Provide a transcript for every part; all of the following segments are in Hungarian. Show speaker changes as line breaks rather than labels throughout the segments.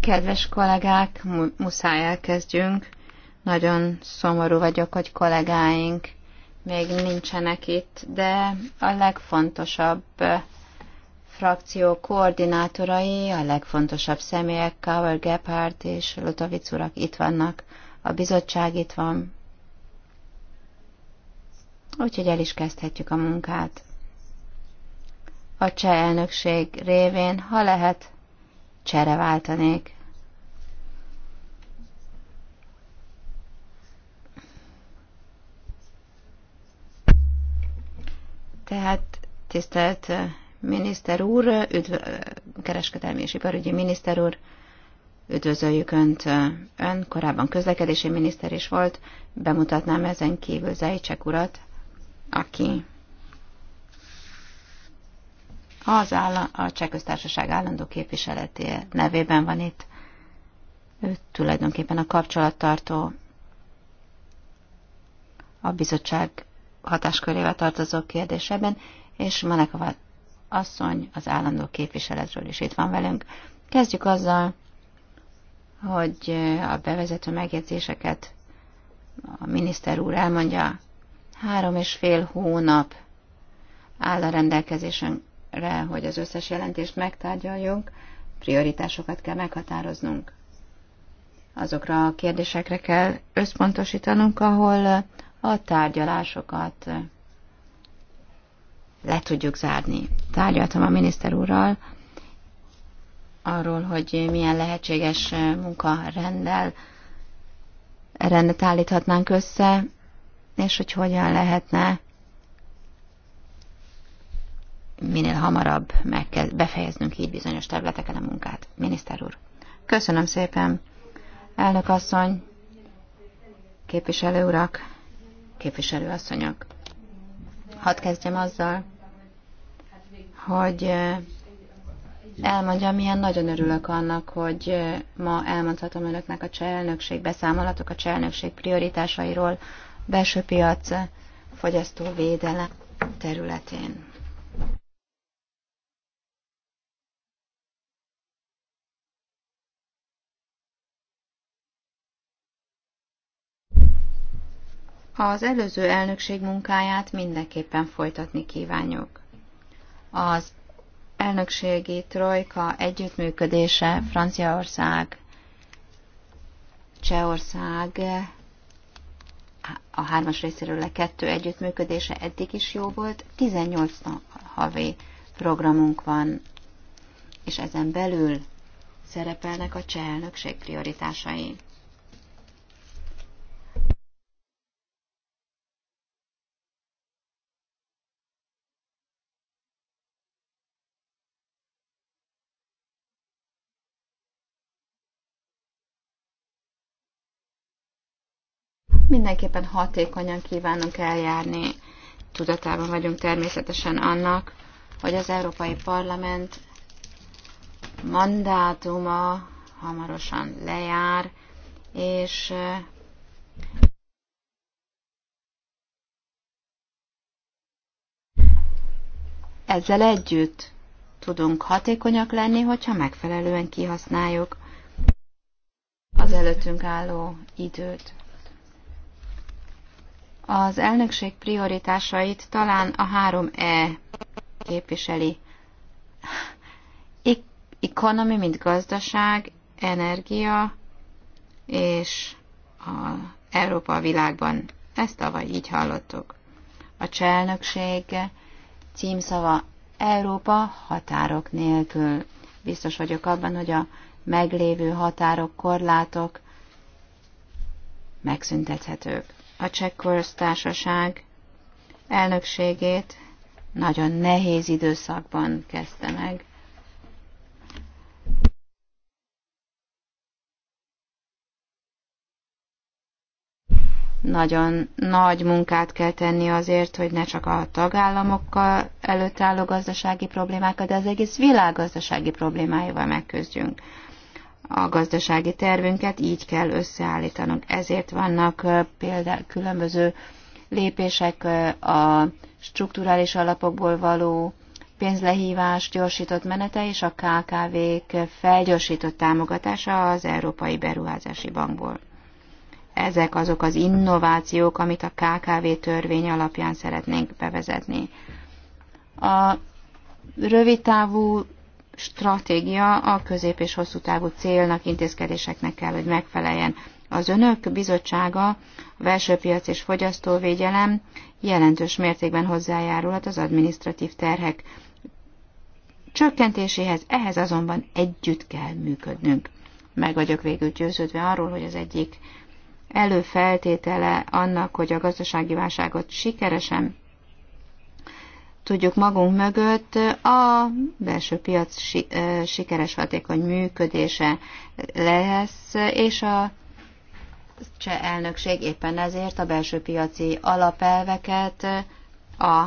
Kedves kollégák, muszáj elkezdjünk. Nagyon szomorú vagyok, hogy kollégáink még nincsenek itt, de a legfontosabb frakció koordinátorai, a legfontosabb személyek, Kauer Gephardt és Lutovic urak itt vannak, a bizottság itt van. Úgyhogy el is kezdhetjük a munkát. A cseh elnökség révén, ha lehet, csere váltanék. Tehát tisztelt miniszter úr, üdv, kereskedelmi és iparügyi miniszter úr, üdvözöljük Önt. Ön korábban közlekedési miniszter is volt, bemutatnám ezen kívül Zajcsek urat, aki az állam, a Köztársaság állandó képviseleti nevében van itt. Ő tulajdonképpen a kapcsolattartó a bizottság hatáskörével tartozó kérdésében, és Manekova asszony az állandó képviseletről is itt van velünk. Kezdjük azzal, hogy a bevezető megjegyzéseket a miniszter úr elmondja. Három és fél hónap áll a rendelkezésünk erre, hogy az összes jelentést megtárgyaljunk, prioritásokat kell meghatároznunk. Azokra a kérdésekre kell összpontosítanunk, ahol a tárgyalásokat le tudjuk zárni. Tárgyaltam a miniszter úrral arról, hogy milyen lehetséges munkarenddel rendet állíthatnánk össze, és hogy hogyan lehetne minél hamarabb kell befejeznünk így bizonyos területeken a munkát. Miniszter úr. Köszönöm szépen. Elnök asszony, képviselő urak, képviselő asszonyok. Hadd kezdjem azzal, hogy eh, elmondjam, milyen nagyon örülök annak, hogy eh, ma elmondhatom önöknek a cselnökség, beszámolatok a cselnökség prioritásairól, belső piac, eh, fogyasztóvédelem területén. Az előző elnökség munkáját mindenképpen folytatni kívánjuk. Az elnökségi trojka együttműködése Franciaország, Csehország, a hármas részéről a kettő együttműködése eddig is jó volt. 18 havi programunk van, és ezen belül szerepelnek a cseh elnökség prioritásai. Mindenképpen hatékonyan kívánunk eljárni. Tudatában vagyunk természetesen annak, hogy az Európai Parlament mandátuma hamarosan lejár, és ezzel együtt tudunk hatékonyak lenni, hogyha megfelelően kihasználjuk az előttünk álló időt. Az elnökség prioritásait talán a 3E képviseli. Economy, mint gazdaság, energia és a Európa a világban. Ezt tavaly így hallottuk. A cselnökség címszava Európa határok nélkül. Biztos vagyok abban, hogy a meglévő határok, korlátok megszüntethetők a Czech Köztársaság elnökségét nagyon nehéz időszakban kezdte meg. Nagyon nagy munkát kell tenni azért, hogy ne csak a tagállamokkal előtt álló gazdasági problémákat, de az egész világ gazdasági problémáival megküzdjünk a gazdasági tervünket így kell összeállítanunk. Ezért vannak például különböző lépések a strukturális alapokból való pénzlehívás gyorsított menete és a KKV-k felgyorsított támogatása az Európai Beruházási Bankból. Ezek azok az innovációk, amit a KKV törvény alapján szeretnénk bevezetni. A rövidtávú stratégia a közép- és hosszú távú célnak, intézkedéseknek kell, hogy megfeleljen. Az önök bizottsága, a belsőpiac és fogyasztóvédelem jelentős mértékben hozzájárulhat az administratív terhek csökkentéséhez, ehhez azonban együtt kell működnünk. Meg vagyok végül győződve arról, hogy az egyik előfeltétele annak, hogy a gazdasági válságot sikeresen tudjuk magunk mögött, a belső piac sikeres hatékony működése lesz, és a cseh elnökség éppen ezért a belső piaci alapelveket a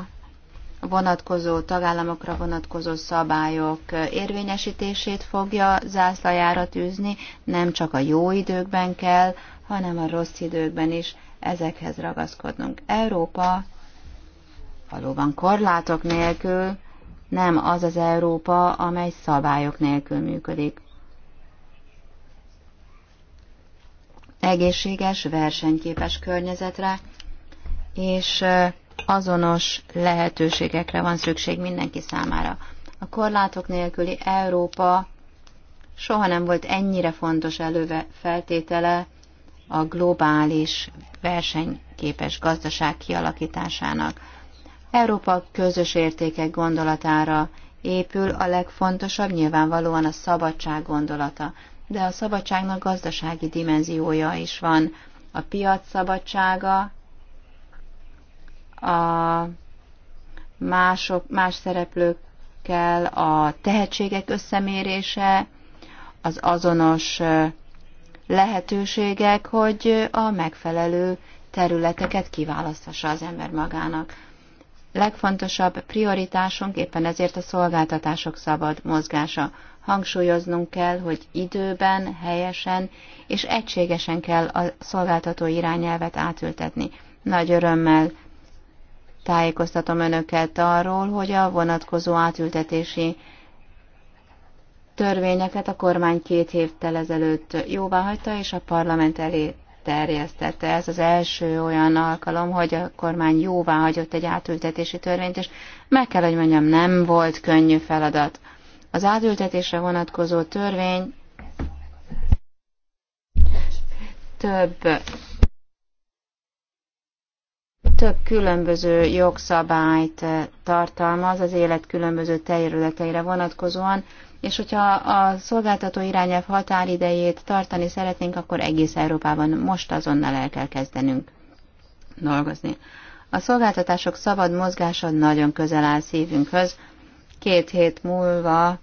vonatkozó tagállamokra vonatkozó szabályok érvényesítését fogja zászlajára tűzni, nem csak a jó időkben kell, hanem a rossz időkben is ezekhez ragaszkodnunk. Európa Valóban korlátok nélkül nem az az Európa, amely szabályok nélkül működik. Egészséges, versenyképes környezetre és azonos lehetőségekre van szükség mindenki számára. A korlátok nélküli Európa soha nem volt ennyire fontos előfeltétele a globális versenyképes gazdaság kialakításának. Európa közös értékek gondolatára épül, a legfontosabb nyilvánvalóan a szabadság gondolata. De a szabadságnak gazdasági dimenziója is van. A piac szabadsága, a mások, más szereplőkkel a tehetségek összemérése, az azonos lehetőségek, hogy a megfelelő területeket kiválasztassa az ember magának. Legfontosabb prioritásunk éppen ezért a szolgáltatások szabad mozgása. Hangsúlyoznunk kell, hogy időben, helyesen és egységesen kell a szolgáltató irányelvet átültetni. Nagy örömmel tájékoztatom önöket arról, hogy a vonatkozó átültetési törvényeket a kormány két héttel ezelőtt jóváhagyta és a parlament elé terjesztette. Ez az első olyan alkalom, hogy a kormány jóvá hagyott egy átültetési törvényt, és meg kell, hogy mondjam, nem volt könnyű feladat. Az átültetésre vonatkozó törvény több több különböző jogszabályt tartalmaz az élet különböző területeire vonatkozóan, és hogyha a szolgáltató irányelv határidejét tartani szeretnénk, akkor egész Európában most azonnal el kell kezdenünk dolgozni. A szolgáltatások szabad mozgása nagyon közel áll szívünkhöz. Két hét múlva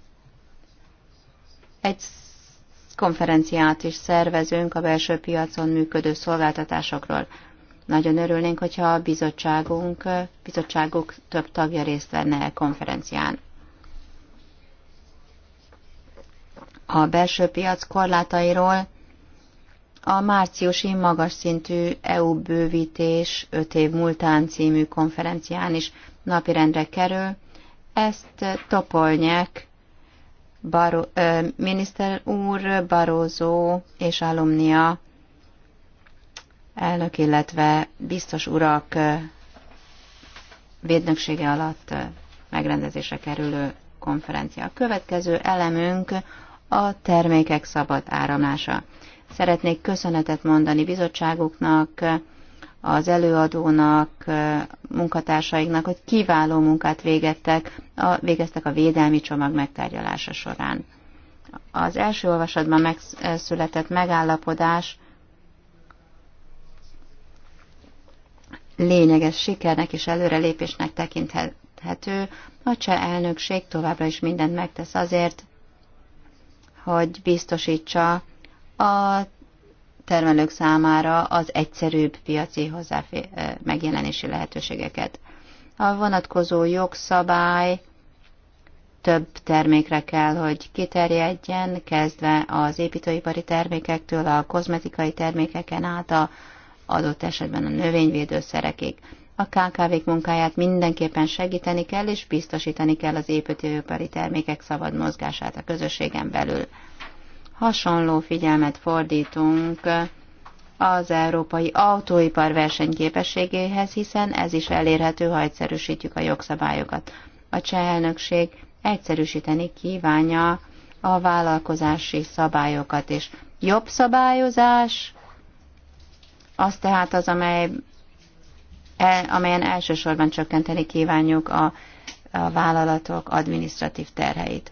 egy konferenciát is szervezünk a belső piacon működő szolgáltatásokról. Nagyon örülnénk, hogyha a bizottságunk, bizottságuk több tagja részt venne a e konferencián. a belső piac korlátairól a márciusi magas szintű EU bővítés 5 év múltán című konferencián is napirendre kerül. Ezt Topolnyek Baró, ö, miniszter úr, Barózó és Alumnia elnök, illetve biztos urak védnöksége alatt megrendezésre kerülő konferencia. A következő elemünk a termékek szabad áramlása. Szeretnék köszönetet mondani bizottságuknak, az előadónak, munkatársaiknak, hogy kiváló munkát végettek, a, végeztek a védelmi csomag megtárgyalása során. Az első olvasatban megszületett megállapodás lényeges sikernek és előrelépésnek tekinthető. A cseh elnökség továbbra is mindent megtesz azért, hogy biztosítsa a termelők számára az egyszerűbb piaci hozzáfér, megjelenési lehetőségeket. A vonatkozó jogszabály több termékre kell, hogy kiterjedjen, kezdve az építőipari termékektől, a kozmetikai termékeken át a adott esetben a növényvédőszerekig a KKV-k munkáját mindenképpen segíteni kell, és biztosítani kell az építőipari termékek szabad mozgását a közösségen belül. Hasonló figyelmet fordítunk az európai autóipar versenyképességéhez, hiszen ez is elérhető, ha egyszerűsítjük a jogszabályokat. A cseh elnökség egyszerűsíteni kívánja a vállalkozási szabályokat, és jobb szabályozás, az tehát az, amely E, amelyen elsősorban csökkenteni kívánjuk a, a vállalatok administratív terheit.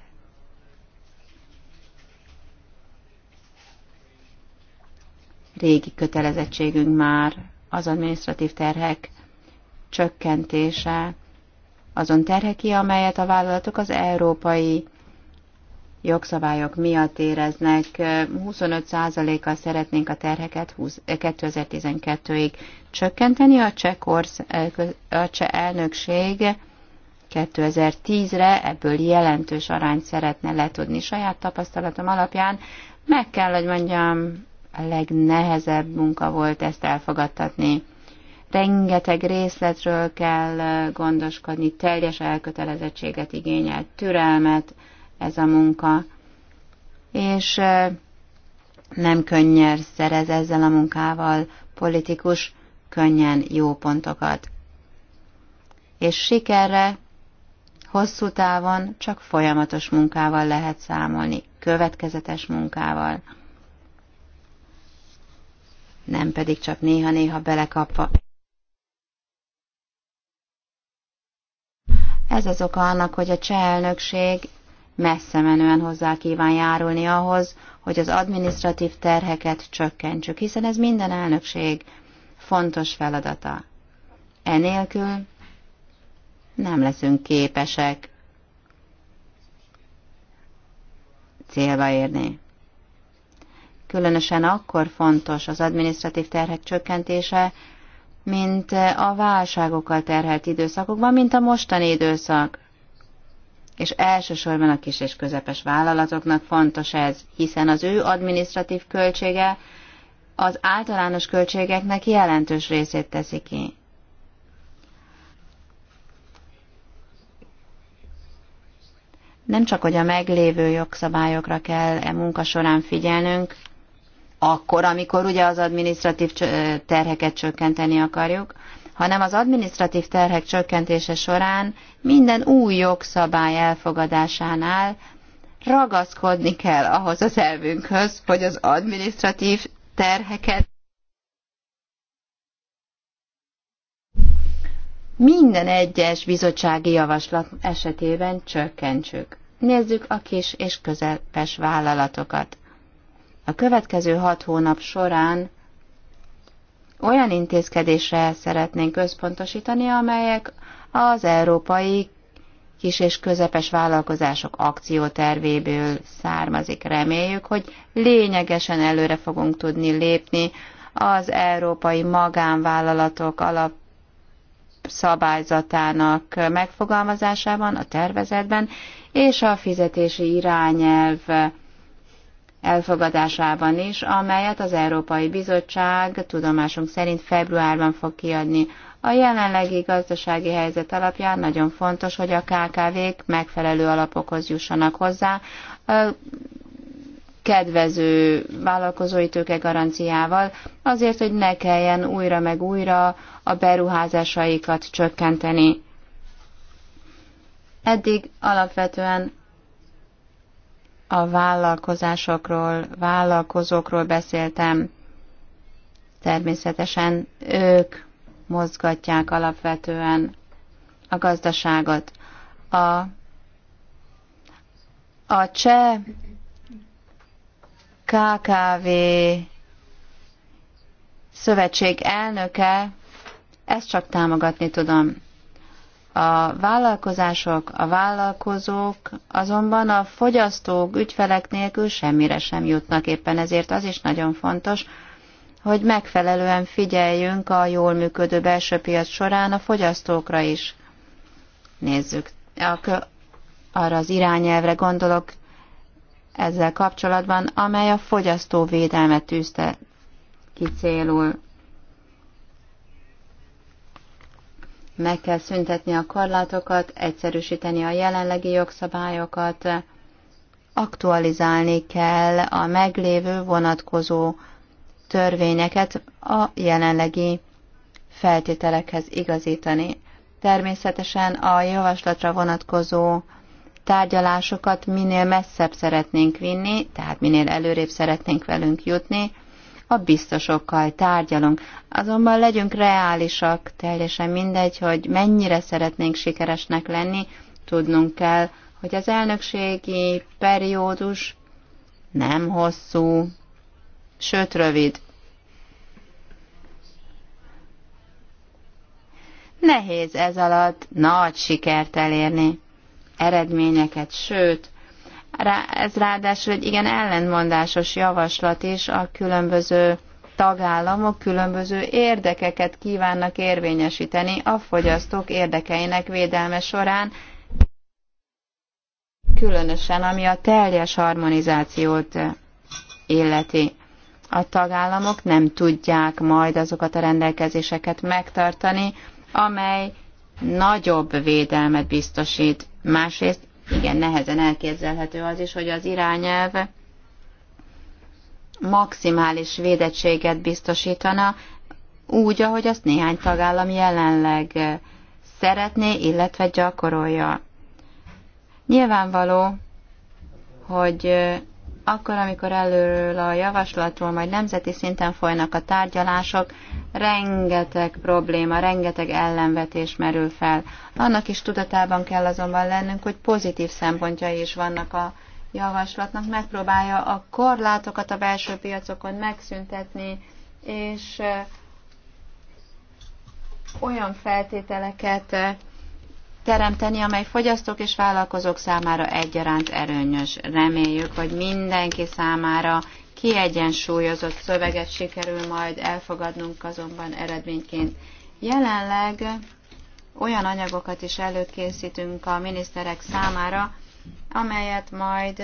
Régi kötelezettségünk már az administratív terhek csökkentése, azon terheki, amelyet a vállalatok az európai jogszabályok miatt éreznek. 25 a szeretnénk a terheket 2012-ig csökkenteni. A cseh, korsz, a cseh elnökség 2010-re ebből jelentős arányt szeretne letudni. Saját tapasztalatom alapján meg kell, hogy mondjam, a legnehezebb munka volt ezt elfogadtatni. Rengeteg részletről kell gondoskodni, teljes elkötelezettséget igényel, türelmet, ez a munka, és nem könnyen szerez ezzel a munkával politikus könnyen jó pontokat. És sikerre hosszú távon csak folyamatos munkával lehet számolni, következetes munkával, nem pedig csak néha-néha belekapva. Ez az oka annak, hogy a cseh elnökség messze menően hozzá kíván járulni ahhoz, hogy az administratív terheket csökkentsük, hiszen ez minden elnökség fontos feladata. Enélkül nem leszünk képesek célba érni. Különösen akkor fontos az administratív terhek csökkentése, mint a válságokkal terhelt időszakokban, mint a mostani időszak és elsősorban a kis és közepes vállalatoknak fontos ez, hiszen az ő administratív költsége az általános költségeknek jelentős részét teszi ki. Nem csak, hogy a meglévő jogszabályokra kell e munka során figyelnünk, akkor, amikor ugye az administratív terheket csökkenteni akarjuk, hanem az administratív terhek csökkentése során minden új jogszabály elfogadásánál ragaszkodni kell ahhoz az elvünkhöz, hogy az administratív terheket minden egyes bizottsági javaslat esetében csökkentsük. Nézzük a kis és közepes vállalatokat. A következő hat hónap során olyan intézkedésre szeretnénk központosítani, amelyek az európai kis és közepes vállalkozások akciótervéből származik. Reméljük, hogy lényegesen előre fogunk tudni lépni az európai magánvállalatok alap szabályzatának megfogalmazásában, a tervezetben, és a fizetési irányelv elfogadásában is, amelyet az Európai Bizottság tudomásunk szerint februárban fog kiadni. A jelenlegi gazdasági helyzet alapján nagyon fontos, hogy a KKV-k megfelelő alapokhoz jussanak hozzá, kedvező vállalkozói tőke garanciával, azért, hogy ne kelljen újra meg újra a beruházásaikat csökkenteni. Eddig alapvetően a vállalkozásokról, vállalkozókról beszéltem. Természetesen ők mozgatják alapvetően a gazdaságot. A, a cseh KKV szövetség elnöke, ezt csak támogatni tudom. A vállalkozások, a vállalkozók azonban a fogyasztók, ügyfelek nélkül semmire sem jutnak éppen, ezért az is nagyon fontos, hogy megfelelően figyeljünk a jól működő belső piac során a fogyasztókra is. Nézzük, arra az irányelvre gondolok ezzel kapcsolatban, amely a fogyasztóvédelmet tűzte ki célul. meg kell szüntetni a korlátokat, egyszerűsíteni a jelenlegi jogszabályokat, aktualizálni kell a meglévő vonatkozó törvényeket a jelenlegi feltételekhez igazítani. Természetesen a javaslatra vonatkozó tárgyalásokat minél messzebb szeretnénk vinni, tehát minél előrébb szeretnénk velünk jutni, a biztosokkal tárgyalunk. Azonban legyünk reálisak, teljesen mindegy, hogy mennyire szeretnénk sikeresnek lenni, tudnunk kell, hogy az elnökségi periódus nem hosszú, sőt rövid. Nehéz ez alatt nagy sikert elérni, eredményeket, sőt, ez ráadásul egy igen ellenmondásos javaslat is, a különböző tagállamok különböző érdekeket kívánnak érvényesíteni a fogyasztók érdekeinek védelme során, különösen ami a teljes harmonizációt illeti. A tagállamok nem tudják majd azokat a rendelkezéseket megtartani, amely nagyobb védelmet biztosít. Másrészt igen nehezen elképzelhető az is, hogy az irányelv maximális védettséget biztosítana, úgy, ahogy azt néhány tagállam jelenleg szeretné, illetve gyakorolja. Nyilvánvaló, hogy akkor, amikor előről a javaslatról majd nemzeti szinten folynak a tárgyalások, rengeteg probléma, rengeteg ellenvetés merül fel. Annak is tudatában kell azonban lennünk, hogy pozitív szempontjai is vannak a javaslatnak. Megpróbálja a korlátokat a belső piacokon megszüntetni, és olyan feltételeket teremteni, amely fogyasztók és vállalkozók számára egyaránt erőnyös. Reméljük, hogy mindenki számára kiegyensúlyozott szöveget sikerül majd elfogadnunk azonban eredményként. Jelenleg olyan anyagokat is előkészítünk a miniszterek számára, amelyet majd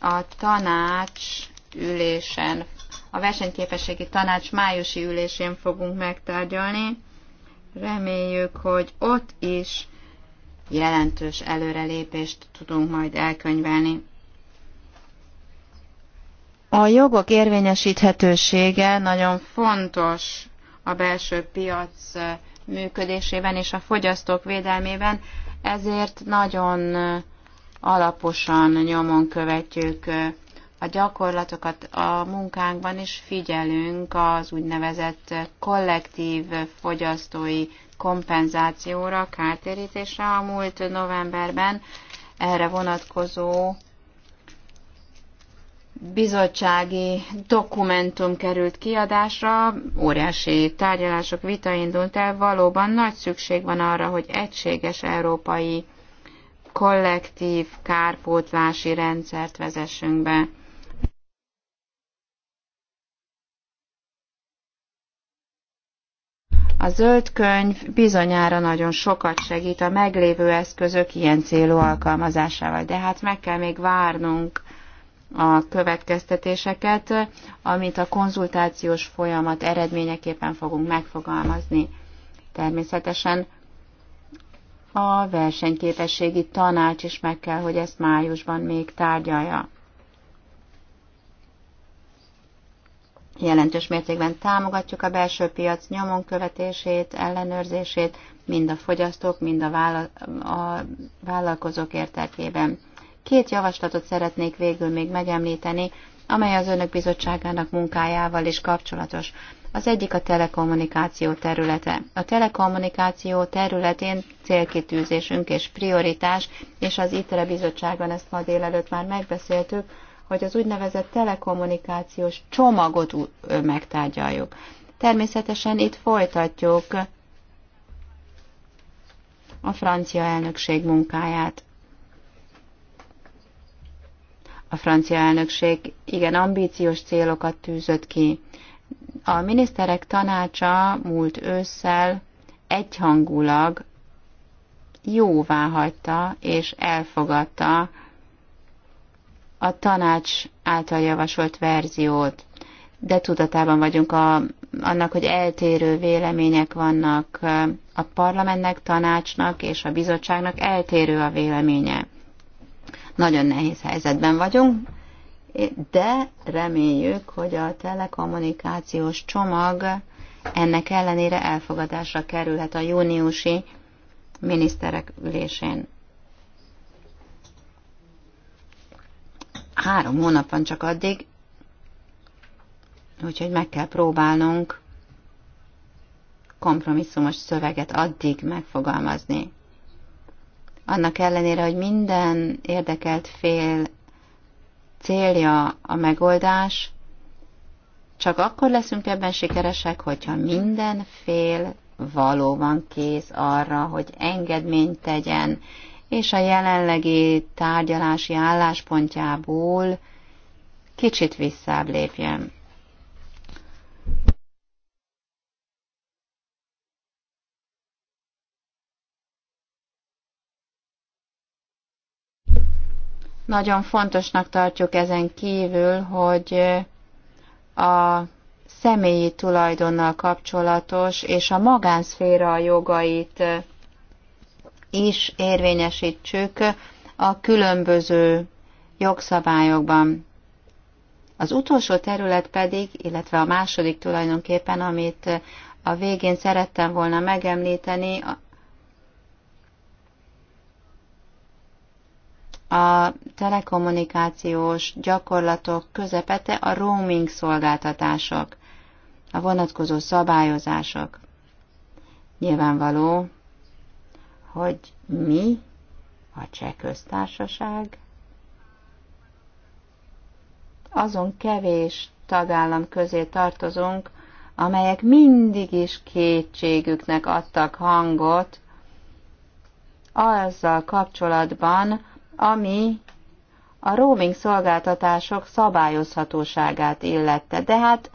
a tanács ülésen, a versenyképességi tanács májusi ülésén fogunk megtárgyalni. Reméljük, hogy ott is jelentős előrelépést tudunk majd elkönyvelni. A jogok érvényesíthetősége nagyon fontos a belső piac működésében és a fogyasztók védelmében, ezért nagyon alaposan nyomon követjük a gyakorlatokat a munkánkban, is figyelünk az úgynevezett kollektív fogyasztói kompenzációra, kártérítésre a múlt novemberben erre vonatkozó bizottsági dokumentum került kiadásra, óriási tárgyalások, vita indult el, valóban nagy szükség van arra, hogy egységes európai kollektív kárpótlási rendszert vezessünk be. A zöld könyv bizonyára nagyon sokat segít a meglévő eszközök ilyen célú alkalmazásával, de hát meg kell még várnunk a következtetéseket, amit a konzultációs folyamat eredményeképpen fogunk megfogalmazni. Természetesen a versenyképességi tanács is meg kell, hogy ezt májusban még tárgyalja. Jelentős mértékben támogatjuk a belső piac nyomon követését, ellenőrzését, mind a fogyasztók, mind a, vála- a vállalkozók értelkében. Két javaslatot szeretnék végül még megemlíteni, amely az önök bizottságának munkájával is kapcsolatos. Az egyik a telekommunikáció területe. A telekommunikáció területén célkitűzésünk és prioritás, és az ITRE bizottságban ezt ma délelőtt már megbeszéltük, hogy az úgynevezett telekommunikációs csomagot megtárgyaljuk. Természetesen itt folytatjuk a francia elnökség munkáját. A francia elnökség igen ambíciós célokat tűzött ki. A miniszterek tanácsa múlt ősszel egyhangulag jóvá hagyta és elfogadta a tanács által javasolt verziót, de tudatában vagyunk a, annak, hogy eltérő vélemények vannak a parlamentnek, tanácsnak és a bizottságnak eltérő a véleménye. Nagyon nehéz helyzetben vagyunk, de reméljük, hogy a telekommunikációs csomag ennek ellenére elfogadásra kerülhet a júniusi miniszterek ülésén. Három hónap van csak addig, úgyhogy meg kell próbálnunk kompromisszumos szöveget addig megfogalmazni. Annak ellenére, hogy minden érdekelt fél célja a megoldás, csak akkor leszünk ebben sikeresek, hogyha minden fél valóban kész arra, hogy engedményt tegyen, és a jelenlegi tárgyalási álláspontjából kicsit visszább lépjen. Nagyon fontosnak tartjuk ezen kívül, hogy a személyi tulajdonnal kapcsolatos és a magánszféra jogait is érvényesítsük a különböző jogszabályokban. Az utolsó terület pedig, illetve a második tulajdonképpen, amit a végén szerettem volna megemlíteni, a telekommunikációs gyakorlatok közepete a roaming szolgáltatások, a vonatkozó szabályozások. Nyilvánvaló, hogy mi, a cseh köztársaság, azon kevés tagállam közé tartozunk, amelyek mindig is kétségüknek adtak hangot azzal kapcsolatban, ami a roaming szolgáltatások szabályozhatóságát illette. De hát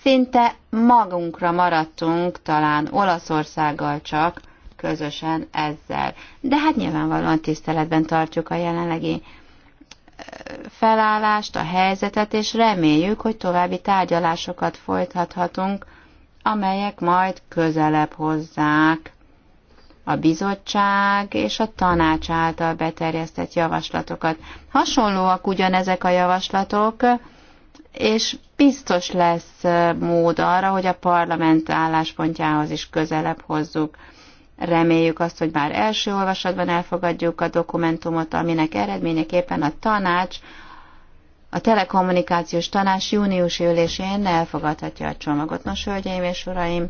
szinte magunkra maradtunk, talán Olaszországgal csak, közösen ezzel. De hát nyilvánvalóan tiszteletben tartjuk a jelenlegi felállást, a helyzetet, és reméljük, hogy további tárgyalásokat folytathatunk, amelyek majd közelebb hozzák a bizottság és a tanács által beterjesztett javaslatokat. Hasonlóak ugyanezek a javaslatok, és biztos lesz mód arra, hogy a parlament álláspontjához is közelebb hozzuk. Reméljük azt, hogy már első olvasatban elfogadjuk a dokumentumot, aminek eredményeképpen a tanács, a telekommunikációs tanács júniusi ülésén elfogadhatja a csomagot. Nos, hölgyeim és uraim,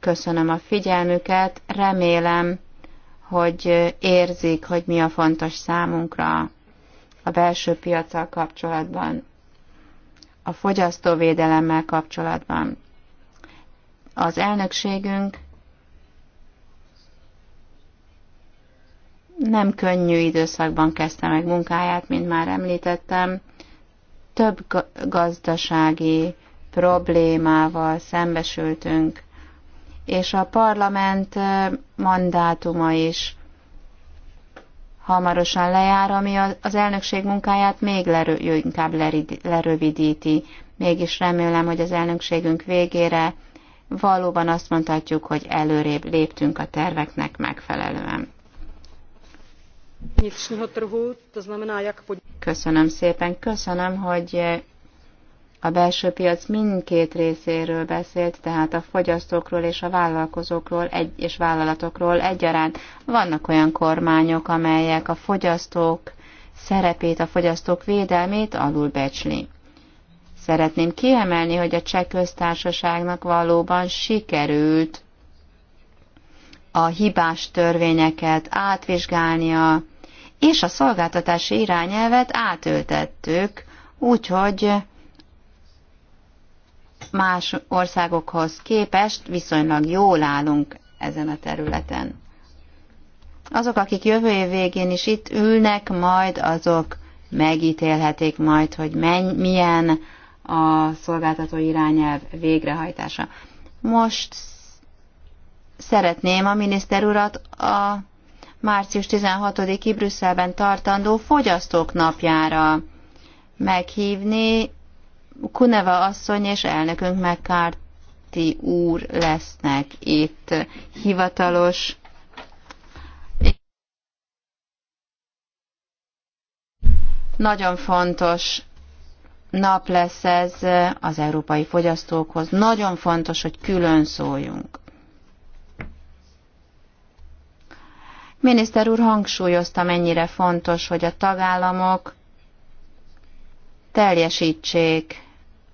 köszönöm a figyelmüket, remélem, hogy érzik, hogy mi a fontos számunkra a belső piacsal kapcsolatban, a fogyasztóvédelemmel kapcsolatban az elnökségünk nem könnyű időszakban kezdte meg munkáját, mint már említettem. Több gazdasági problémával szembesültünk, és a parlament mandátuma is hamarosan lejár, ami az elnökség munkáját még lerö- inkább lerövidíti. Mégis remélem, hogy az elnökségünk végére valóban azt mondhatjuk, hogy előrébb léptünk a terveknek megfelelően. Köszönöm szépen, köszönöm, hogy a belső piac mindkét részéről beszélt, tehát a fogyasztókról és a vállalkozókról egy, és vállalatokról egyaránt. Vannak olyan kormányok, amelyek a fogyasztók szerepét, a fogyasztók védelmét alulbecsli. Szeretném kiemelni, hogy a cseh köztársaságnak valóban sikerült a hibás törvényeket átvizsgálnia, és a szolgáltatási irányelvet átöltettük, úgyhogy más országokhoz képest viszonylag jól állunk ezen a területen. Azok, akik jövő év végén is itt ülnek, majd azok megítélhetik majd, hogy menny, milyen a szolgáltató irányelv végrehajtása. Most szeretném a miniszter urat a március 16-i Brüsszelben tartandó fogyasztók napjára meghívni. Kuneva asszony és elnökünk McCarthy úr lesznek itt hivatalos nagyon fontos nap lesz ez az európai fogyasztókhoz. Nagyon fontos, hogy külön szóljunk. Miniszter úr hangsúlyozta, mennyire fontos, hogy a tagállamok teljesítsék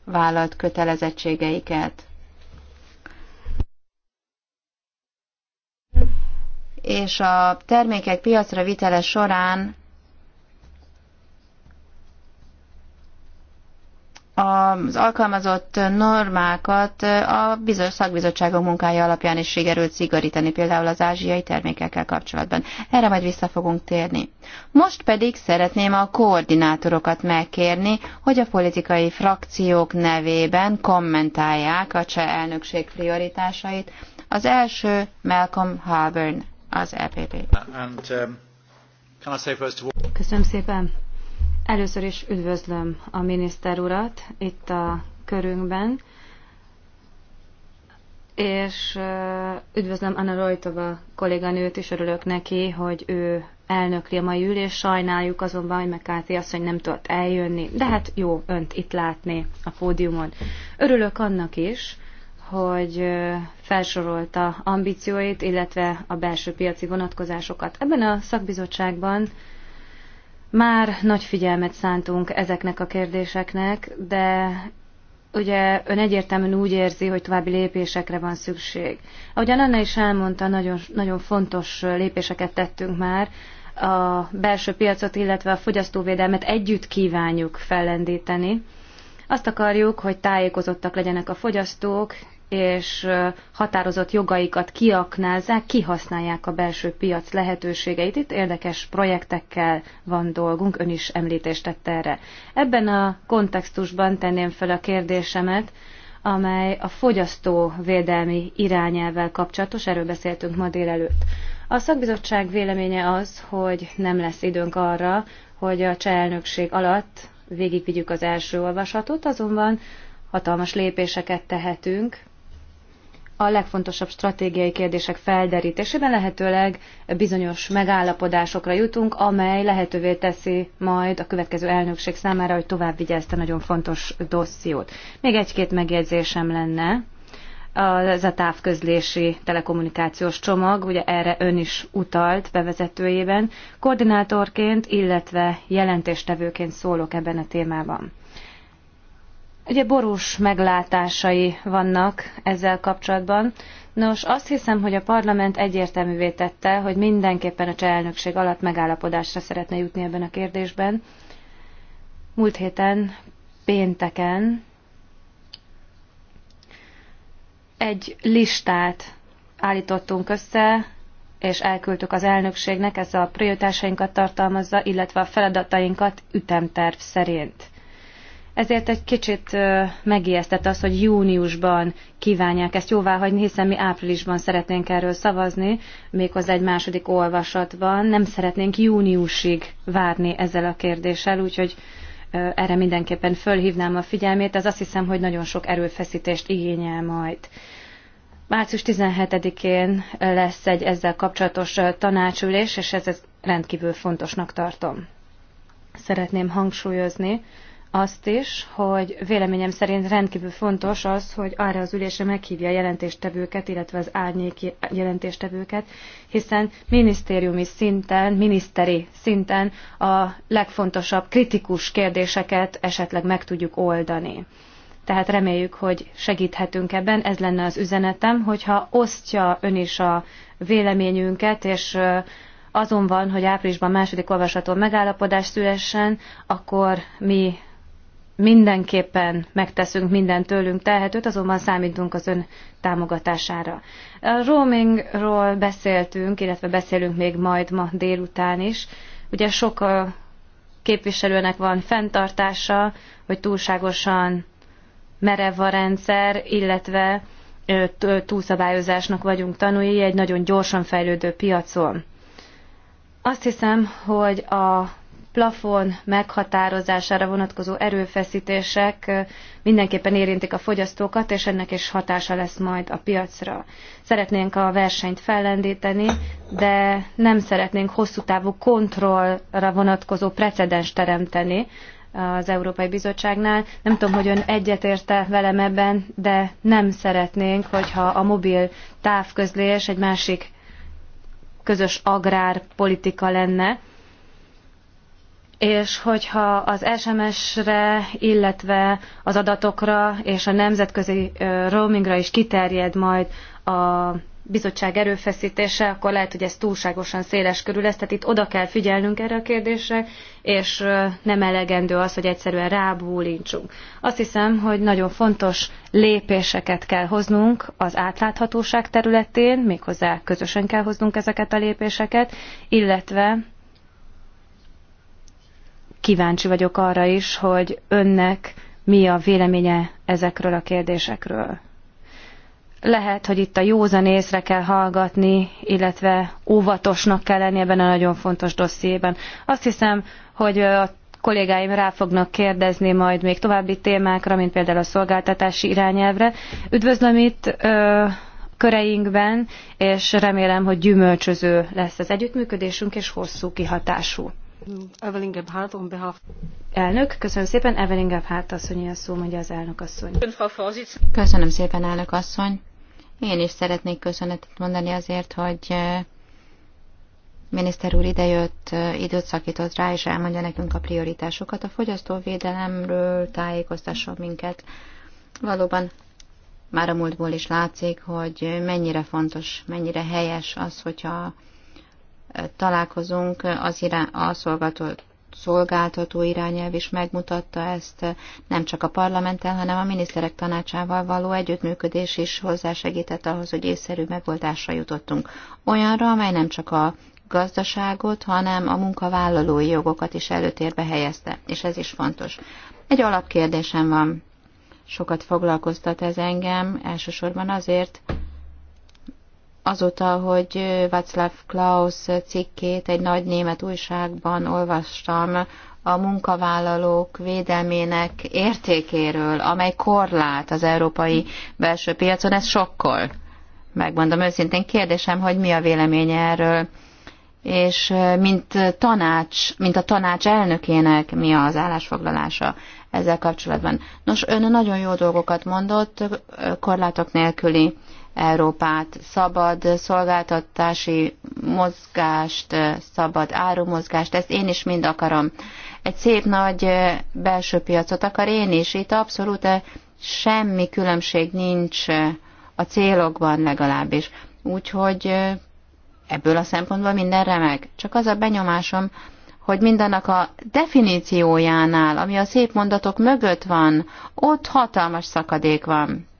vállalt kötelezettségeiket. És a termékek piacra vitele során az alkalmazott normákat a bizonyos szakbizottságok munkája alapján is sikerült szigorítani, például az ázsiai termékekkel kapcsolatban. Erre majd vissza fogunk térni. Most pedig szeretném a koordinátorokat megkérni, hogy a politikai frakciók nevében kommentálják a cseh elnökség prioritásait. Az első Malcolm Halburn, az EPP.
Um, Köszönöm
szépen.
Először is üdvözlöm a miniszter urat itt a körünkben, és üdvözlöm Anna Rojtova kolléganőt is, örülök neki, hogy ő elnökli a mai ülés, sajnáljuk azonban, hogy McCarthy azt, hogy nem tudott eljönni, de hát jó önt itt látni a pódiumon. Örülök annak is, hogy felsorolta ambícióit, illetve a belső piaci vonatkozásokat. Ebben a szakbizottságban már nagy figyelmet szántunk ezeknek a kérdéseknek, de ugye ön egyértelműen úgy érzi, hogy további lépésekre van szükség. Ahogyan Anna is elmondta, nagyon, nagyon fontos lépéseket tettünk már, a belső piacot, illetve a fogyasztóvédelmet együtt kívánjuk fellendíteni. Azt akarjuk, hogy tájékozottak legyenek a fogyasztók, és határozott jogaikat kiaknázzák, kihasználják a belső piac lehetőségeit. Itt érdekes projektekkel van dolgunk, ön is említést tette erre. Ebben a kontextusban tenném fel a kérdésemet, amely a fogyasztó védelmi irányelvvel kapcsolatos, erről beszéltünk ma délelőtt. A szakbizottság véleménye az, hogy nem lesz időnk arra, hogy a cseh elnökség alatt végigvigyük az első olvasatot, azonban hatalmas lépéseket tehetünk a legfontosabb stratégiai kérdések felderítésében lehetőleg bizonyos megállapodásokra jutunk, amely lehetővé teszi majd a következő elnökség számára, hogy tovább vigye ezt a nagyon fontos dossziót. Még egy-két megjegyzésem lenne. Ez a távközlési telekommunikációs csomag, ugye erre ön is utalt bevezetőjében, koordinátorként, illetve jelentéstevőként szólok ebben a témában. Ugye borús meglátásai vannak ezzel kapcsolatban. Nos, azt hiszem, hogy a parlament egyértelművé tette, hogy mindenképpen a cselnökség alatt megállapodásra szeretne jutni ebben a kérdésben. Múlt héten, pénteken egy listát állítottunk össze, és elküldtük az elnökségnek, ez a prioritásainkat tartalmazza, illetve a feladatainkat ütemterv szerint. Ezért egy kicsit megijesztett az, hogy júniusban kívánják ezt jóvá hagyni, hiszen mi áprilisban szeretnénk erről szavazni, méghozzá egy második olvasatban. Nem szeretnénk júniusig várni ezzel a kérdéssel, úgyhogy erre mindenképpen fölhívnám a figyelmét. Ez azt hiszem, hogy nagyon sok erőfeszítést igényel majd. Március 17-én lesz egy ezzel kapcsolatos tanácsülés, és ez rendkívül fontosnak tartom. Szeretném hangsúlyozni, azt is, hogy véleményem szerint rendkívül fontos az, hogy arra az ülésre meghívja a jelentéstevőket, illetve az árnyéki jelentéstevőket, hiszen minisztériumi szinten, miniszteri szinten a legfontosabb kritikus kérdéseket esetleg meg tudjuk oldani. Tehát reméljük, hogy segíthetünk ebben. Ez lenne az üzenetem, hogyha osztja ön is a véleményünket, és azon van, hogy áprilisban második olvasaton megállapodás szülessen, akkor mi mindenképpen megteszünk minden tőlünk telhetőt, azonban számítunk az ön támogatására. A roamingról beszéltünk, illetve beszélünk még majd ma délután is. Ugye sok a képviselőnek van fenntartása, hogy túlságosan merev a rendszer, illetve túlszabályozásnak vagyunk tanulni egy nagyon gyorsan fejlődő piacon. Azt hiszem, hogy a plafon meghatározására vonatkozó erőfeszítések mindenképpen érintik a fogyasztókat, és ennek is hatása lesz majd a piacra. Szeretnénk a versenyt fellendíteni, de nem szeretnénk hosszú távú kontrollra vonatkozó precedens teremteni az Európai Bizottságnál. Nem tudom, hogy ön egyetérte velem ebben, de nem szeretnénk, hogyha a mobil távközlés egy másik közös agrárpolitika lenne, és hogyha az SMS-re, illetve az adatokra és a nemzetközi roamingra is kiterjed majd a bizottság erőfeszítése, akkor lehet, hogy ez túlságosan széles körül lesz. Tehát itt oda kell figyelnünk erre a kérdésre, és nem elegendő az, hogy egyszerűen rábólincsunk. Azt hiszem, hogy nagyon fontos lépéseket kell hoznunk az átláthatóság területén, méghozzá közösen kell hoznunk ezeket a lépéseket, illetve kíváncsi vagyok arra is, hogy önnek mi a véleménye ezekről a kérdésekről. Lehet, hogy itt a józan észre kell hallgatni, illetve óvatosnak kell lenni ebben a nagyon fontos dossziében. Azt hiszem, hogy a kollégáim rá fognak kérdezni majd még további témákra, mint például a szolgáltatási irányelvre. Üdvözlöm itt ö, köreinkben, és remélem, hogy gyümölcsöző lesz az együttműködésünk, és hosszú kihatású.
Evelyn Gebhardt on behalf...
Elnök, köszönöm szépen. Evelyn Gebhardt asszony, a szó mondja az elnök asszony. Köszönöm szépen, elnök asszony. Én is szeretnék köszönetet mondani azért, hogy eh, miniszter úr idejött, eh, időt szakított rá, és elmondja nekünk a prioritásokat. A fogyasztóvédelemről tájékoztasson minket. Valóban már a múltból is látszik, hogy mennyire fontos, mennyire helyes az, hogyha találkozunk az irá, a szolgató, szolgáltató irányelv is megmutatta ezt, nem csak a parlamenttel, hanem a miniszterek tanácsával való együttműködés is hozzásegített ahhoz, hogy észszerű megoldásra jutottunk. Olyanra, amely nem csak a gazdaságot, hanem a munkavállalói jogokat is előtérbe helyezte, és ez is fontos. Egy alapkérdésem van. Sokat foglalkoztat ez engem, elsősorban azért, azóta, hogy Václav Klaus cikkét egy nagy német újságban olvastam a munkavállalók védelmének értékéről, amely korlát az európai belső piacon, ez sokkol. Megmondom őszintén, kérdésem, hogy mi a véleménye erről, és eh, mint tanács, mint a tanács elnökének mi az állásfoglalása ezzel kapcsolatban. Nos, ön nagyon jó dolgokat mondott, eh, korlátok nélküli Európát, szabad szolgáltatási mozgást, szabad árumozgást, ezt én is mind akarom. Egy szép nagy belső piacot akar én is. Itt abszolút semmi különbség nincs a célokban legalábbis. Úgyhogy ebből a szempontból minden remek. Csak az a benyomásom, hogy mindennek a definíciójánál, ami a szép mondatok mögött van, ott hatalmas szakadék van.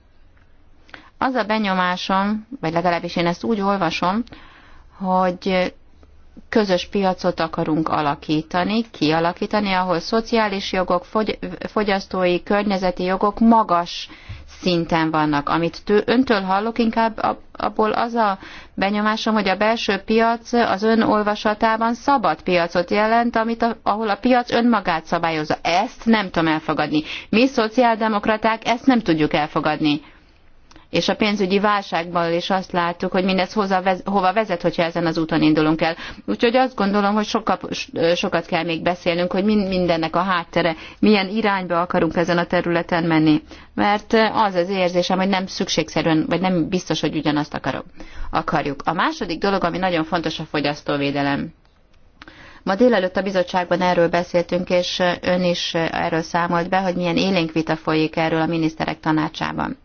Az a benyomásom, vagy legalábbis én ezt úgy olvasom, hogy közös piacot akarunk alakítani, kialakítani, ahol szociális jogok, fogy, fogyasztói, környezeti jogok magas szinten vannak. Amit tő, öntől hallok, inkább abból az a benyomásom, hogy a belső piac az ön olvasatában szabad piacot jelent, amit a, ahol a piac önmagát szabályozza. Ezt nem tudom elfogadni. Mi szociáldemokraták ezt nem tudjuk elfogadni és a pénzügyi válságban is azt láttuk, hogy mindez hoza, hova vezet, hogyha ezen az úton indulunk el. Úgyhogy azt gondolom, hogy sokat, sokat kell még beszélnünk, hogy mindennek a háttere, milyen irányba akarunk ezen a területen menni. Mert az az érzésem, hogy nem szükségszerűen, vagy nem biztos, hogy ugyanazt akarok, akarjuk. A második dolog, ami nagyon fontos, a fogyasztóvédelem. Ma délelőtt a bizottságban erről beszéltünk, és ön is erről számolt be, hogy milyen élénk vita folyik erről a miniszterek tanácsában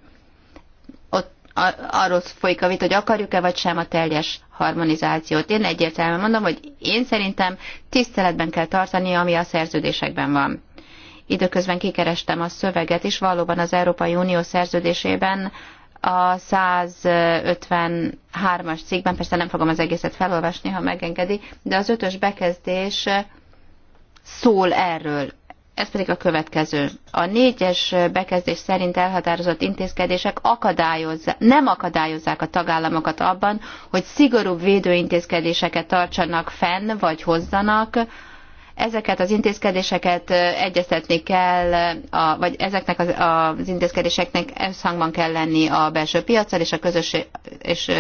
arról folyik a vita, hogy akarjuk-e vagy sem a teljes harmonizációt. Én egyértelműen mondom, hogy én szerintem tiszteletben kell tartani, ami a szerződésekben van. Időközben kikerestem a szöveget, és valóban az Európai Unió szerződésében a 153-as cikkben, persze nem fogom az egészet felolvasni, ha megengedi, de az ötös bekezdés szól erről. Ez pedig a következő. A négyes bekezdés szerint elhatározott intézkedések akadályozzák, nem akadályozzák a tagállamokat abban, hogy szigorúbb védőintézkedéseket tartsanak fenn, vagy hozzanak, Ezeket az intézkedéseket egyeztetni kell, a, vagy ezeknek az, az intézkedéseknek összhangban kell lenni a belső piacsal, és, a közös, és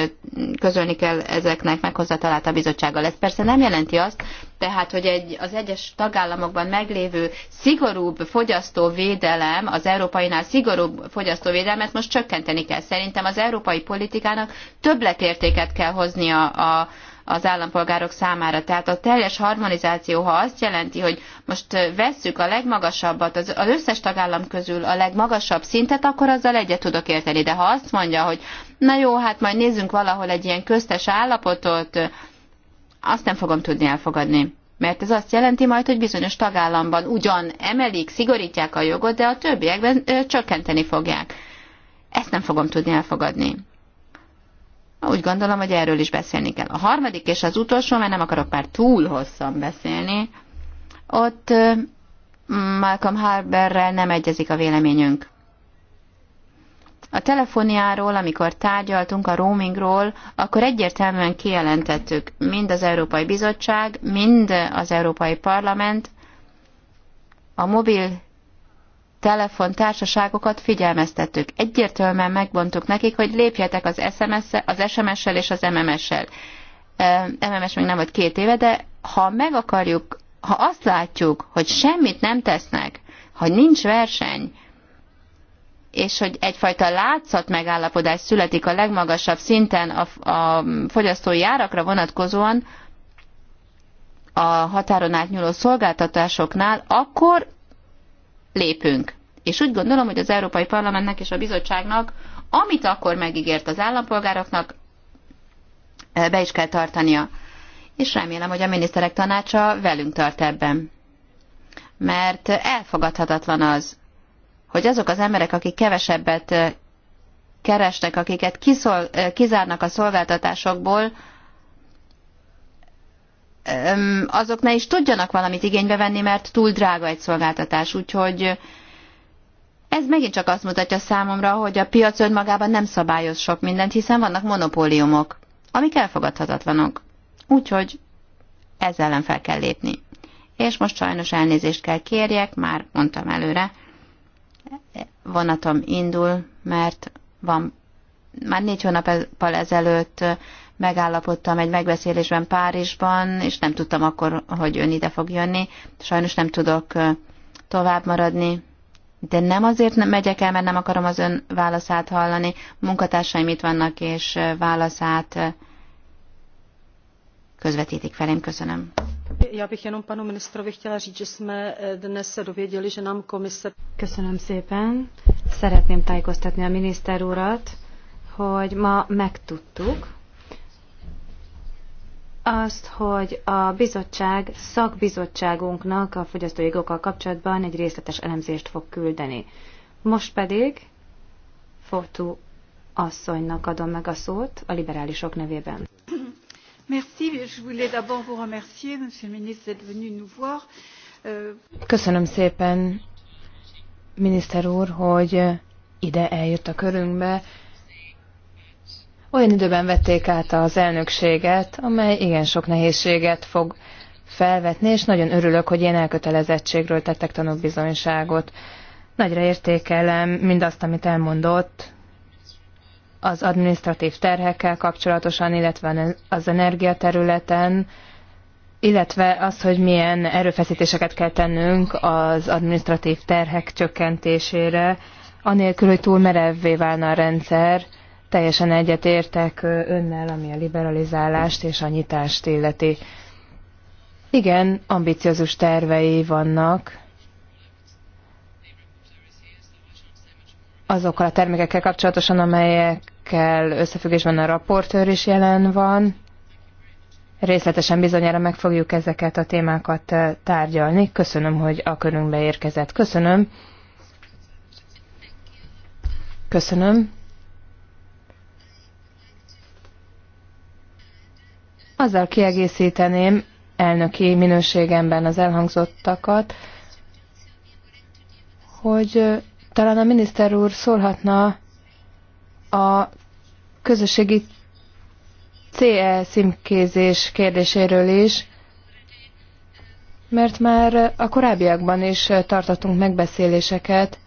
közölni kell ezeknek meghozatalát a bizottsággal. Ez persze nem jelenti azt, tehát, hogy egy, az egyes tagállamokban meglévő szigorúbb fogyasztóvédelem, az európainál szigorúbb fogyasztóvédelmet most csökkenteni kell. Szerintem az európai politikának többletértéket kell hoznia a, az állampolgárok számára. Tehát a teljes harmonizáció, ha azt jelenti, hogy most vesszük a legmagasabbat, az, az összes tagállam közül a legmagasabb szintet, akkor azzal egyet tudok érteni. De ha azt mondja, hogy na jó, hát majd nézzünk valahol egy ilyen köztes állapotot, azt nem fogom tudni elfogadni. Mert ez azt jelenti majd, hogy bizonyos tagállamban ugyan emelik, szigorítják a jogot, de a többiekben ö, csökkenteni fogják. Ezt nem fogom tudni elfogadni. Úgy gondolom, hogy erről is beszélni kell. A harmadik és az utolsó, mert nem akarok már túl hosszan beszélni, ott Malcolm Harberrel nem egyezik a véleményünk. A telefoniáról, amikor tárgyaltunk a roamingról, akkor egyértelműen kijelentettük mind az Európai Bizottság, mind az Európai Parlament a mobil telefontársaságokat figyelmeztettük. Egyértelműen megmondtuk nekik, hogy lépjetek az sms sel az sms és az MMS-sel. MMS még nem volt két éve, de ha meg akarjuk, ha azt látjuk, hogy semmit nem tesznek, hogy nincs verseny, és hogy egyfajta látszat megállapodás születik a legmagasabb szinten a, a fogyasztói árakra vonatkozóan, a határon átnyúló szolgáltatásoknál, akkor lépünk. És úgy gondolom, hogy az Európai Parlamentnek és a bizottságnak, amit akkor megígért az állampolgároknak, be is kell tartania. És remélem, hogy a miniszterek tanácsa velünk tart ebben. Mert elfogadhatatlan az, hogy azok az emberek, akik kevesebbet keresnek, akiket kiszol, kizárnak a szolgáltatásokból, azok ne is tudjanak valamit igénybe venni, mert túl drága egy szolgáltatás. Úgyhogy ez megint csak azt mutatja számomra, hogy a piac önmagában nem szabályoz sok mindent, hiszen vannak monopóliumok, amik elfogadhatatlanok. Úgyhogy ezzel ellen fel kell lépni. És most sajnos elnézést kell kérjek, már mondtam előre, vonatom indul, mert van már négy hónap ezelőtt megállapodtam egy megbeszélésben Párizsban, és nem tudtam akkor, hogy ön ide fog jönni. Sajnos nem tudok tovább maradni. De nem azért nem megyek el, mert nem akarom az ön válaszát hallani. Munkatársaim itt vannak, és válaszát közvetítik felém. Köszönöm.
Já bych jenom panu ministrovi chtěla říct, že jsme e, dnes se dověděli, že nám komise...
Köszönöm szépen. Szeretném tájékoztatni a miniszter urat, hogy ma megtudtuk, azt, hogy a bizottság szakbizottságunknak a fogyasztói jogokkal kapcsolatban egy részletes elemzést fog küldeni. Most pedig Fortú asszonynak adom meg a szót a liberálisok nevében.
Merci,
je voulais d'abord vous remercier, monsieur le ministre, d'être venu nous voir. Euh,
Köszönöm szépen, miniszter úr, hogy ide eljött a körünkbe, olyan időben vették át az elnökséget, amely igen sok nehézséget fog felvetni, és nagyon örülök, hogy ilyen elkötelezettségről tettek tanúbizonyságot. Nagyra értékelem mindazt, amit elmondott az administratív terhekkel kapcsolatosan, illetve az energiaterületen, illetve az, hogy milyen erőfeszítéseket kell tennünk az administratív terhek csökkentésére, anélkül, hogy túl merevvé válna a rendszer, Teljesen egyetértek önnel, ami a liberalizálást és a nyitást illeti. Igen, ambiciózus tervei vannak, azokkal a termékekkel kapcsolatosan, amelyekkel összefüggésben a raportőr is jelen van. Részletesen bizonyára meg fogjuk ezeket a témákat tárgyalni. Köszönöm, hogy a körünkbe érkezett. Köszönöm. Köszönöm. Azzal kiegészíteném elnöki minőségemben az elhangzottakat, hogy talán a miniszter úr szólhatna a közösségi CE szimkézés kérdéséről is, mert már a korábbiakban is tartottunk megbeszéléseket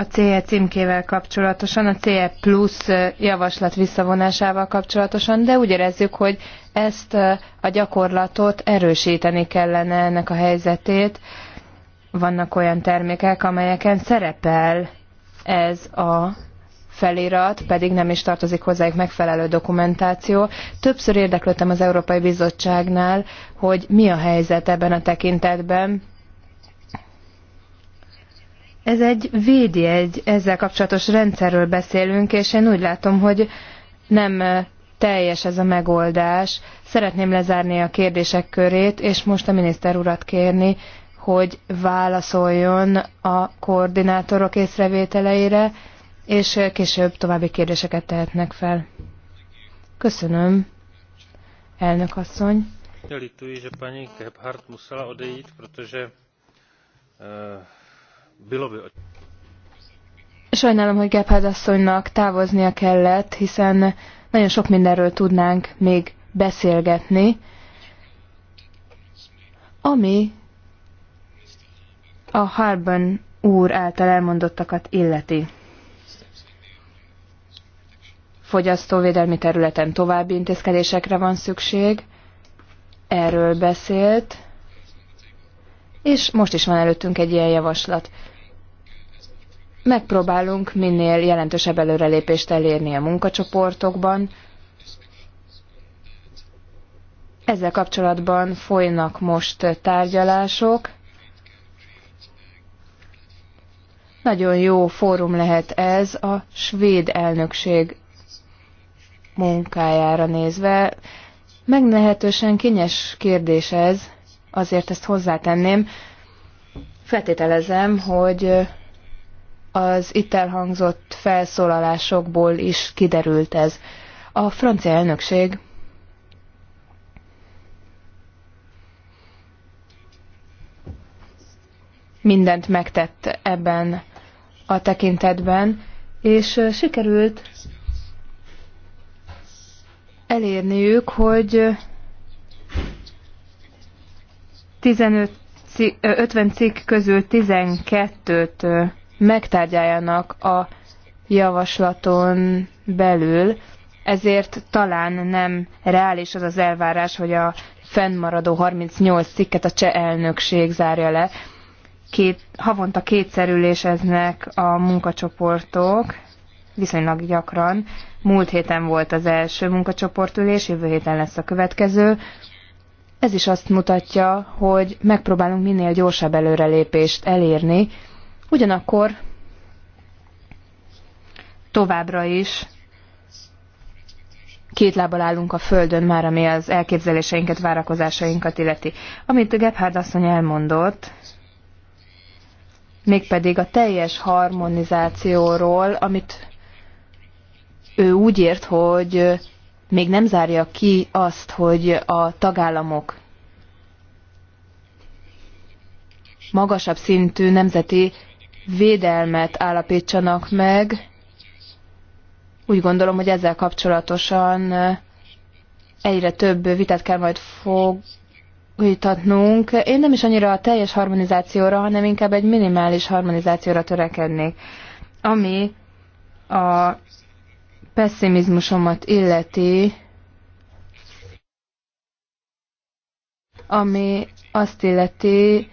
a CE címkével kapcsolatosan, a CE plusz javaslat visszavonásával kapcsolatosan, de úgy érezzük, hogy ezt a gyakorlatot erősíteni kellene ennek a helyzetét. Vannak olyan termékek, amelyeken szerepel ez a felirat, pedig nem is tartozik hozzájuk megfelelő dokumentáció. Többször érdeklődtem az Európai Bizottságnál, hogy mi a helyzet ebben a tekintetben, ez egy védjegy, ezzel kapcsolatos rendszerről beszélünk, és én úgy látom, hogy nem teljes ez a megoldás. Szeretném lezárni a kérdések körét, és most a miniszter urat kérni, hogy válaszoljon a koordinátorok észrevételeire, és később további kérdéseket tehetnek fel. Köszönöm, elnök asszony.
Lituji, že paní Gebhardt musela odejít, protože uh,
Sajnálom, hogy Gebhard asszonynak távoznia kellett, hiszen nagyon sok mindenről tudnánk még beszélgetni, ami a Harban úr által elmondottakat illeti. Fogyasztóvédelmi területen további intézkedésekre van szükség, erről beszélt, és most is van előttünk egy ilyen javaslat. Megpróbálunk minél jelentősebb előrelépést elérni a munkacsoportokban. Ezzel kapcsolatban folynak most tárgyalások. Nagyon jó fórum lehet ez a svéd elnökség munkájára nézve. Megnehetősen kényes kérdés ez, azért ezt hozzátenném. Feltételezem, hogy az itt elhangzott felszólalásokból is kiderült ez. A francia elnökség mindent megtett ebben a tekintetben, és sikerült elérniük, hogy 15 50 cikk közül 12-t megtárgyáljanak a javaslaton belül, ezért talán nem reális az az elvárás, hogy a fennmaradó 38 cikket a cseh elnökség zárja le. Két, havonta kétszerüléseznek a munkacsoportok, viszonylag gyakran. Múlt héten volt az első munkacsoportülés, jövő héten lesz a következő. Ez is azt mutatja, hogy megpróbálunk minél gyorsabb előrelépést elérni, Ugyanakkor továbbra is két lábbal állunk a földön már, ami az elképzeléseinket, várakozásainkat illeti. Amit Gebhard asszony elmondott, mégpedig a teljes harmonizációról, amit ő úgy ért, hogy még nem zárja ki azt, hogy a tagállamok magasabb szintű nemzeti védelmet állapítsanak meg. Úgy gondolom, hogy ezzel kapcsolatosan egyre több vitát kell majd folytatnunk. Én nem is annyira a teljes harmonizációra, hanem inkább egy minimális harmonizációra törekednék, ami a pessimizmusomat illeti, ami azt illeti,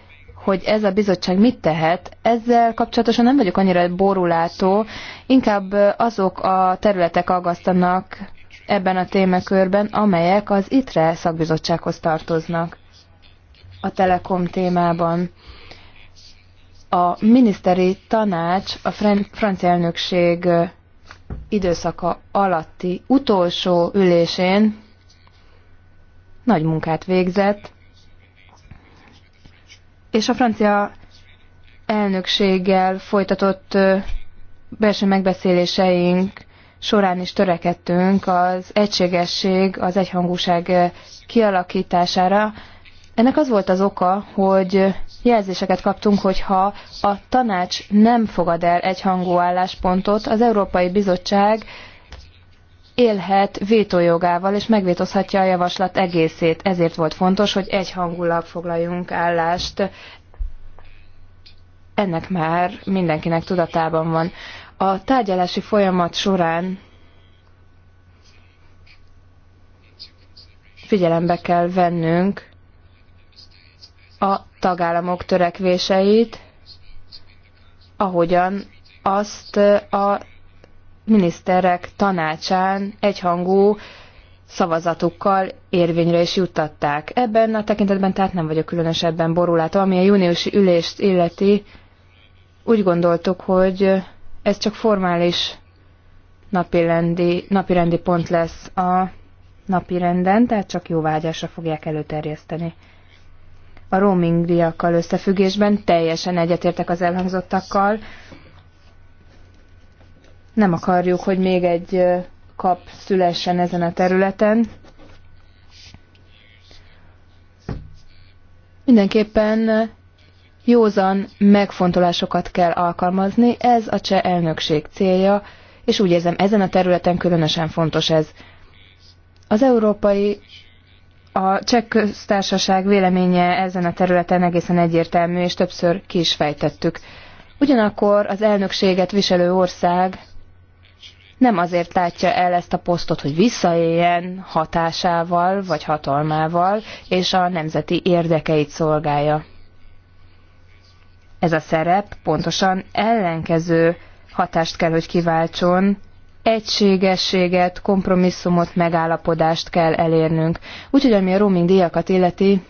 hogy ez a bizottság mit tehet, ezzel kapcsolatosan nem vagyok annyira borulátó, inkább azok a területek aggasztanak ebben a témakörben, amelyek az ITRE szakbizottsághoz tartoznak a Telekom témában. A miniszteri tanács a francia elnökség időszaka alatti utolsó ülésén nagy munkát végzett, és a francia elnökséggel folytatott belső megbeszéléseink során is törekedtünk az egységesség, az egyhangúság kialakítására. Ennek az volt az oka, hogy jelzéseket kaptunk, hogy ha a tanács nem fogad el egyhangú álláspontot, az Európai Bizottság élhet vétójogával, és megvétozhatja a javaslat egészét. Ezért volt fontos, hogy egyhangulag foglaljunk állást. Ennek már mindenkinek tudatában van. A tárgyalási folyamat során figyelembe kell vennünk a tagállamok törekvéseit, ahogyan azt a miniszterek tanácsán egyhangú szavazatukkal érvényre is juttatták. Ebben a tekintetben tehát nem vagyok különösebben borulátó. Ami a júniusi ülést illeti, úgy gondoltuk, hogy ez csak formális napirendi, napirendi pont lesz a napirenden, tehát csak jóvágyásra fogják előterjeszteni. A roaming díjakkal összefüggésben teljesen egyetértek az elhangzottakkal. Nem akarjuk, hogy még egy kap szülessen ezen a területen. Mindenképpen józan megfontolásokat kell alkalmazni, ez a cseh elnökség célja, és úgy érzem, ezen a területen különösen fontos ez. Az európai, a cseh köztársaság véleménye ezen a területen egészen egyértelmű, és többször ki is fejtettük. Ugyanakkor az elnökséget viselő ország nem azért látja el ezt a posztot, hogy visszaéljen hatásával vagy hatalmával, és a nemzeti érdekeit szolgálja. Ez a szerep pontosan ellenkező hatást kell, hogy kiváltson, egységességet, kompromisszumot, megállapodást kell elérnünk. Úgyhogy ami a roaming díjakat illeti,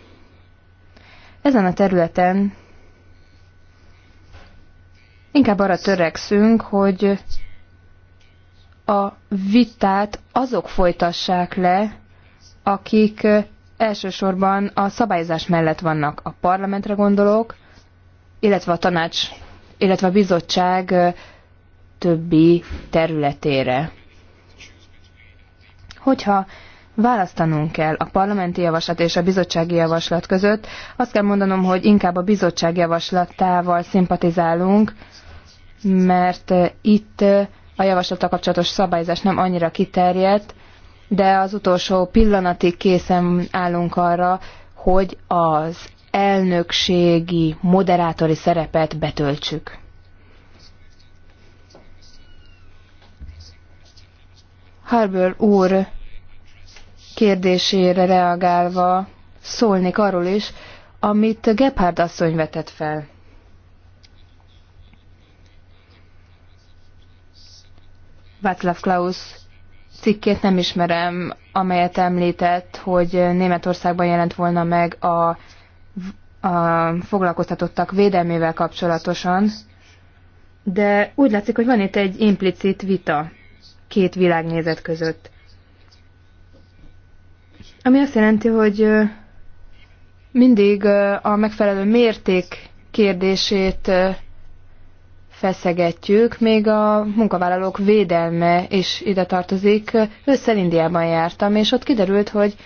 ezen a területen inkább arra törekszünk, hogy a vitát azok folytassák le, akik elsősorban a szabályozás mellett vannak. A parlamentre gondolok, illetve a tanács, illetve a bizottság többi területére. Hogyha választanunk kell a parlamenti javaslat és a bizottsági javaslat között, azt kell mondanom, hogy inkább a bizottság javaslatával szimpatizálunk, mert itt a javaslattal kapcsolatos szabályzás nem annyira kiterjedt, de az utolsó pillanatig készen állunk arra, hogy az elnökségi, moderátori szerepet betöltsük. Harbour úr kérdésére reagálva szólnék arról is, amit Gebhard asszony vetett fel. Václav Klaus cikkét nem ismerem, amelyet említett, hogy Németországban jelent volna meg a, a foglalkoztatottak védelmével kapcsolatosan, de úgy látszik, hogy van itt egy implicit vita két világnézet között. Ami azt jelenti, hogy mindig a megfelelő mérték kérdését feszegetjük, még a munkavállalók védelme is ide tartozik. Összel Indiában jártam, és ott kiderült, hogy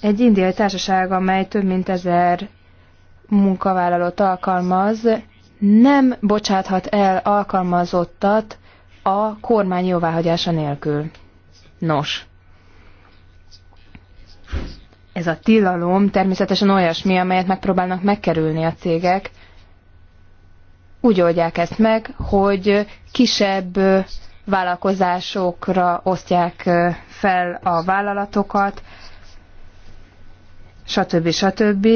egy indiai társaság, amely több mint ezer munkavállalót alkalmaz, nem bocsáthat el alkalmazottat a kormány jóváhagyása nélkül. Nos, ez a tilalom természetesen olyasmi, amelyet megpróbálnak megkerülni a cégek, úgy oldják ezt meg, hogy kisebb vállalkozásokra osztják fel a vállalatokat, stb. stb.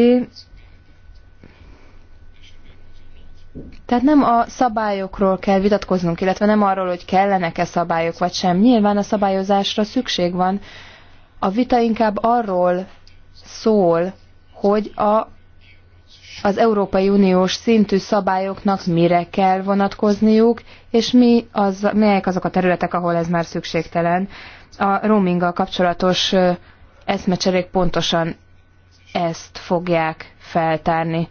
Tehát nem a szabályokról kell vitatkoznunk, illetve nem arról, hogy kellenek-e szabályok vagy sem. Nyilván a szabályozásra szükség van. A vita inkább arról szól, hogy a az Európai Uniós szintű szabályoknak mire kell vonatkozniuk, és mi az, melyek azok a területek, ahol ez már szükségtelen. A roaminggal kapcsolatos eszmecserék pontosan ezt fogják feltárni.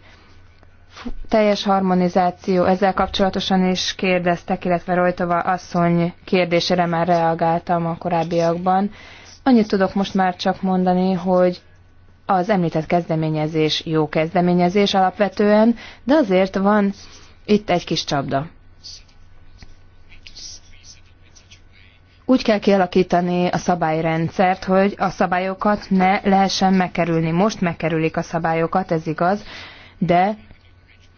Teljes harmonizáció, ezzel kapcsolatosan is kérdeztek, illetve Rojtova asszony kérdésére már reagáltam a korábbiakban. Annyit tudok most már csak mondani, hogy az említett kezdeményezés jó kezdeményezés alapvetően, de azért van itt egy kis csapda. Úgy kell kialakítani a szabályrendszert, hogy a szabályokat ne lehessen megkerülni. Most megkerülik a szabályokat, ez igaz, de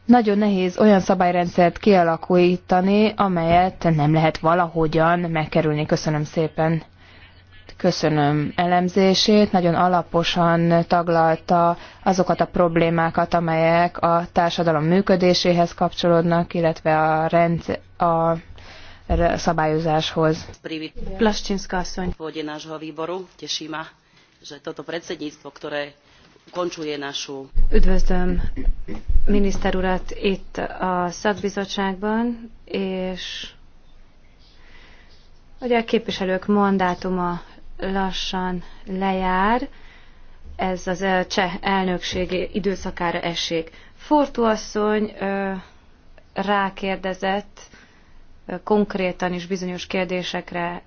nagyon nehéz olyan szabályrendszert kialakítani, amelyet nem lehet valahogyan megkerülni. Köszönöm szépen. Köszönöm elemzését, nagyon alaposan taglalta azokat a problémákat, amelyek a társadalom működéséhez kapcsolódnak, illetve a, rend, a szabályozáshoz.
Plasčinska asszony.
Üdvözlöm miniszter urat itt a szakbizottságban, és Ugye a képviselők mandátuma lassan lejár, ez az cseh elnökségi időszakára esik. Fortu asszony rákérdezett konkrétan is bizonyos kérdésekre.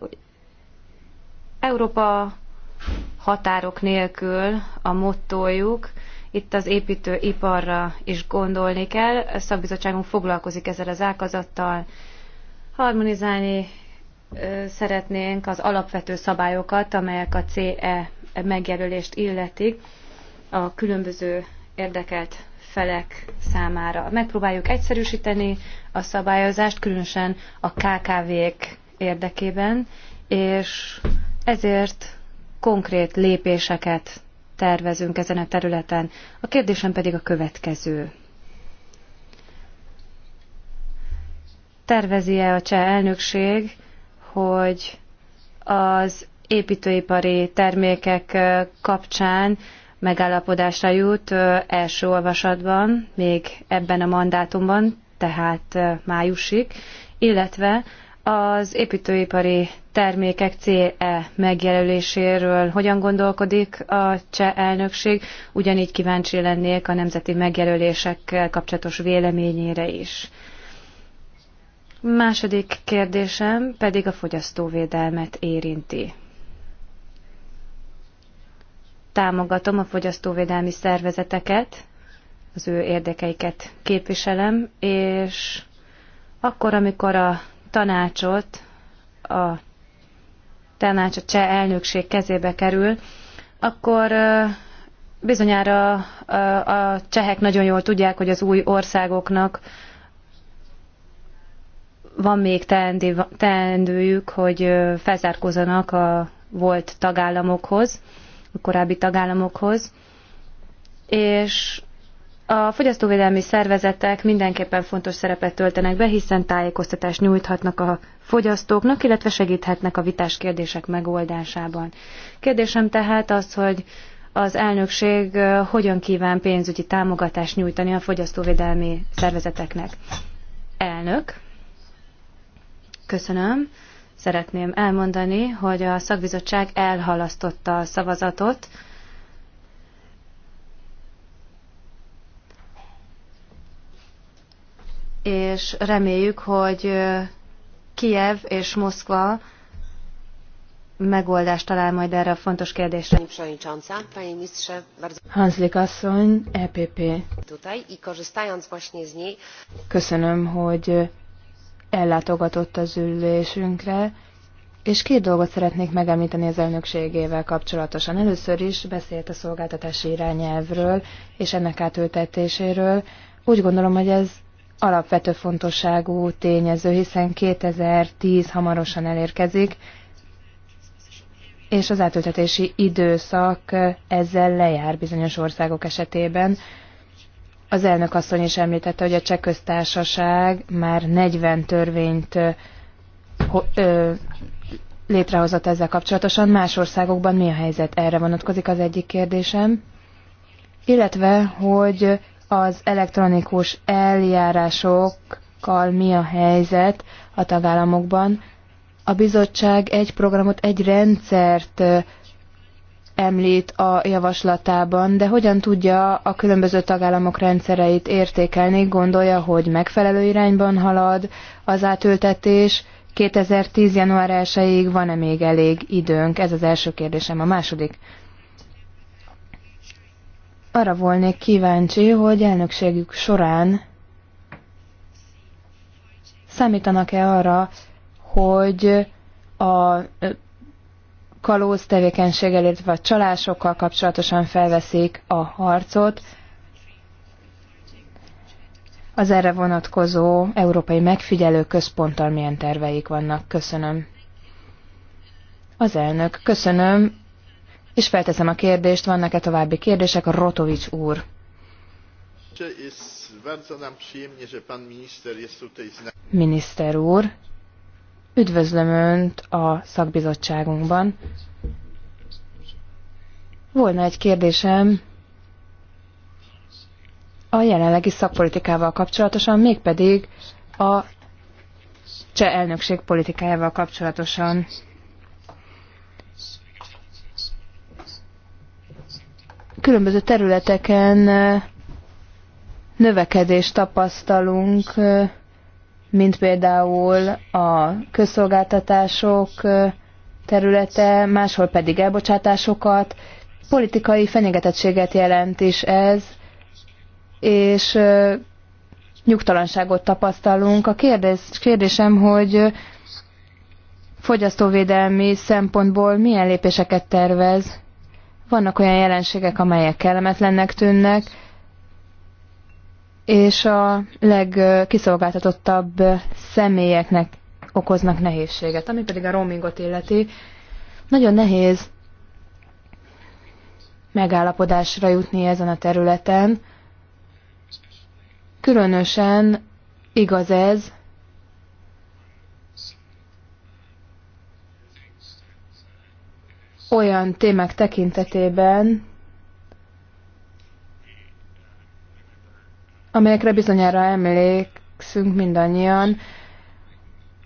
Európa határok nélkül a mottójuk, itt az építőiparra is gondolni kell. A szakbizottságunk foglalkozik ezzel az ágazattal. Harmonizálni szeretnénk az alapvető szabályokat, amelyek a CE megjelölést illetik, a különböző érdekelt felek számára. Megpróbáljuk egyszerűsíteni a szabályozást, különösen a KKV-k érdekében, és ezért konkrét lépéseket tervezünk ezen a területen. A kérdésem pedig a következő. Tervezi-e a cseh elnökség hogy az építőipari termékek kapcsán megállapodásra jut első olvasatban, még ebben a mandátumban, tehát májusig, illetve az építőipari termékek CE megjelöléséről hogyan gondolkodik a cseh elnökség, ugyanígy kíváncsi lennék a nemzeti megjelölésekkel kapcsolatos véleményére is. Második kérdésem pedig a fogyasztóvédelmet érinti. Támogatom a fogyasztóvédelmi szervezeteket, az ő érdekeiket képviselem, és akkor, amikor a tanácsot, a tanács a cseh elnökség kezébe kerül, akkor bizonyára a csehek nagyon jól tudják, hogy az új országoknak van még teendő, teendőjük, hogy felzárkózanak a volt tagállamokhoz, a korábbi tagállamokhoz, és a fogyasztóvédelmi szervezetek mindenképpen fontos szerepet töltenek be, hiszen tájékoztatást nyújthatnak a fogyasztóknak, illetve segíthetnek a vitás kérdések megoldásában. Kérdésem tehát az, hogy az elnökség hogyan kíván pénzügyi támogatást nyújtani a fogyasztóvédelmi szervezeteknek. Elnök, Köszönöm. Szeretném elmondani, hogy a szakbizottság elhalasztotta a szavazatot. És reméljük, hogy Kiev és Moszkva megoldást talál majd erre a fontos kérdésre.
Hanslik asszony, EPP. Köszönöm, hogy ellátogatott az ülésünkre, és két dolgot szeretnék megemlíteni az elnökségével kapcsolatosan. Először is beszélt a szolgáltatási irányelvről és ennek átültetéséről. Úgy gondolom, hogy ez alapvető fontosságú tényező, hiszen 2010 hamarosan elérkezik, és az átültetési időszak ezzel lejár bizonyos országok esetében. Az elnök asszony is említette, hogy a cseh köztársaság már 40 törvényt ö, létrehozott ezzel kapcsolatosan. Más országokban mi a helyzet? Erre vonatkozik az egyik kérdésem. Illetve, hogy az elektronikus eljárásokkal mi a helyzet a tagállamokban. A bizottság egy programot, egy rendszert említ a javaslatában, de hogyan tudja a különböző tagállamok rendszereit értékelni, gondolja, hogy megfelelő irányban halad az átültetés, 2010. január 1-ig van-e még elég időnk? Ez az első kérdésem. A második. Arra volnék kíváncsi, hogy elnökségük során számítanak-e arra, hogy a kalóz tevékenységgel, illetve a csalásokkal kapcsolatosan felveszik a harcot. Az erre vonatkozó Európai Megfigyelő Központtal milyen terveik vannak? Köszönöm. Az elnök, köszönöm, és felteszem a kérdést, vannak-e további kérdések? a Rotovics úr. Miniszter úr, Üdvözlöm Önt a szakbizottságunkban. Volna egy kérdésem a jelenlegi szakpolitikával kapcsolatosan, mégpedig a cseh elnökség politikájával kapcsolatosan. Különböző területeken növekedést tapasztalunk, mint például a közszolgáltatások területe, máshol pedig elbocsátásokat. Politikai fenyegetettséget jelent is ez, és nyugtalanságot tapasztalunk. A kérdés, kérdésem, hogy fogyasztóvédelmi szempontból milyen lépéseket tervez? Vannak olyan jelenségek, amelyek kellemetlennek tűnnek, és a legkiszolgáltatottabb személyeknek okoznak nehézséget, ami pedig a roamingot illeti. Nagyon nehéz megállapodásra jutni ezen a területen. Különösen igaz ez olyan témák tekintetében, amelyekre bizonyára emlékszünk mindannyian,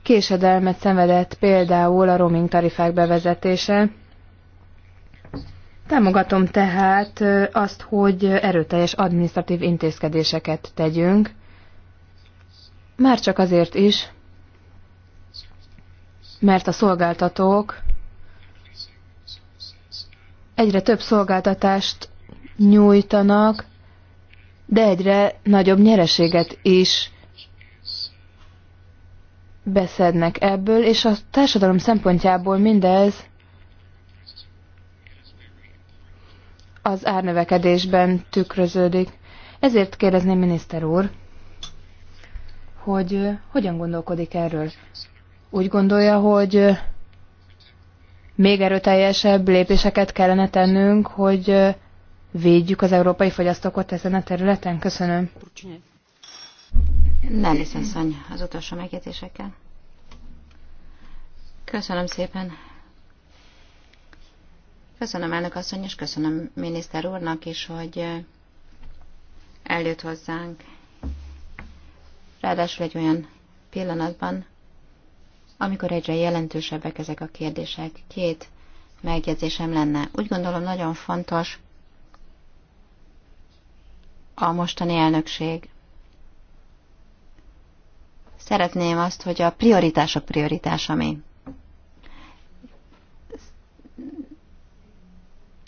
késedelmet szenvedett például a roaming tarifák bevezetése. Támogatom tehát azt, hogy erőteljes administratív intézkedéseket tegyünk, már csak azért is, mert a szolgáltatók egyre több szolgáltatást nyújtanak, de egyre nagyobb nyereséget is beszednek ebből, és a társadalom szempontjából mindez az árnövekedésben tükröződik. Ezért kérdezném miniszter úr, hogy eh, hogyan gondolkodik erről. Úgy gondolja, hogy eh, még erőteljesebb lépéseket kellene tennünk, hogy eh, védjük az európai fogyasztókat ezen a területen? Köszönöm.
Nellis Szany, az utolsó megjegyzésekkel. Köszönöm szépen. Köszönöm elnök asszony, és köszönöm miniszter úrnak is, hogy eljött hozzánk. Ráadásul egy olyan pillanatban, amikor egyre jelentősebbek ezek a kérdések. Két megjegyzésem lenne. Úgy gondolom nagyon fontos, a mostani elnökség. Szeretném azt, hogy a prioritások prioritás, ami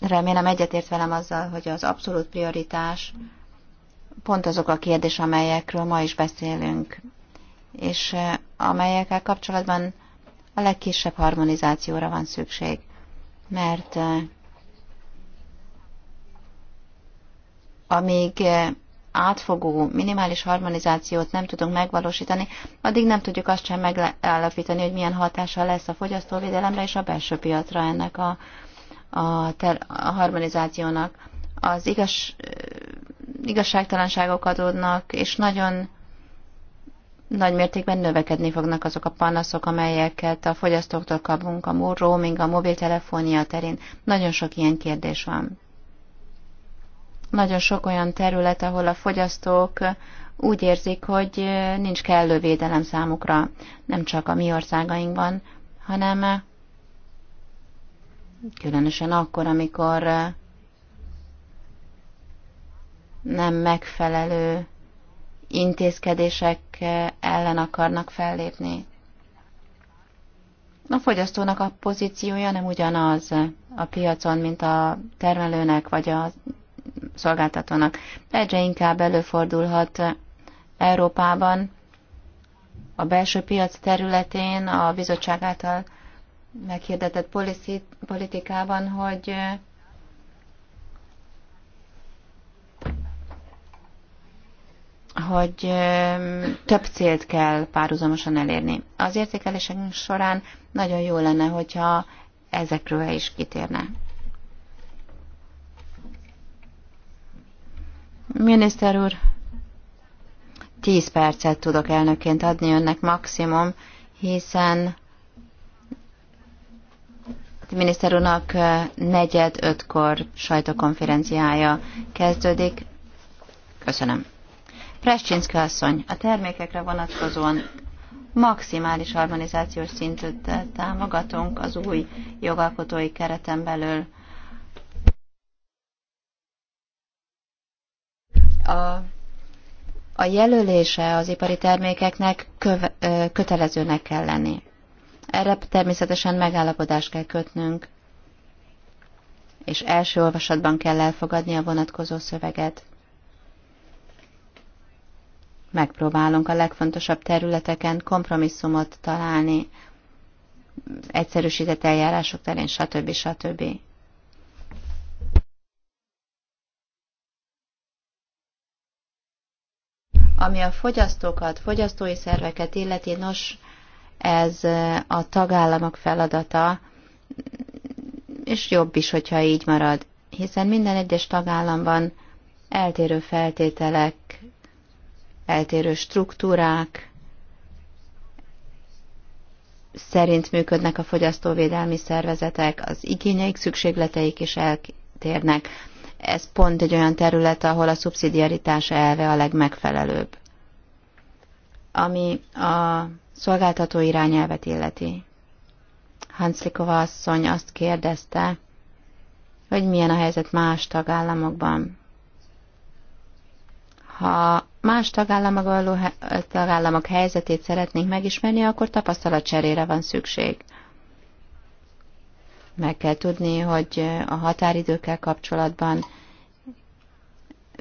Remélem egyetért velem azzal, hogy az abszolút prioritás pont azok a kérdés, amelyekről ma is beszélünk, és eh, amelyekkel kapcsolatban a legkisebb harmonizációra van szükség. Mert eh, amíg eh, átfogó, minimális harmonizációt nem tudunk megvalósítani, addig nem tudjuk azt sem megállapítani, hogy milyen hatása lesz a fogyasztóvédelemre és a belső piacra ennek a, a, ter, a harmonizációnak. Az igaz, eh, igazságtalanságok adódnak, és nagyon nagy mértékben növekedni fognak azok a panaszok, amelyeket a fogyasztóktól kapunk a roaming, a mobiltelefonia terén. Nagyon sok ilyen kérdés van. Nagyon sok olyan terület, ahol a fogyasztók úgy érzik, hogy nincs kellő védelem számukra, nem csak a mi országainkban, hanem különösen akkor, amikor nem megfelelő intézkedések ellen akarnak fellépni. A fogyasztónak a pozíciója nem ugyanaz a piacon, mint a termelőnek vagy a szolgáltatónak. Egyre inkább előfordulhat Európában a belső piac területén a bizottság által meghirdetett politikában, hogy hogy több célt kell párhuzamosan elérni. Az értékelések során nagyon jó lenne, hogyha ezekről is kitérne. Miniszter úr, tíz percet tudok elnökként adni önnek maximum, hiszen miniszter úrnak negyed ötkor sajtókonferenciája kezdődik. Köszönöm. Prescsinszki asszony, a termékekre vonatkozóan maximális harmonizációs szintet támogatunk az új jogalkotói kereten belül a, a jelölése az ipari termékeknek köve, kötelezőnek kell lenni. Erre természetesen megállapodást kell kötnünk, és első olvasatban kell elfogadni a vonatkozó szöveget. Megpróbálunk a legfontosabb területeken kompromisszumot találni, egyszerűsített eljárások terén, stb. stb. Ami a fogyasztókat, fogyasztói szerveket illeti, nos, ez a tagállamok feladata, és jobb is, hogyha így marad, hiszen minden egyes tagállamban eltérő feltételek, eltérő struktúrák szerint működnek a fogyasztóvédelmi szervezetek, az igényeik, szükségleteik is eltérnek ez pont egy olyan terület, ahol a szubszidiaritás elve a legmegfelelőbb, ami a szolgáltató irányelvet illeti. Hanslikova asszony azt kérdezte, hogy milyen a helyzet más tagállamokban. Ha más tagállamok, való, tagállamok helyzetét szeretnénk megismerni, akkor tapasztalatcserére van szükség. Meg kell tudni, hogy a határidőkkel kapcsolatban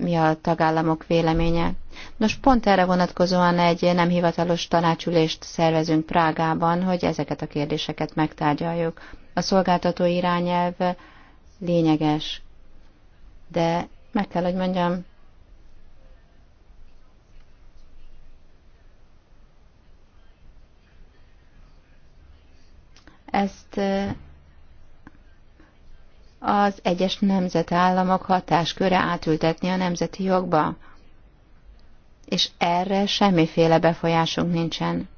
mi a tagállamok véleménye. Nos, pont erre vonatkozóan egy nem hivatalos tanácsülést szervezünk Prágában, hogy ezeket a kérdéseket megtárgyaljuk. A szolgáltató irányelv lényeges, de meg kell, hogy mondjam, ezt az egyes nemzetállamok hatásköre átültetni a nemzeti jogba. És erre semmiféle befolyásunk nincsen.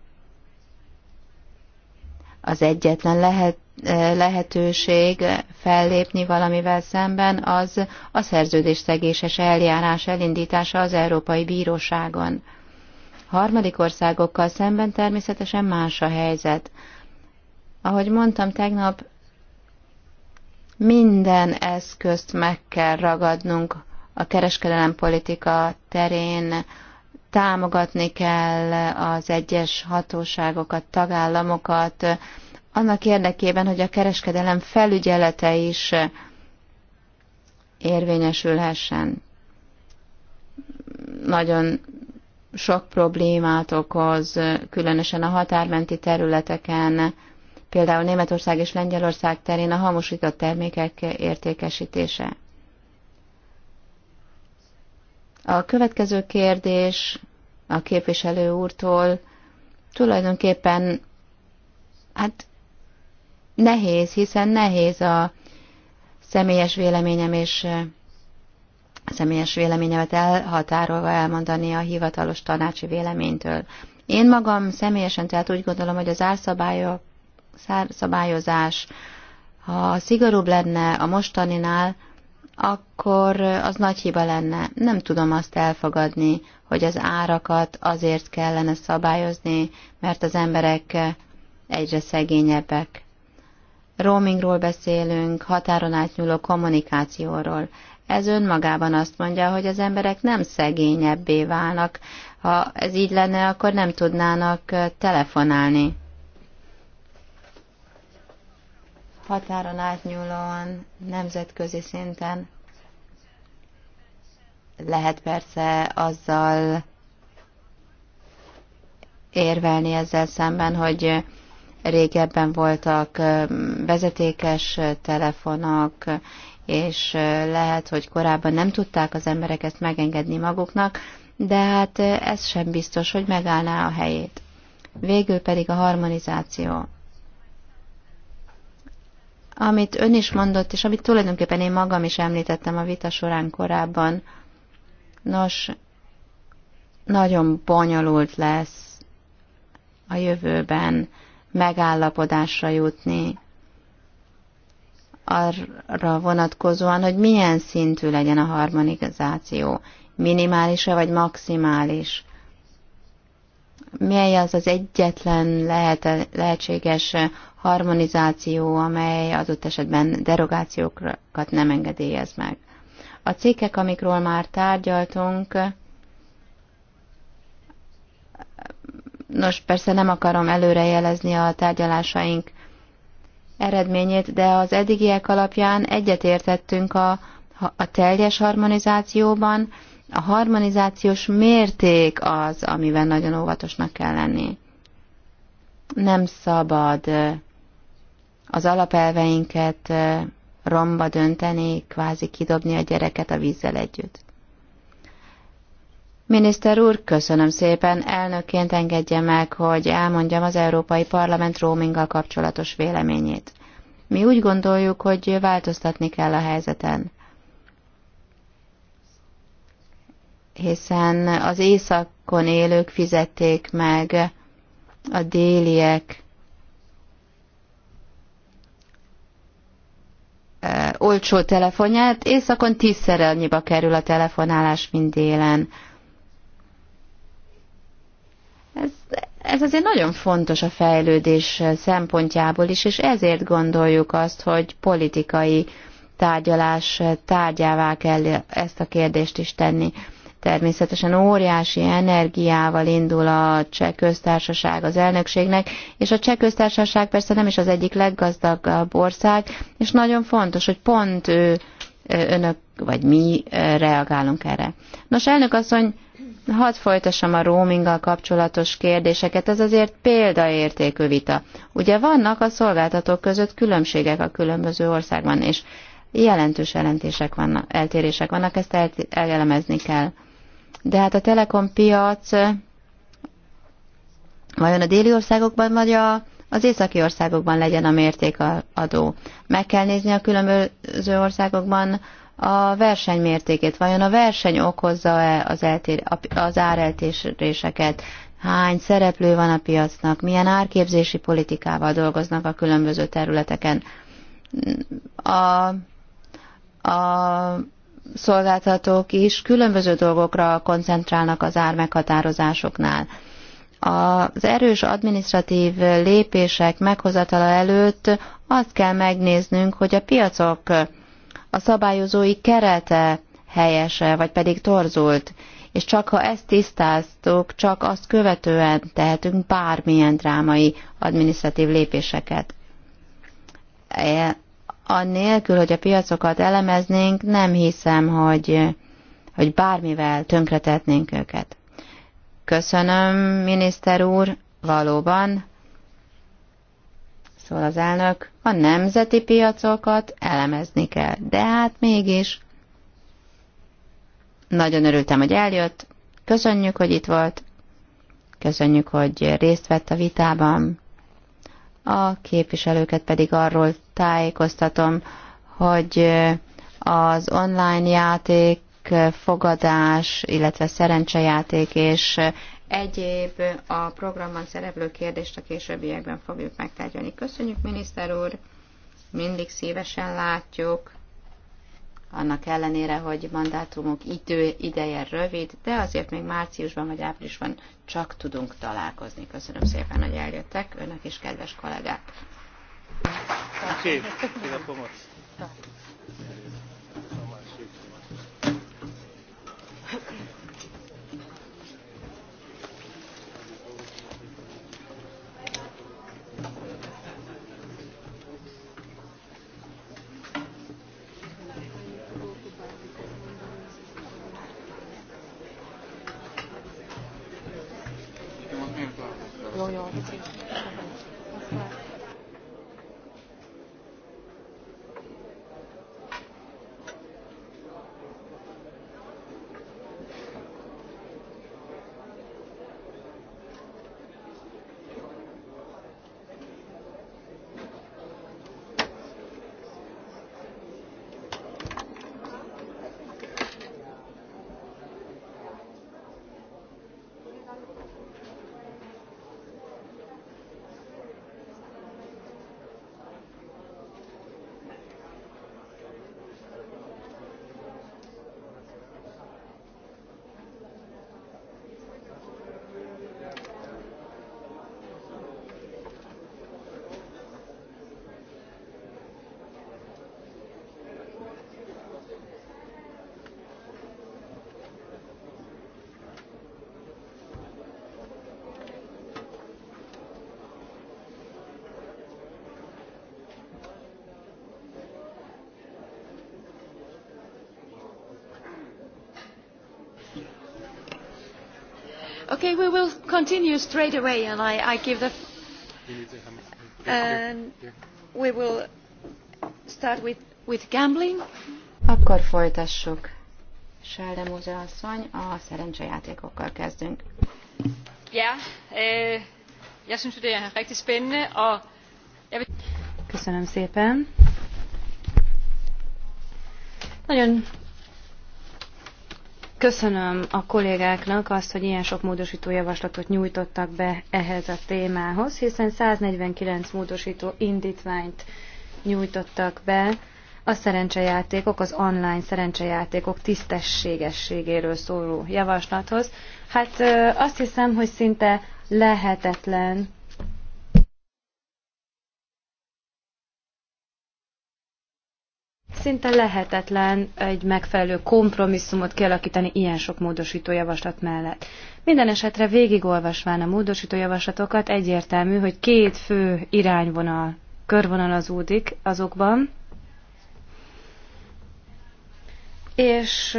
Az egyetlen lehet, eh, lehetőség fellépni valamivel szemben az a szegéses eljárás elindítása az Európai Bíróságon. Harmadik országokkal szemben természetesen más a helyzet. Ahogy mondtam tegnap, minden eszközt meg kell ragadnunk a kereskedelem politika terén, támogatni kell az egyes hatóságokat, tagállamokat, annak érdekében, hogy a kereskedelem felügyelete is érvényesülhessen. Nagyon sok problémát okoz, különösen a határmenti területeken, például Németország és Lengyelország terén a hamosított termékek értékesítése. A következő kérdés a képviselő úrtól tulajdonképpen hát nehéz, hiszen nehéz a személyes véleményem és a eh, személyes véleményemet elhatárolva elmondani a hivatalos tanácsi véleménytől. Én magam személyesen tehát úgy gondolom, hogy az árszabályok szabályozás, ha szigorúbb lenne a mostaninál, akkor az nagy hiba lenne. Nem tudom azt elfogadni, hogy az árakat azért kellene szabályozni, mert az emberek egyre szegényebbek. Roamingról beszélünk, határon átnyúló kommunikációról. Ez önmagában azt mondja, hogy az emberek nem szegényebbé válnak. Ha ez így lenne, akkor nem tudnának telefonálni. határon átnyúlóan nemzetközi szinten lehet persze azzal érvelni ezzel szemben, hogy régebben voltak vezetékes telefonok, és lehet, hogy korábban nem tudták az emberek ezt megengedni maguknak, de hát ez sem biztos, hogy megállná a helyét. Végül pedig a harmonizáció amit ön is mondott, és amit tulajdonképpen én magam is említettem a vita során korábban, nos, nagyon bonyolult lesz a jövőben megállapodásra jutni arra vonatkozóan, hogy milyen szintű legyen a harmonizáció, minimális-e vagy maximális. Mely az az egyetlen lehet, lehetséges harmonizáció, amely az ott esetben derogációkat nem engedélyez meg. A cikkek, amikről már tárgyaltunk, nos, persze nem akarom előrejelezni a tárgyalásaink eredményét, de az eddigiek alapján egyetértettünk a, a teljes harmonizációban, a harmonizációs mérték az, amiben nagyon óvatosnak kell lenni. Nem szabad az alapelveinket romba dönteni, kvázi kidobni a gyereket a vízzel együtt. Miniszter úr, köszönöm szépen. Elnökként engedje meg, hogy elmondjam az Európai Parlament roaminggal kapcsolatos véleményét. Mi úgy gondoljuk, hogy változtatni kell a helyzeten. Hiszen az északon élők fizették meg a déliek olcsó telefonját, éjszakon tízszer annyiba kerül a telefonálás, mint délen. Ez, ez azért nagyon fontos a fejlődés szempontjából is, és ezért gondoljuk azt, hogy politikai tárgyalás tárgyává kell ezt a kérdést is tenni. Természetesen óriási energiával indul a cseh köztársaság az elnökségnek, és a cseh köztársaság persze nem is az egyik leggazdagabb ország, és nagyon fontos, hogy pont ő, önök vagy mi reagálunk erre. Nos, elnök asszony, hadd folytassam a roaminggal kapcsolatos kérdéseket, ez azért példaértékű vita. Ugye vannak a szolgáltatók között különbségek a különböző országban, és jelentős vannak, eltérések vannak, ezt el, elemezni kell. De hát a telekom piac vajon a déli országokban vagy a, az északi országokban legyen a mértékadó. Meg kell nézni a különböző országokban a verseny mértékét. Vajon a verseny okozza-e az, eltér, az áreltéréseket? Hány szereplő van a piacnak? Milyen árképzési politikával dolgoznak a különböző területeken? A, a szolgáltatók is különböző dolgokra koncentrálnak az ármeghatározásoknál. Az erős administratív lépések meghozatala előtt azt kell megnéznünk, hogy a piacok a szabályozói kerete helyese, vagy pedig torzult, és csak ha ezt tisztáztuk, csak azt követően tehetünk bármilyen drámai administratív lépéseket e, Annélkül, hogy a piacokat elemeznénk, nem hiszem, hogy, hogy bármivel tönkretetnénk őket. Köszönöm, miniszter úr, valóban, szól az elnök, a nemzeti piacokat elemezni kell, de hát mégis. Nagyon örültem, hogy eljött, köszönjük, hogy itt volt, köszönjük, hogy részt vett a vitában, a képviselőket pedig arról tájékoztatom, hogy az online játék, fogadás, illetve szerencsejáték és egyéb a programban szereplő kérdést a későbbiekben fogjuk megtárgyalni. Köszönjük, miniszter úr! Mindig szívesen látjuk, annak ellenére, hogy mandátumok idő, ideje rövid, de azért még márciusban vagy áprilisban csak tudunk találkozni. Köszönöm szépen, hogy eljöttek, önök is, kedves kollégák!
Oké, okay.
Okay, we will continue straight away,
and I, I give the.
And um,
we will start with, with gambling. Akkor folytassuk. Sáldem asszony, a szerencsejátékokkal kezdünk.
Ja, eh, jeg synes, det er rigtig spændende, og jeg
Köszönöm szépen.
Nagyon Köszönöm a kollégáknak azt, hogy ilyen sok módosító javaslatot nyújtottak be ehhez a témához, hiszen 149 módosító indítványt nyújtottak be. A szerencsejátékok, az online szerencsejátékok tisztességességéről szóló javaslathoz. Hát azt hiszem, hogy szinte lehetetlen Szinte lehetetlen egy megfelelő kompromisszumot kialakítani ilyen sok módosító javaslat mellett. Minden esetre végigolvasván a módosító javaslatokat egyértelmű, hogy két fő irányvonal körvonalazódik azokban, és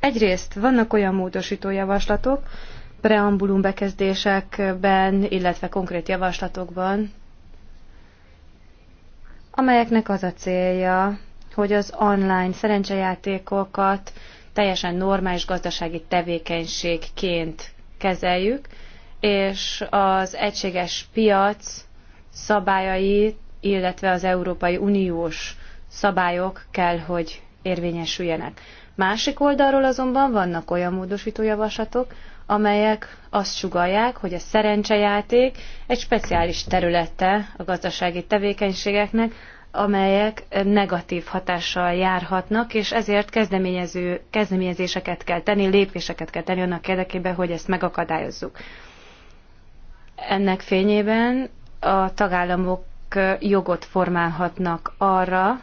egyrészt vannak olyan módosító javaslatok, preambulum bekezdésekben, illetve konkrét javaslatokban, amelyeknek az a célja, hogy az online szerencsejátékokat teljesen normális gazdasági tevékenységként kezeljük, és az egységes piac szabályai, illetve az Európai Uniós szabályok kell, hogy érvényesüljenek. Másik oldalról azonban vannak olyan módosító javaslatok, amelyek azt sugalják, hogy a szerencsejáték egy speciális területe a gazdasági tevékenységeknek, amelyek negatív hatással járhatnak, és ezért kezdeményező, kezdeményezéseket kell tenni, lépéseket kell tenni annak érdekében, hogy ezt megakadályozzuk. Ennek fényében a tagállamok jogot formálhatnak arra,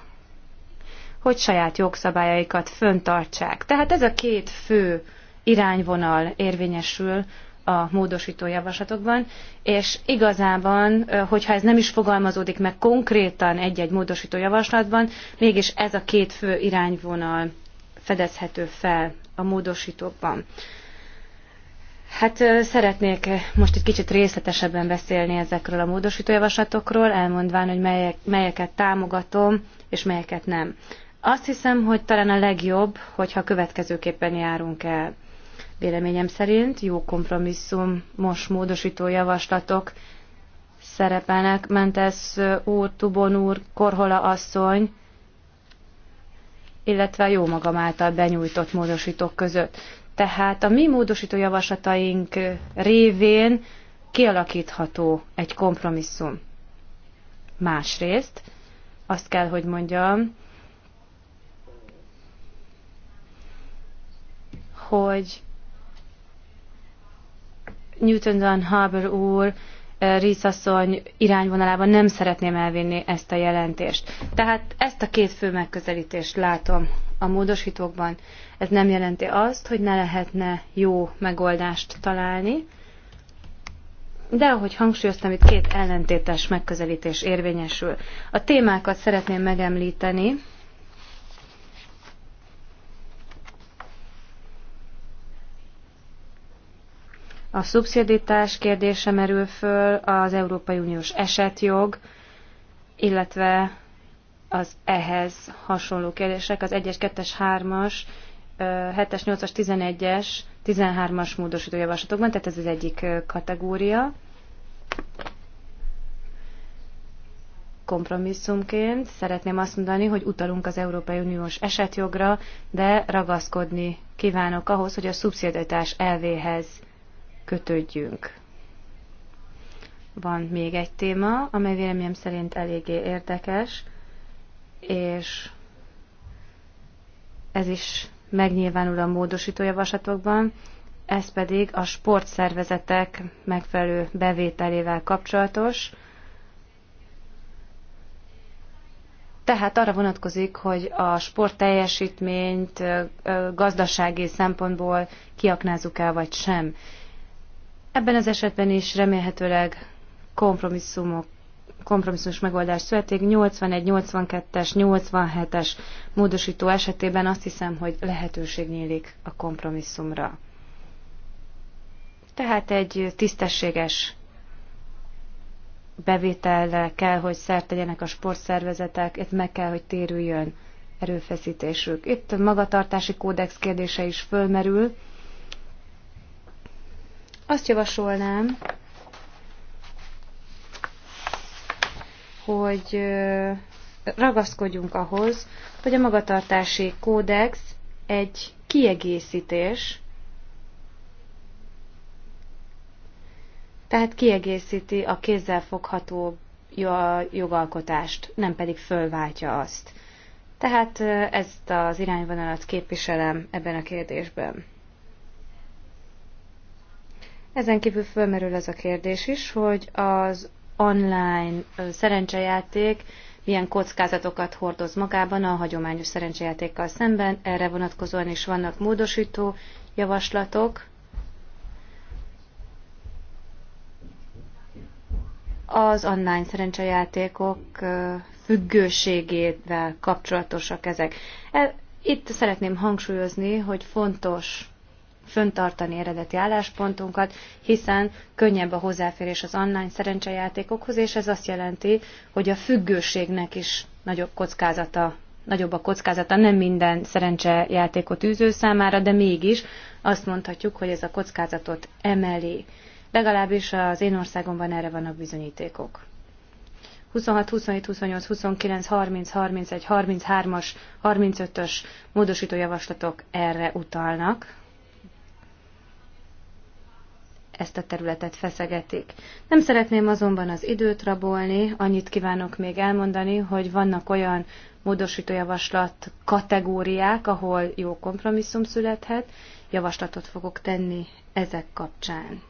hogy saját jogszabályaikat föntartsák. Tehát ez a két fő irányvonal érvényesül a módosító javaslatokban, és igazában, hogyha ez nem is fogalmazódik meg konkrétan egy-egy módosító javaslatban, mégis ez a két fő irányvonal fedezhető fel a módosítókban. Hát szeretnék most egy kicsit részletesebben beszélni ezekről a módosítójavaslatokról, elmondván, hogy melyek, melyeket támogatom, és melyeket nem. Azt hiszem, hogy talán a legjobb, hogyha következőképpen járunk el. Véleményem szerint jó kompromisszum, most módosító javaslatok szerepelnek. Mentesz úr, Tubon úr, Korhola asszony, illetve jó magam által benyújtott módosítók között. Tehát a mi módosító javaslataink révén kialakítható egy kompromisszum. Másrészt azt kell, hogy mondjam, hogy Newton Dunn Harbour úr, eh, Rízasszony irányvonalában nem szeretném elvinni ezt a jelentést. Tehát ezt a két fő megközelítést látom a módosítókban. Ez nem jelenti azt, hogy ne lehetne jó megoldást találni, de ahogy hangsúlyoztam, itt két ellentétes megközelítés érvényesül. A témákat szeretném megemlíteni, A szubszidítás kérdése merül föl, az Európai Uniós esetjog, illetve az ehhez hasonló kérdések, az 1-es, 2-es, 3-as, 7-es, 8-as, 11-es, 13-as módosító javaslatokban, tehát ez az egyik kategória. Kompromisszumként szeretném azt mondani, hogy utalunk az Európai Uniós esetjogra, de ragaszkodni kívánok ahhoz, hogy a szubszidatás elvéhez kötődjünk. Van még egy téma, amely véleményem szerint eléggé érdekes, és ez is megnyilvánul a módosító javaslatokban, ez pedig a sportszervezetek megfelelő bevételével kapcsolatos. Tehát arra vonatkozik, hogy a sport teljesítményt gazdasági szempontból kiaknázzuk el, vagy sem. Ebben az esetben is remélhetőleg kompromisszumok kompromisszumos megoldás születik. 81, 82-es, 87-es módosító esetében azt hiszem, hogy lehetőség nyílik a kompromisszumra. Tehát egy tisztességes bevételre kell, hogy szert tegyenek a sportszervezetek, itt meg kell, hogy térüljön erőfeszítésük. Itt magatartási kódex kérdése is fölmerül, azt javasolnám, hogy ragaszkodjunk ahhoz, hogy a magatartási kódex egy kiegészítés, tehát kiegészíti a fogható jogalkotást, nem pedig fölváltja azt. Tehát ezt az irányvonalat képviselem ebben a kérdésben. Ezen kívül fölmerül az a kérdés is, hogy az online szerencsejáték milyen kockázatokat hordoz magában a hagyományos szerencsejátékkal szemben. Erre vonatkozóan is vannak módosító javaslatok. Az online szerencsejátékok függőségével kapcsolatosak ezek. E, itt szeretném hangsúlyozni, hogy fontos föntartani eredeti álláspontunkat, hiszen könnyebb a hozzáférés az online szerencsejátékokhoz, és ez azt jelenti, hogy a függőségnek is nagyobb kockázata nagyobb a kockázata, nem minden szerencsejátékot űző számára, de mégis azt mondhatjuk, hogy ez a kockázatot emeli. Legalábbis az én országomban erre vannak bizonyítékok. 26, 27, 28, 29, 30, 31, 33-as, 35-ös módosítójavaslatok javaslatok erre utalnak ezt a területet feszegetik. Nem szeretném azonban az időt rabolni, annyit kívánok még elmondani, hogy vannak olyan módosítójavaslat kategóriák, ahol jó kompromisszum születhet, javaslatot fogok tenni ezek kapcsán.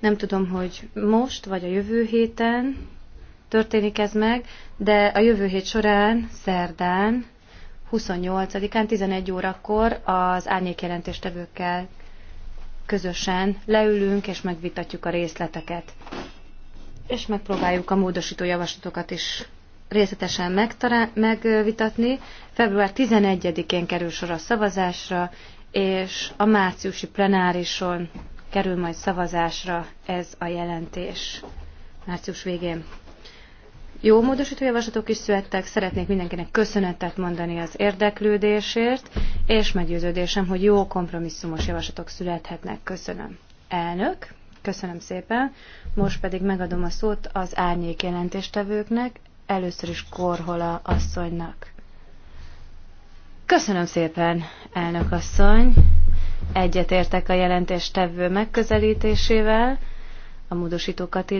Nem tudom, hogy most vagy a jövő héten történik ez meg, de a jövő hét során, szerdán, 28-án, 11 órakor az árnyékjelentéstevőkkel közösen leülünk és megvitatjuk a részleteket. És megpróbáljuk a módosító javaslatokat is részletesen megvitatni. Február 11-én kerül sor a szavazásra, és a márciusi plenárison kerül majd szavazásra ez a jelentés. Március végén jó módosító javaslatok is születtek, szeretnék mindenkinek köszönetet mondani az érdeklődésért, és meggyőződésem, hogy jó kompromisszumos javaslatok születhetnek. Köszönöm. Elnök, köszönöm szépen. Most pedig megadom a szót az árnyék jelentéstevőknek, először is Korhola asszonynak. Köszönöm szépen, elnök asszony. Egyetértek a jelentéstevő megközelítésével a módosítókat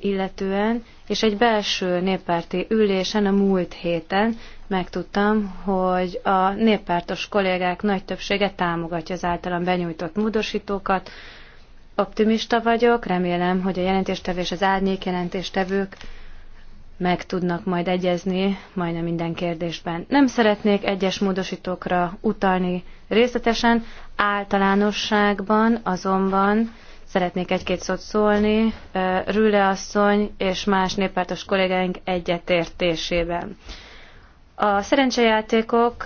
illetően, és egy belső néppárti ülésen a múlt héten megtudtam, hogy a néppártos kollégák nagy többsége támogatja az általam benyújtott módosítókat. Optimista vagyok, remélem, hogy a jelentéstevés az árnyék jelentéstevők meg tudnak majd egyezni majdnem minden kérdésben. Nem szeretnék egyes módosítókra utalni részletesen, általánosságban azonban Szeretnék egy-két szót szólni Rüle asszony és más néppártos kollégáink egyetértésében. A szerencsejátékok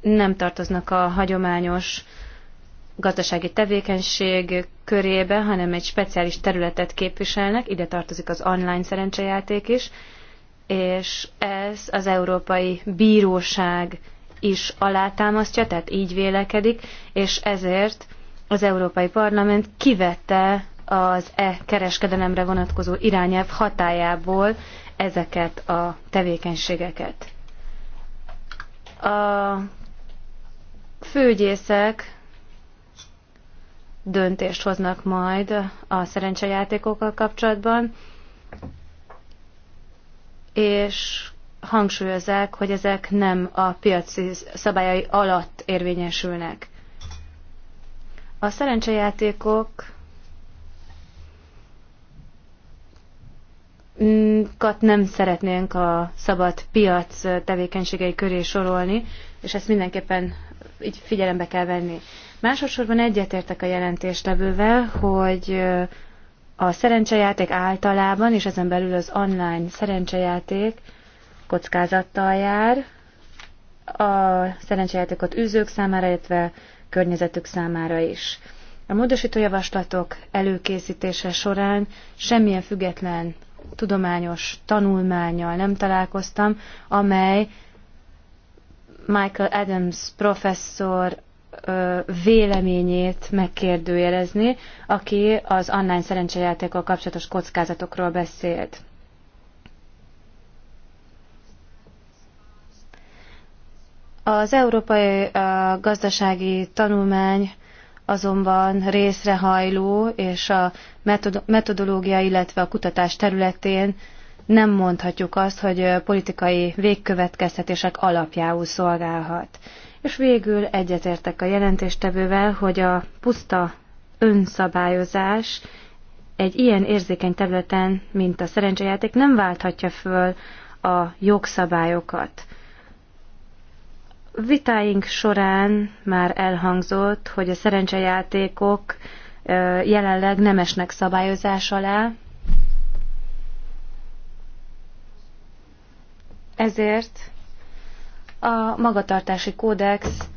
nem tartoznak a hagyományos gazdasági tevékenység körébe, hanem egy speciális területet képviselnek, ide tartozik az online szerencsejáték is, és ez az Európai Bíróság is alátámasztja, tehát így vélekedik, és ezért az Európai Parlament kivette az e-kereskedelemre vonatkozó irányelv hatájából ezeket a tevékenységeket. A főgyészek döntést hoznak majd a szerencsejátékokkal kapcsolatban, és hangsúlyozzák, hogy ezek nem a piaci szabályai alatt érvényesülnek. A szerencsejátékok kat nem szeretnénk a szabad piac tevékenységei köré sorolni, és ezt mindenképpen így figyelembe kell venni. Másodszorban egyetértek a jelentéstevővel, hogy a szerencsejáték általában, és ezen belül az online szerencsejáték kockázattal jár, a szerencsejátékot űzők számára, illetve környezetük számára is. A módosító javaslatok előkészítése során semmilyen független tudományos tanulmányal nem találkoztam, amely Michael Adams professzor véleményét megkérdőjelezni, aki az online szerencsejátékkal kapcsolatos kockázatokról beszélt. Az európai gazdasági tanulmány azonban részrehajló, és a metodológia, illetve a kutatás területén nem mondhatjuk azt, hogy politikai végkövetkeztetések alapjául szolgálhat. És végül egyetértek a jelentéstevővel, hogy a puszta önszabályozás egy ilyen érzékeny területen, mint a szerencsejáték, nem válthatja föl a jogszabályokat vitáink során már elhangzott, hogy a szerencsejátékok jelenleg nem esnek szabályozás alá, ezért a magatartási kódex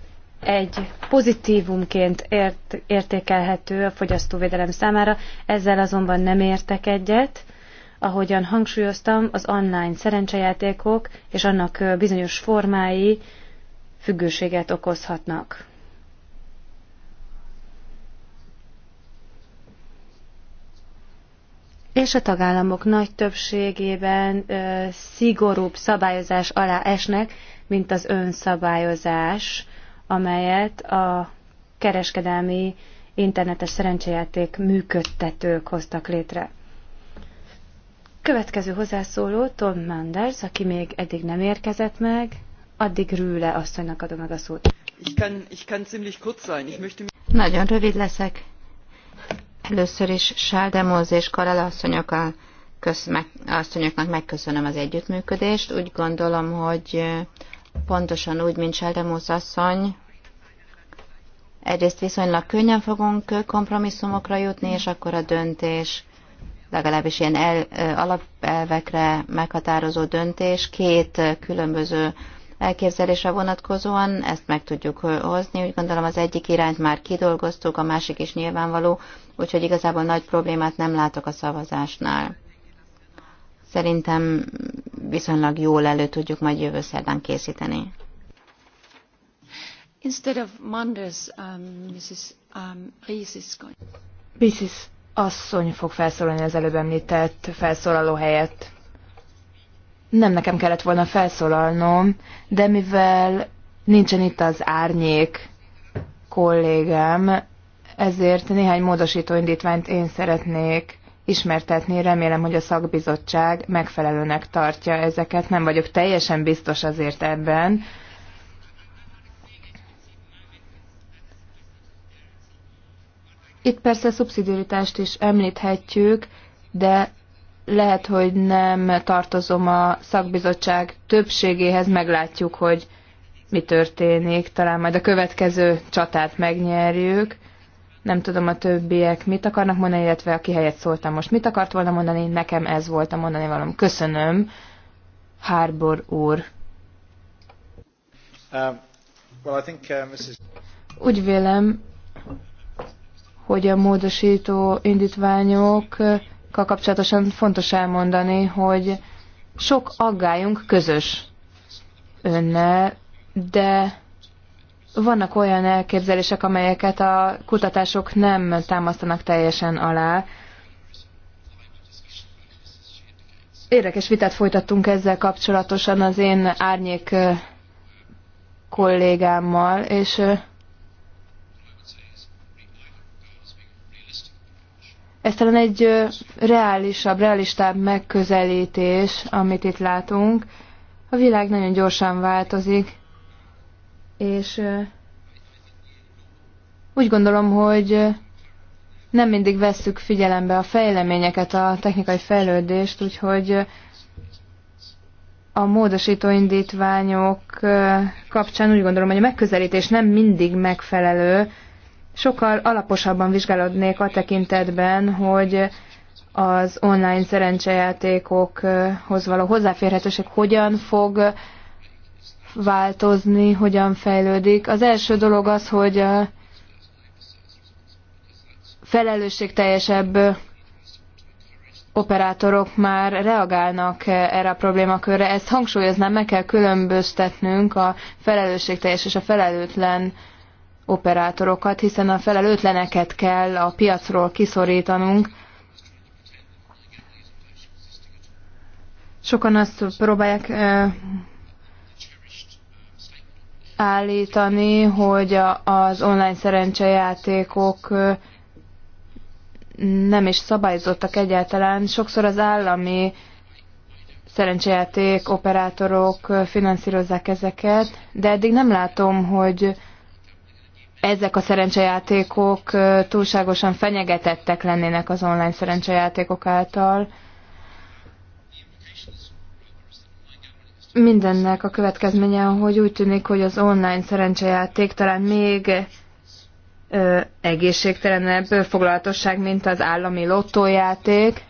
egy pozitívumként ért, értékelhető a fogyasztóvédelem számára, ezzel azonban nem értek egyet. Ahogyan hangsúlyoztam, az online szerencsejátékok és annak bizonyos formái függőséget okozhatnak. és a tagállamok nagy többségében ö, szigorúbb szabályozás alá esnek, mint az önszabályozás, amelyet a kereskedelmi internetes szerencsejáték működtetők hoztak létre. Következő hozzászóló Tom Manders, aki még eddig nem érkezett meg. Addig Rühle asszonynak adom meg a
szót. Ich kann, ich kann ziemlich kurz sein. Ich möchte... Nagyon rövid
leszek. Először is Sáldemóz és Karel asszonyokkal kösz, meg, asszonyoknak megköszönöm az együttműködést. Úgy gondolom, hogy pontosan úgy, mint Sáldemóz asszony, egyrészt viszonylag könnyen fogunk kompromisszumokra jutni, és akkor a döntés legalábbis ilyen el, alapelvekre meghatározó döntés két különböző elképzelésre vonatkozóan ezt meg tudjuk hozni. Úgy gondolom az egyik irányt már kidolgoztuk, a másik is nyilvánvaló, úgyhogy igazából nagy problémát nem látok a szavazásnál. Szerintem viszonylag jól elő tudjuk majd jövő szerdán készíteni.
Instead of Mondes, um, Mrs. Um, Rees is going.
Mrs. Asszony fog felszólalni az előbb említett felszólaló helyett nem nekem kellett volna felszólalnom, de mivel nincsen itt az árnyék kollégám, ezért néhány módosító indítványt én szeretnék ismertetni. Remélem, hogy a szakbizottság megfelelőnek tartja ezeket. Nem vagyok teljesen biztos azért ebben. Itt persze szubszidiaritást is említhetjük, de lehet, hogy nem tartozom a szakbizottság többségéhez, meglátjuk, hogy mi történik. Talán majd a következő csatát megnyerjük. Nem tudom a többiek mit akarnak mondani, illetve aki helyet szóltam most mit akart volna mondani, nekem ez volt a mondani valam. Köszönöm, Harbor úr.
Um, well, I think, uh, Mrs. Úgy vélem,
hogy a módosító indítványok kapcsolatosan fontos elmondani, hogy sok aggályunk közös önnel, de vannak olyan elképzelések, amelyeket a kutatások nem támasztanak teljesen alá. Érdekes vitát folytattunk ezzel kapcsolatosan az én árnyék kollégámmal, és Ez talán egy reálisabb, realistább megközelítés, amit itt látunk. A világ nagyon gyorsan változik, és úgy gondolom, hogy nem mindig vesszük figyelembe a fejleményeket, a technikai fejlődést, úgyhogy a módosító indítványok kapcsán úgy gondolom, hogy a megközelítés nem mindig megfelelő, sokkal alaposabban vizsgálódnék a tekintetben, hogy az online szerencsejátékokhoz való hozzáférhetőség hogyan fog változni, hogyan fejlődik. Az első dolog az, hogy felelősségteljesebb operátorok már reagálnak erre a problémakörre. Ezt hangsúlyoznám, meg kell különböztetnünk a felelősségteljes és a felelőtlen operátorokat, hiszen a felelőtleneket kell a piacról kiszorítanunk. Sokan azt próbálják állítani, hogy a az online szerencsejátékok nem is szabályozottak egyáltalán. Sokszor az állami szerencsejáték operátorok finanszírozzák ezeket, de eddig nem látom, hogy ezek a szerencsejátékok túlságosan fenyegetettek lennének az online szerencsejátékok által. Mindennek a következménye, hogy úgy tűnik, hogy az online szerencsejáték talán még ö, egészségtelenebb foglalatosság, mint az állami lottójáték.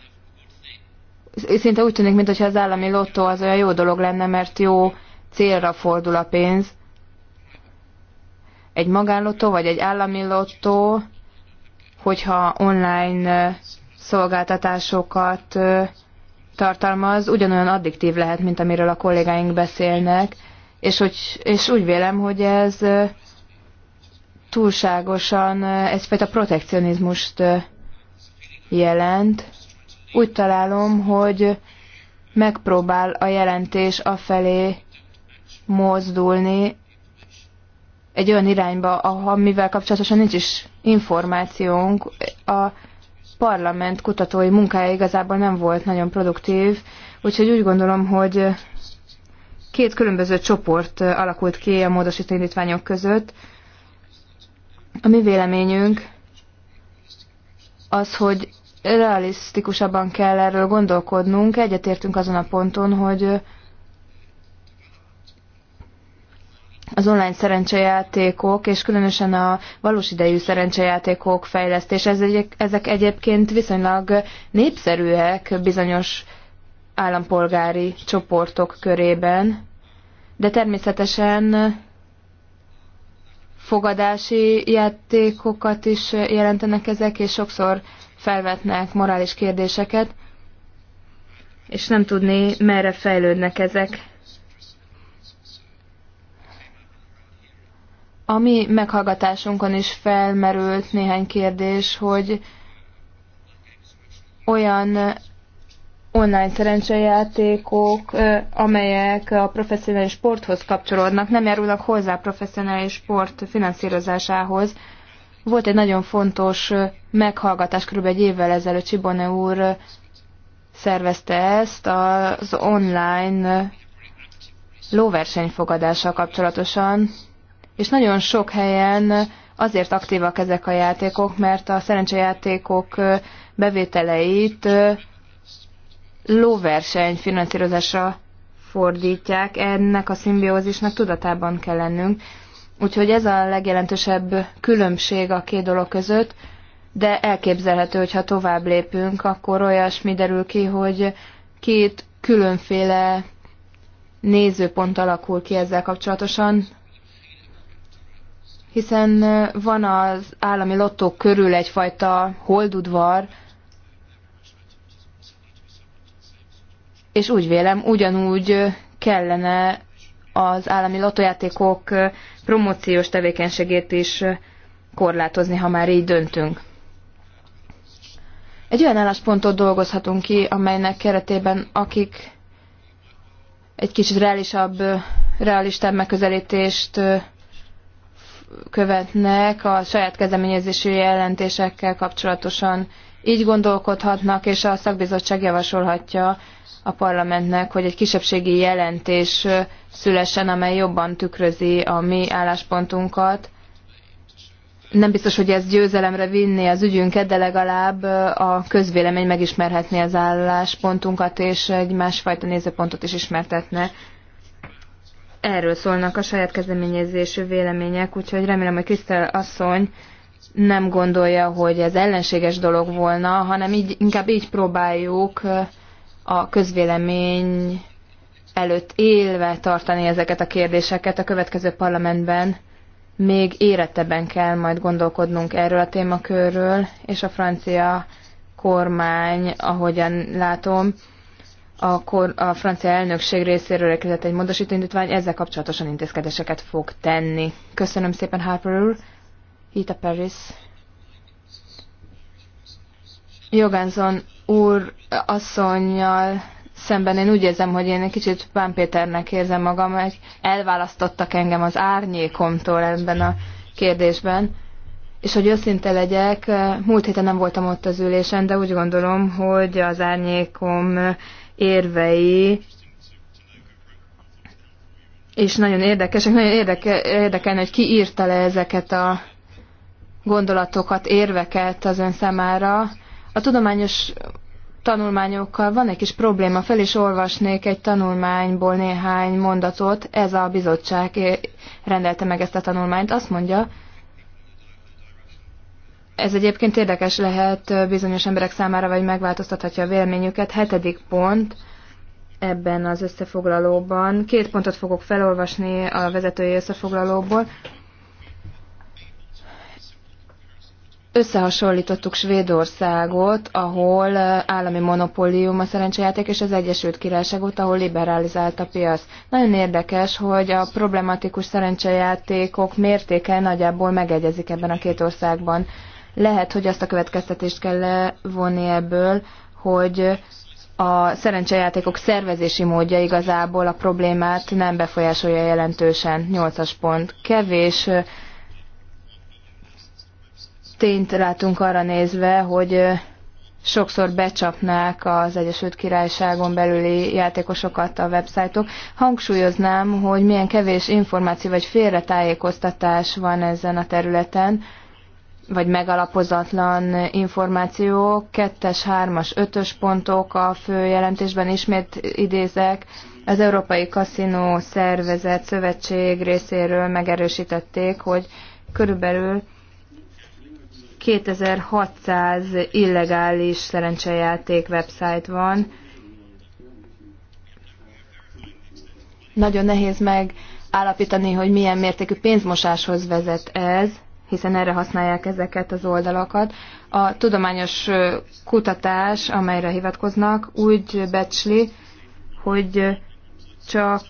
Szinte úgy tűnik, mintha az állami lottó az olyan jó dolog lenne, mert jó célra fordul a pénz egy magánlotó vagy egy állami lottó, hogyha online szolgáltatásokat tartalmaz, ugyanolyan addiktív lehet, mint amiről a kollégáink beszélnek, és, hogy, és úgy vélem, hogy ez túlságosan egyfajta protekcionizmust jelent. Úgy találom, hogy megpróbál a jelentés afelé mozdulni, egy olyan irányba, amivel kapcsolatosan nincs is információnk. A parlament kutatói munkája igazából nem volt nagyon produktív, úgyhogy úgy gondolom, hogy két különböző csoport alakult ki a módosító indítványok között. A mi véleményünk az, hogy realisztikusabban kell erről gondolkodnunk. Egyetértünk azon a ponton, hogy az online szerencsejátékok, és különösen a valós idejű szerencsejátékok fejlesztése, ez egy, ezek egyébként viszonylag népszerűek bizonyos állampolgári csoportok körében, de természetesen fogadási játékokat is jelentenek ezek, és sokszor felvetnek morális kérdéseket, és nem tudni, merre fejlődnek ezek. A mi meghallgatásunkon is felmerült néhány kérdés, hogy olyan online szerencsejátékok, amelyek a professzionális sporthoz kapcsolódnak, nem járulnak hozzá a professzionális sport finanszírozásához. Volt egy nagyon fontos meghallgatás, kb. egy évvel ezelőtt Csibone úr szervezte ezt az online lóverseny kapcsolatosan és nagyon sok helyen azért aktívak ezek a játékok, mert a szerencsejátékok bevételeit lóverseny finanszírozásra fordítják, ennek a szimbiózisnak tudatában kell lennünk. Úgyhogy ez a legjelentősebb különbség a két dolog között, de elképzelhető, hogy ha tovább lépünk, akkor olyasmi derül ki, hogy két különféle nézőpont alakul ki ezzel kapcsolatosan hiszen van az állami lottók körül egyfajta holdudvar, és úgy vélem, ugyanúgy kellene az állami lottójátékok promóciós tevékenységét is korlátozni, ha már így döntünk. Egy olyan álláspontot dolgozhatunk ki, amelynek keretében akik egy kicsit reálisabb, realistább megközelítést követnek a saját kezdeményezésű jelentésekkel kapcsolatosan. Így gondolkodhatnak, és a szakbizottság javasolhatja a parlamentnek, hogy egy kisebbségi jelentés szülessen, amely jobban tükrözi a mi álláspontunkat. Nem biztos, hogy ez győzelemre vinni az ügyünket, de legalább a közvélemény megismerhetné az álláspontunkat, és egy másfajta nézőpontot is ismertetne Erről szólnak a saját kezdeményezésű vélemények, úgyhogy remélem, hogy Krisztel asszony nem gondolja, hogy ez ellenséges dolog volna, hanem így, inkább így próbáljuk a közvélemény előtt élve tartani ezeket a kérdéseket a következő parlamentben. Még érettebben kell majd gondolkodnunk erről a témakörről, és a francia kormány, ahogyan látom, a, kor, a francia elnökség részéről érkezett egy módosító indítvány, ezzel kapcsolatosan intézkedéseket fog tenni. Köszönöm szépen, Harper úr. Ita Paris. Jogánzon úr asszonyjal szemben én úgy érzem, hogy én egy kicsit Pán Péternek érzem magam, hogy elválasztottak engem az árnyékomtól ebben a kérdésben. És hogy őszinte legyek, múlt héten nem voltam ott az ülésen, de úgy gondolom, hogy az árnyékom érvei, és nagyon érdekesek, nagyon érdeke, érdekelne, hogy ki írta le ezeket a gondolatokat, érveket az ön számára. A tudományos tanulmányokkal van egy kis probléma, fel is olvasnék egy tanulmányból néhány mondatot. Ez a bizottság eh, rendelte meg ezt a tanulmányt. Azt mondja, ez egyébként érdekes lehet bizonyos emberek számára, vagy megváltoztathatja a véleményüket. Hetedik pont ebben az összefoglalóban. Két pontot fogok felolvasni a vezetői összefoglalóból. összehasonlítottuk Svédországot, ahol állami monopólium a szerencsejáték, és az Egyesült Királyságot, ahol liberalizált a piac. Nagyon érdekes, hogy a problematikus szerencsejátékok mértéke nagyjából megegyezik ebben a két országban. Lehet, hogy azt a következtetést kell levonni ebből, hogy a szerencsejátékok szervezési módja igazából a problémát nem befolyásolja jelentősen. 8-as pont. Kevés tényt látunk arra nézve, hogy sokszor becsapnák az Egyesült Királyságon belüli játékosokat a websájtok. Hangsúlyoznám, hogy milyen kevés információ vagy félretájékoztatás van ezen a területen, vagy megalapozatlan információk, kettes, hármas, ötös pontok a főjelentésben ismét idézek, az Európai Kaszinó Szervezet Szövetség részéről megerősítették, hogy körülbelül 2600 illegális szerencsejáték website van. Nagyon nehéz megállapítani, hogy milyen mértékű pénzmosáshoz vezet ez – hiszen erre használják ezeket az oldalakat. A tudományos kutatás, amelyre hivatkoznak, úgy becsli, hogy csak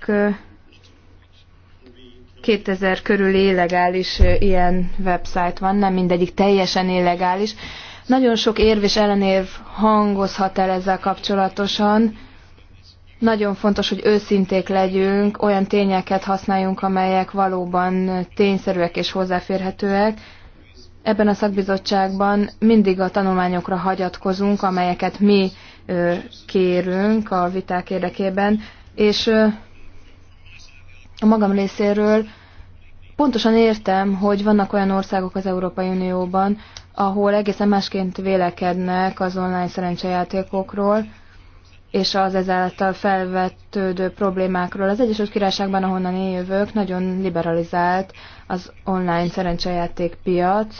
2000 körül illegális ilyen website van, nem mindegyik teljesen illegális. Nagyon sok érv és ellenérv hangozhat el ezzel kapcsolatosan, nagyon fontos, hogy őszinték legyünk, olyan tényeket használjunk, amelyek valóban tényszerűek és hozzáférhetőek. Ebben a szakbizottságban mindig a tanulmányokra hagyatkozunk, amelyeket mi kérünk a viták érdekében, és a magam részéről pontosan értem, hogy vannak olyan országok az Európai Unióban, ahol egészen másként vélekednek az online szerencsejátékokról, és az ezáltal felvetődő problémákról. Az Egyesült Királyságban, ahonnan én jövök, nagyon liberalizált az online szerencsejáték piac,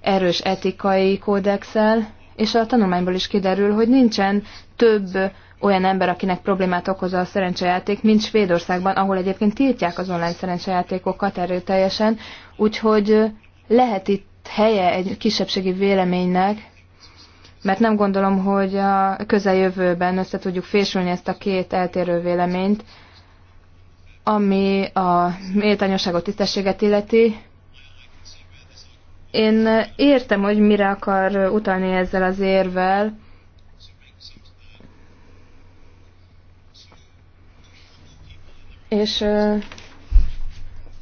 erős etikai kódexel, és a tanulmányból is kiderül, hogy nincsen több olyan ember, akinek problémát okoz a szerencsejáték, mint Svédországban, ahol egyébként tiltják az online szerencsejátékokat erőteljesen, úgyhogy lehet itt helye egy kisebbségi véleménynek, mert nem gondolom, hogy a közeljövőben össze tudjuk fésülni ezt a két eltérő véleményt, ami a méltányosságot, tisztességet illeti. Én értem, hogy mire akar utalni ezzel az érvel, és uh,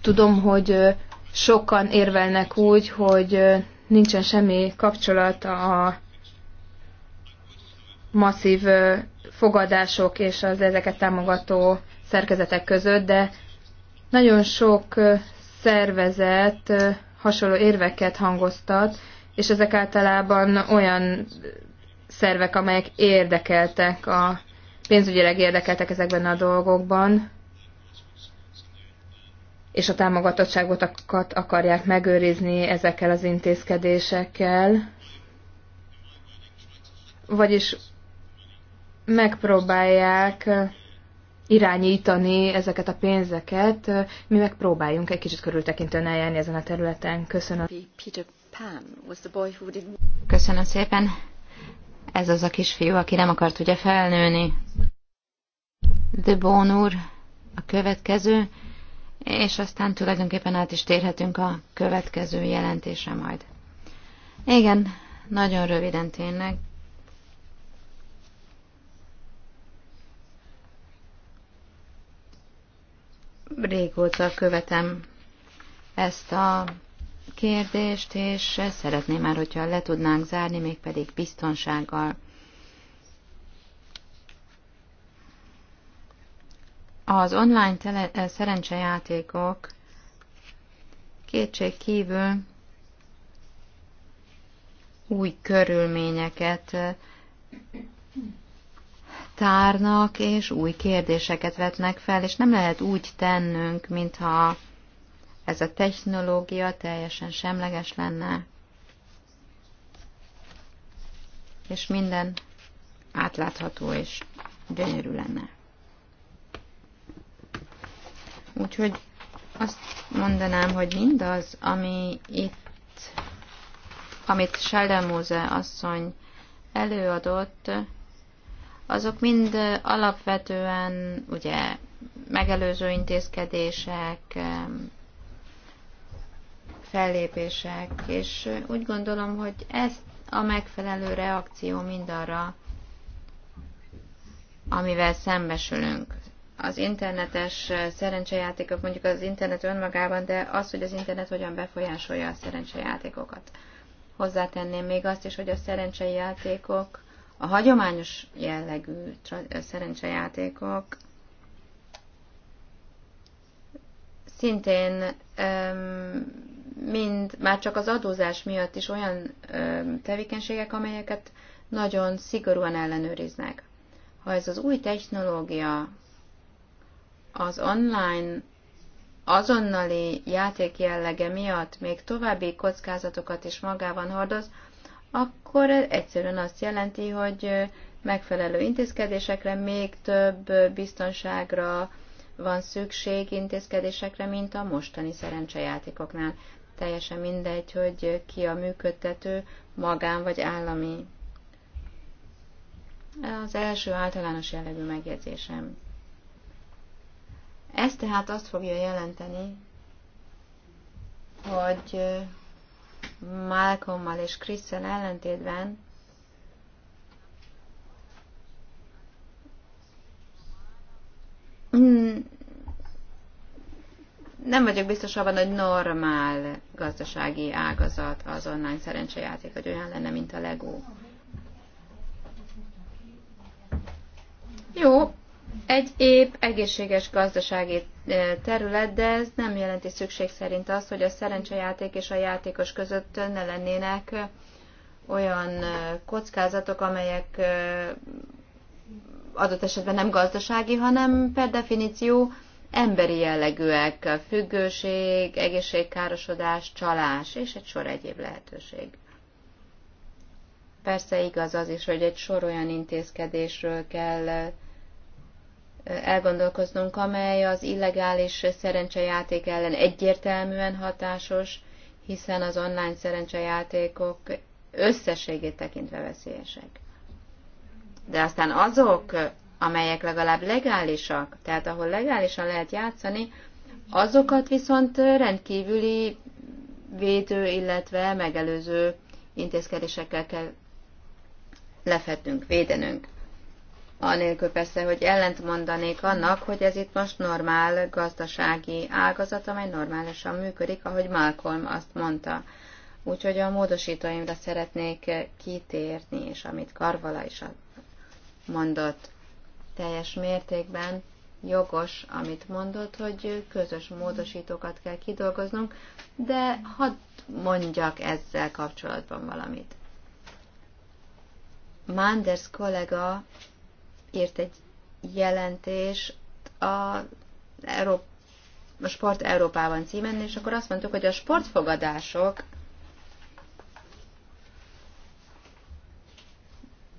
tudom, hogy uh, sokan érvelnek úgy, hogy uh, nincsen semmi kapcsolata a masszív fogadások és az ezeket támogató szerkezetek között, de nagyon sok szervezet hasonló érveket hangoztat, és ezek általában olyan szervek, amelyek érdekeltek, a, pénzügyileg érdekeltek ezekben a dolgokban, és a támogatottságokat akarják megőrizni ezekkel az intézkedésekkel. Vagyis megpróbálják irányítani ezeket a pénzeket. Mi megpróbáljunk egy kicsit körültekintően
eljárni ezen a területen. Köszönöm. Köszönöm szépen. Ez az a kisfiú, aki nem akart ugye felnőni. De Bonur a következő, és aztán tulajdonképpen át is térhetünk a következő jelentésre majd. Igen, nagyon röviden tényleg. régóta követem ezt a kérdést, és szeretném már, hogyha le tudnánk zárni, mégpedig biztonsággal. Az online tele- eh, szerencsejátékok kétség kívül új körülményeket tárnak, és új kérdéseket vetnek fel, és nem lehet úgy tennünk, mintha ez a technológia teljesen semleges lenne, és minden átlátható és gyönyörű lenne. Úgyhogy azt mondanám, hogy mindaz, ami itt, amit Sheldon Mose asszony előadott, azok mind alapvetően ugye megelőző intézkedések, fellépések, és úgy gondolom, hogy ezt a megfelelő reakció mindarra, amivel szembesülünk. Az internetes szerencsejátékok, mondjuk az internet önmagában, de az, hogy az internet hogyan befolyásolja a szerencsejátékokat. Hozzátenném még azt is, hogy a szerencsejátékok a hagyományos jellegű szerencsejátékok szintén mind már csak az adózás miatt is olyan tevékenységek, amelyeket nagyon szigorúan ellenőriznek. Ha ez az új technológia az online azonnali játék jellege miatt még további kockázatokat is magában hordoz, akkor egyszerűen azt jelenti, hogy megfelelő intézkedésekre, még több biztonságra van szükség intézkedésekre, mint a mostani szerencsejátékoknál. Teljesen mindegy, hogy ki a működtető, magán vagy állami. Az első általános jellegű megjegyzésem. Ez tehát azt fogja jelenteni, hogy Malcolmmal és Kriszen ellentétben nem vagyok biztos abban, hogy normál gazdasági ágazat az online szerencsejáték, hogy olyan lenne, mint a Lego. Jó, egy épp egészséges gazdasági eh, terület, de ez nem jelenti szükség szerint azt, hogy a szerencsejáték és a játékos között ne lennének eh, olyan eh, kockázatok, amelyek adott esetben nem gazdasági, hanem per definíció emberi jellegűek, függőség, egészségkárosodás, csalás és egy sor egyéb lehetőség. Persze igaz az is, hogy egy sor olyan intézkedésről kell elgondolkoznunk, amely az illegális szerencsejáték ellen egyértelműen hatásos, hiszen az online szerencsejátékok összességét tekintve veszélyesek. De aztán azok, amelyek legalább legálisak, tehát ahol legálisan lehet játszani, azokat viszont rendkívüli védő, illetve megelőző intézkedésekkel kell lefetnünk, védenünk anélkül persze, hogy ellent mondanék annak, hogy ez itt most normál gazdasági ágazat, amely normálisan működik, ahogy Malcolm azt mondta. Úgyhogy a módosítóimra szeretnék kitérni, és amit Karvala is mondott teljes mértékben, jogos, amit mondott, hogy közös módosítókat kell kidolgoznunk, de hadd mondjak ezzel kapcsolatban valamit. Manders kollega írt egy jelentést a, Európa, a Sport Európában címen, és akkor azt mondtuk, hogy a sportfogadások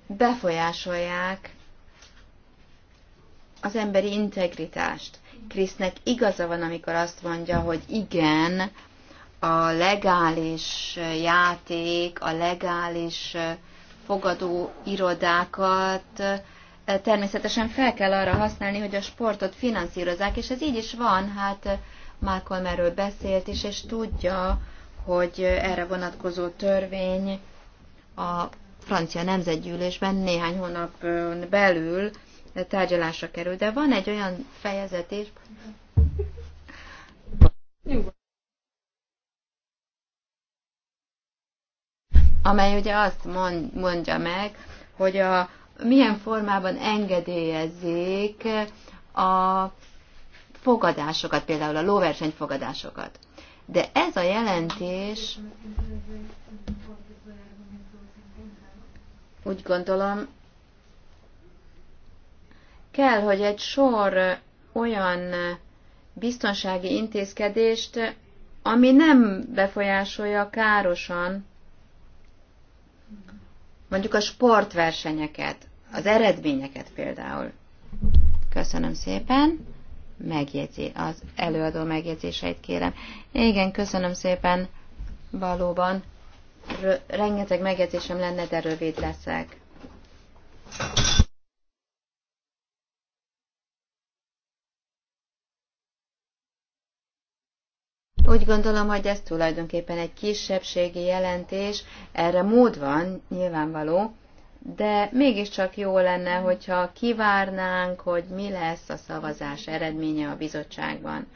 befolyásolják az emberi integritást. Krisznek igaza van, amikor azt mondja, hogy igen, a legális játék, a legális fogadó irodákat természetesen fel kell arra használni, hogy a sportot finanszírozzák, és ez így is van, hát Malcolm erről beszélt is, és tudja, hogy erre vonatkozó törvény a francia nemzetgyűlésben néhány hónap belül tárgyalásra kerül. De van egy olyan fejezet is, amely ugye azt mondja meg, hogy a, milyen formában engedélyezzék a fogadásokat, például a lóverseny fogadásokat. De ez a jelentés úgy gondolom kell, hogy egy sor olyan biztonsági intézkedést, ami nem befolyásolja károsan mondjuk a sportversenyeket az eredményeket például. Köszönöm szépen. Megjegyzi, az előadó megjegyzéseit kérem. Igen, köszönöm szépen. Valóban R- rengeteg megjegyzésem lenne, de rövid leszek. Úgy gondolom, hogy ez tulajdonképpen egy kisebbségi jelentés, erre mód van, nyilvánvaló, de mégiscsak jó lenne, hogyha kivárnánk, hogy mi lesz a szavazás eredménye a bizottságban.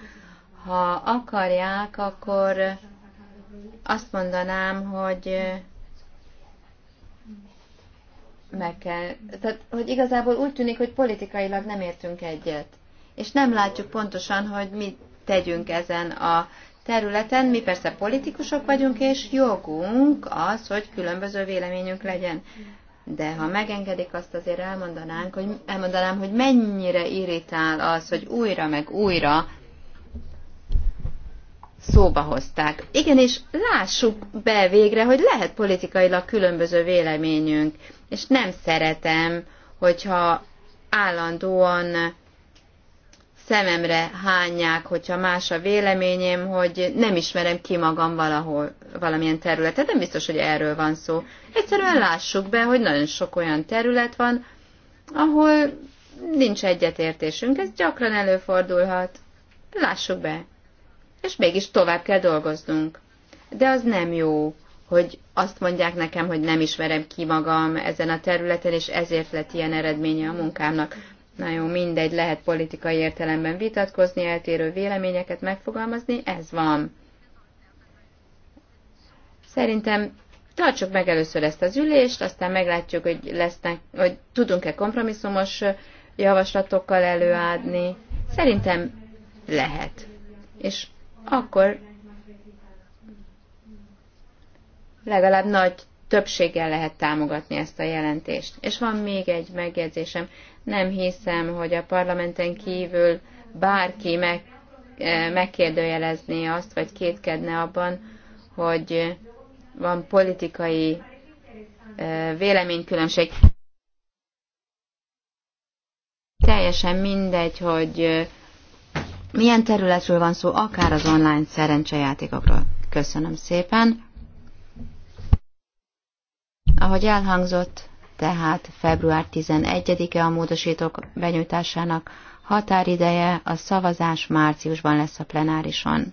Ha akarják, akkor azt mondanám, hogy meg kell. Tehát, hogy igazából úgy tűnik, hogy politikailag nem értünk egyet. És nem látjuk pontosan, hogy mi tegyünk ezen a területen. Mi persze politikusok vagyunk, és jogunk az, hogy különböző véleményünk legyen. De ha megengedik, azt azért elmondanánk, hogy, elmondanám, hogy mennyire irritál az, hogy újra meg újra szóba hozták. Igen, és lássuk be végre, hogy lehet politikailag különböző véleményünk, és nem szeretem, hogyha állandóan szememre hányják, hogyha más a véleményem, hogy nem ismerem ki magam valahol, valamilyen területet. Nem biztos, hogy erről van szó. Egyszerűen lássuk be, hogy nagyon sok olyan terület van, ahol nincs egyetértésünk. Ez gyakran előfordulhat. Lássuk be. És mégis tovább kell dolgoznunk. De az nem jó, hogy azt mondják nekem, hogy nem ismerem ki magam ezen a területen, és ezért lett ilyen eredménye a munkámnak Na jó, mindegy, lehet politikai értelemben vitatkozni, eltérő véleményeket megfogalmazni, ez van. Szerintem tartsuk meg először ezt az ülést, aztán meglátjuk, hogy, lesznek, hogy tudunk-e kompromisszumos javaslatokkal előadni. Szerintem lehet. És akkor legalább nagy többséggel lehet támogatni ezt a jelentést. És van még egy megjegyzésem. Nem hiszem, hogy a parlamenten kívül bárki meg, eh, megkérdőjelezné azt, vagy kétkedne abban, hogy van politikai eh, véleménykülönbség. Teljesen mindegy, hogy eh, milyen területről van szó, akár az online szerencsejátékokról. Köszönöm szépen. Ahogy elhangzott, tehát február 11-e a módosítók benyújtásának határideje, a szavazás márciusban lesz a plenárison.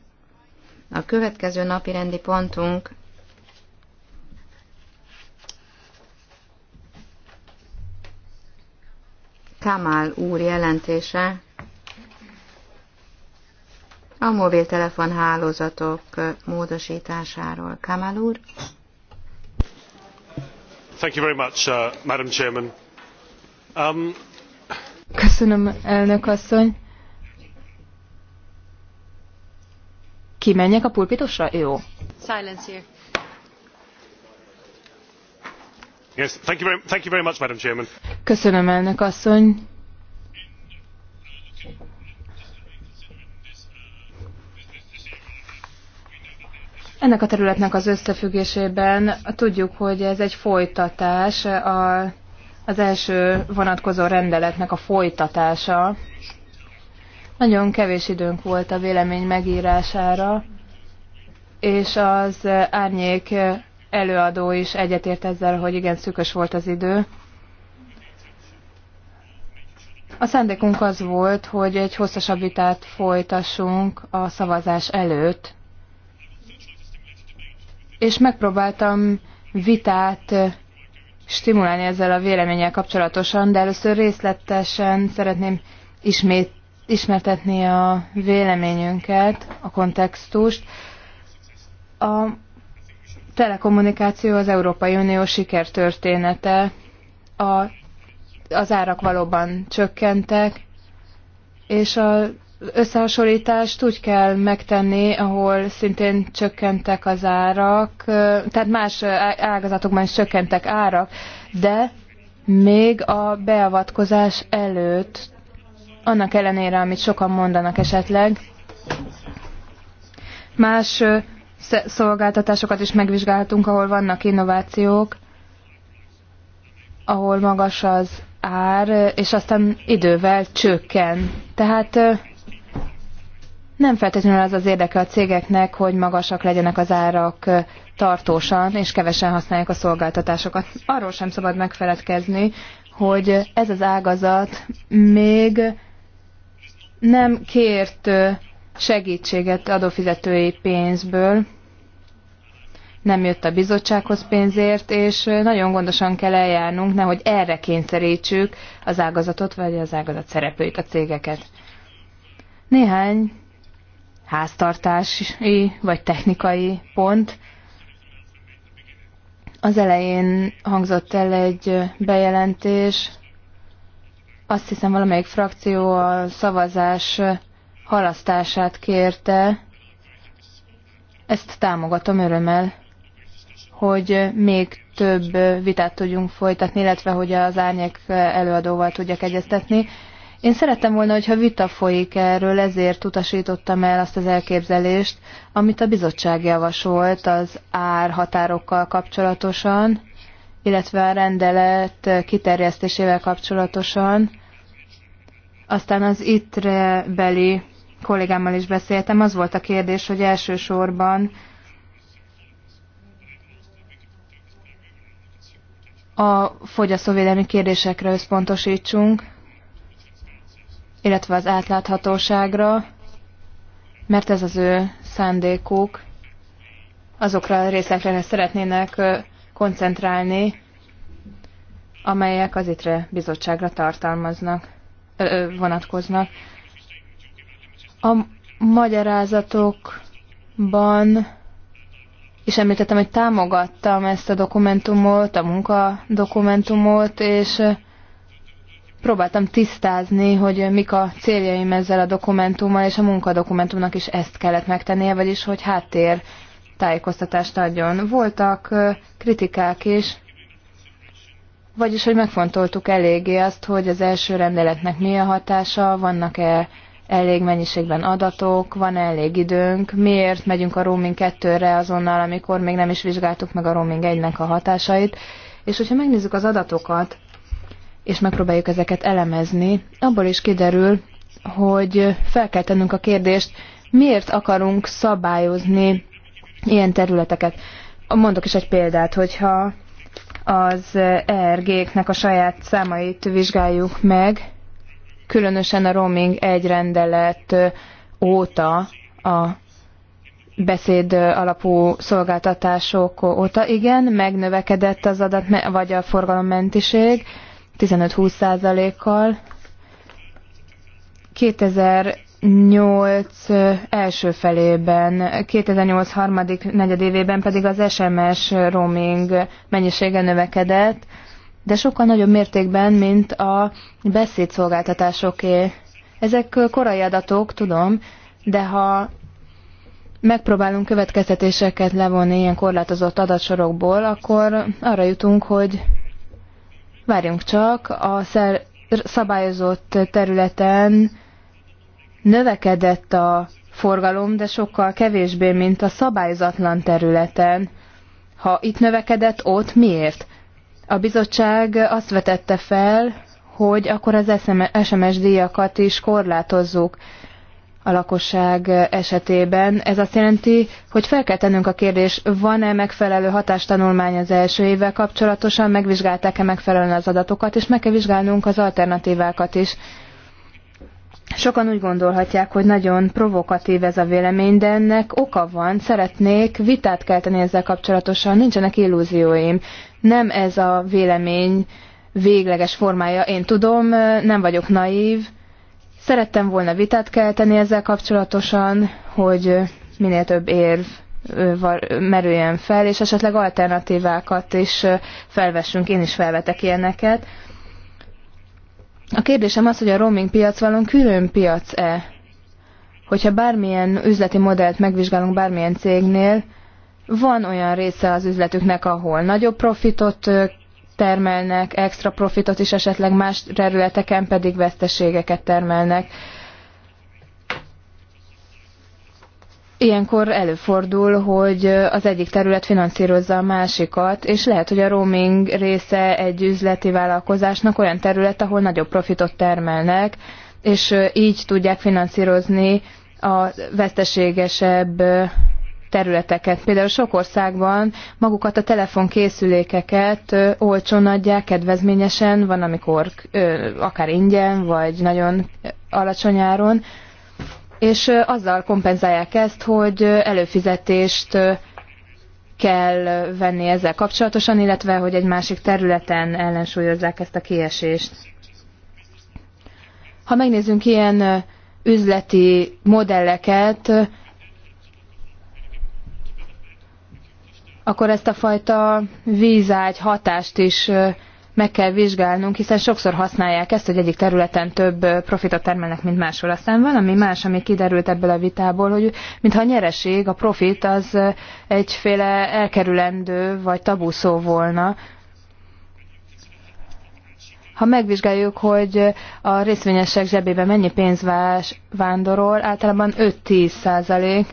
A következő napi rendi pontunk Kamal úr jelentése a mobiltelefon hálózatok módosításáról. Kamal úr?
Uh, um,
Köszönöm, elnök asszony.
Kimenjek a pulpitusra? Jó.
Silence here.
Yes, thank you very, thank you very much, Madam Chairman.
Köszönöm, elnök asszony. Ennek a területnek az összefüggésében tudjuk, hogy ez egy folytatás, a, az első vonatkozó rendeletnek a folytatása. Nagyon kevés időnk volt a vélemény megírására, és az árnyék előadó is egyetért ezzel, hogy igen, szükös volt az idő. A szándékunk az volt, hogy egy hosszasabb vitát folytassunk a szavazás előtt, és megpróbáltam vitát eh, stimulálni ezzel a véleménnyel kapcsolatosan, de először részletesen szeretném ismét ismertetni a véleményünket, a kontextust. A telekommunikáció az Európai Unió sikertörténete. A, az árak valóban csökkentek, és a összehasonlítást úgy kell megtenni, ahol szintén csökkentek az árak, tehát más ágazatokban is csökkentek árak, de még a beavatkozás előtt, annak ellenére, amit sokan mondanak esetleg, más szolgáltatásokat is megvizsgáltunk, ahol vannak innovációk, ahol magas az ár, és aztán idővel csökken. Tehát nem feltétlenül az az érdeke a cégeknek, hogy magasak legyenek az árak tartósan, és kevesen használják a szolgáltatásokat. Arról sem szabad megfeledkezni, hogy ez az ágazat még nem kért segítséget adófizetői pénzből, nem jött a bizottsághoz pénzért, és nagyon gondosan kell eljárnunk, nehogy erre kényszerítsük az ágazatot, vagy az ágazat szereplőit, a cégeket. Néhány háztartási vagy technikai pont. Az elején hangzott el egy bejelentés, azt hiszem valamelyik frakció a szavazás halasztását kérte. Ezt támogatom örömmel, hogy még több vitát tudjunk folytatni, illetve hogy az árnyék előadóval tudjak egyeztetni. Én szerettem volna, hogyha vita folyik erről, ezért utasítottam el azt az elképzelést, amit a bizottság javasolt az árhatárokkal kapcsolatosan, illetve a rendelet kiterjesztésével kapcsolatosan. Aztán az ittre beli kollégámmal is beszéltem, az volt a kérdés, hogy elsősorban a fogyasztóvédelmi kérdésekre összpontosítsunk, illetve az átláthatóságra, mert ez az ő szándékuk, azokra a részekre szeretnének koncentrálni, amelyek az ITRE bizottságra tartalmaznak, vonatkoznak. A magyarázatokban és említettem, hogy támogattam ezt a dokumentumot, a munkadokumentumot, és próbáltam tisztázni, hogy mik a céljaim ezzel a dokumentummal, és a munkadokumentumnak is ezt kellett megtennie, vagyis hogy háttér tájékoztatást adjon. Voltak kritikák is, vagyis, hogy megfontoltuk eléggé azt, hogy az első rendeletnek mi a hatása, vannak-e elég mennyiségben adatok, van -e elég időnk, miért megyünk a roaming 2-re azonnal, amikor még nem is vizsgáltuk meg a roaming 1-nek a hatásait. És hogyha megnézzük az adatokat, és megpróbáljuk ezeket elemezni, abból is kiderül, hogy fel kell tennünk a kérdést, miért akarunk szabályozni ilyen területeket. Mondok is egy példát, hogyha az ERG-knek a saját számait vizsgáljuk meg, különösen a roaming egy rendelet óta, a beszéd alapú szolgáltatások óta, igen, megnövekedett az adat, vagy a forgalommentiség, 15-20 százalékkal. 2008 első felében, 2008 harmadik negyedévében pedig az SMS roaming mennyisége növekedett, de sokkal nagyobb mértékben, mint a beszédszolgáltatásoké. Ezek korai adatok, tudom, de ha megpróbálunk következtetéseket levonni ilyen korlátozott adatsorokból, akkor arra jutunk, hogy Várjunk csak, a szabályozott területen növekedett a forgalom, de sokkal kevésbé, mint a szabályozatlan területen. Ha itt növekedett, ott miért? A bizottság azt vetette fel, hogy akkor az SMS díjakat is korlátozzuk a lakosság esetében. Ez azt jelenti, hogy fel kell tennünk a kérdés, van-e megfelelő hatástanulmány az első évvel kapcsolatosan, megvizsgálták-e megfelelően az adatokat, és meg kell vizsgálnunk az alternatívákat is. Sokan úgy gondolhatják, hogy nagyon provokatív ez a vélemény, de ennek oka van, szeretnék vitát kelteni ezzel kapcsolatosan, nincsenek illúzióim. Nem ez a vélemény végleges formája, én tudom, nem vagyok naív, Szerettem volna vitát kelteni ezzel kapcsolatosan, hogy minél több érv merüljen fel, és esetleg alternatívákat is felvessünk, én is felvetek ilyeneket. A kérdésem az, hogy a roaming piac valon külön piac-e? Hogyha bármilyen üzleti modellt megvizsgálunk bármilyen cégnél, van olyan része az üzletüknek, ahol nagyobb profitot termelnek extra profitot, és esetleg más területeken pedig veszteségeket termelnek. Ilyenkor előfordul, hogy az egyik terület finanszírozza a másikat, és lehet, hogy a roaming része egy üzleti vállalkozásnak olyan terület, ahol nagyobb profitot termelnek, és így tudják finanszírozni a veszteségesebb területeket. Például sok országban magukat a telefonkészülékeket olcsón adják, kedvezményesen, van amikor akár ingyen, vagy nagyon alacsony áron, és azzal kompenzálják ezt, hogy előfizetést kell venni ezzel kapcsolatosan, illetve hogy egy másik területen ellensúlyozzák ezt a kiesést. Ha megnézzünk ilyen üzleti modelleket, akkor ezt a fajta vízágy hatást is meg kell vizsgálnunk, hiszen sokszor használják ezt, hogy egyik területen több profitot termelnek, mint máshol. Aztán valami más, ami kiderült ebből a vitából, hogy mintha a nyereség, a profit az egyféle elkerülendő vagy tabú szó volna. Ha megvizsgáljuk, hogy a részvényesek zsebében mennyi pénz vándorol, általában 5-10 százalék,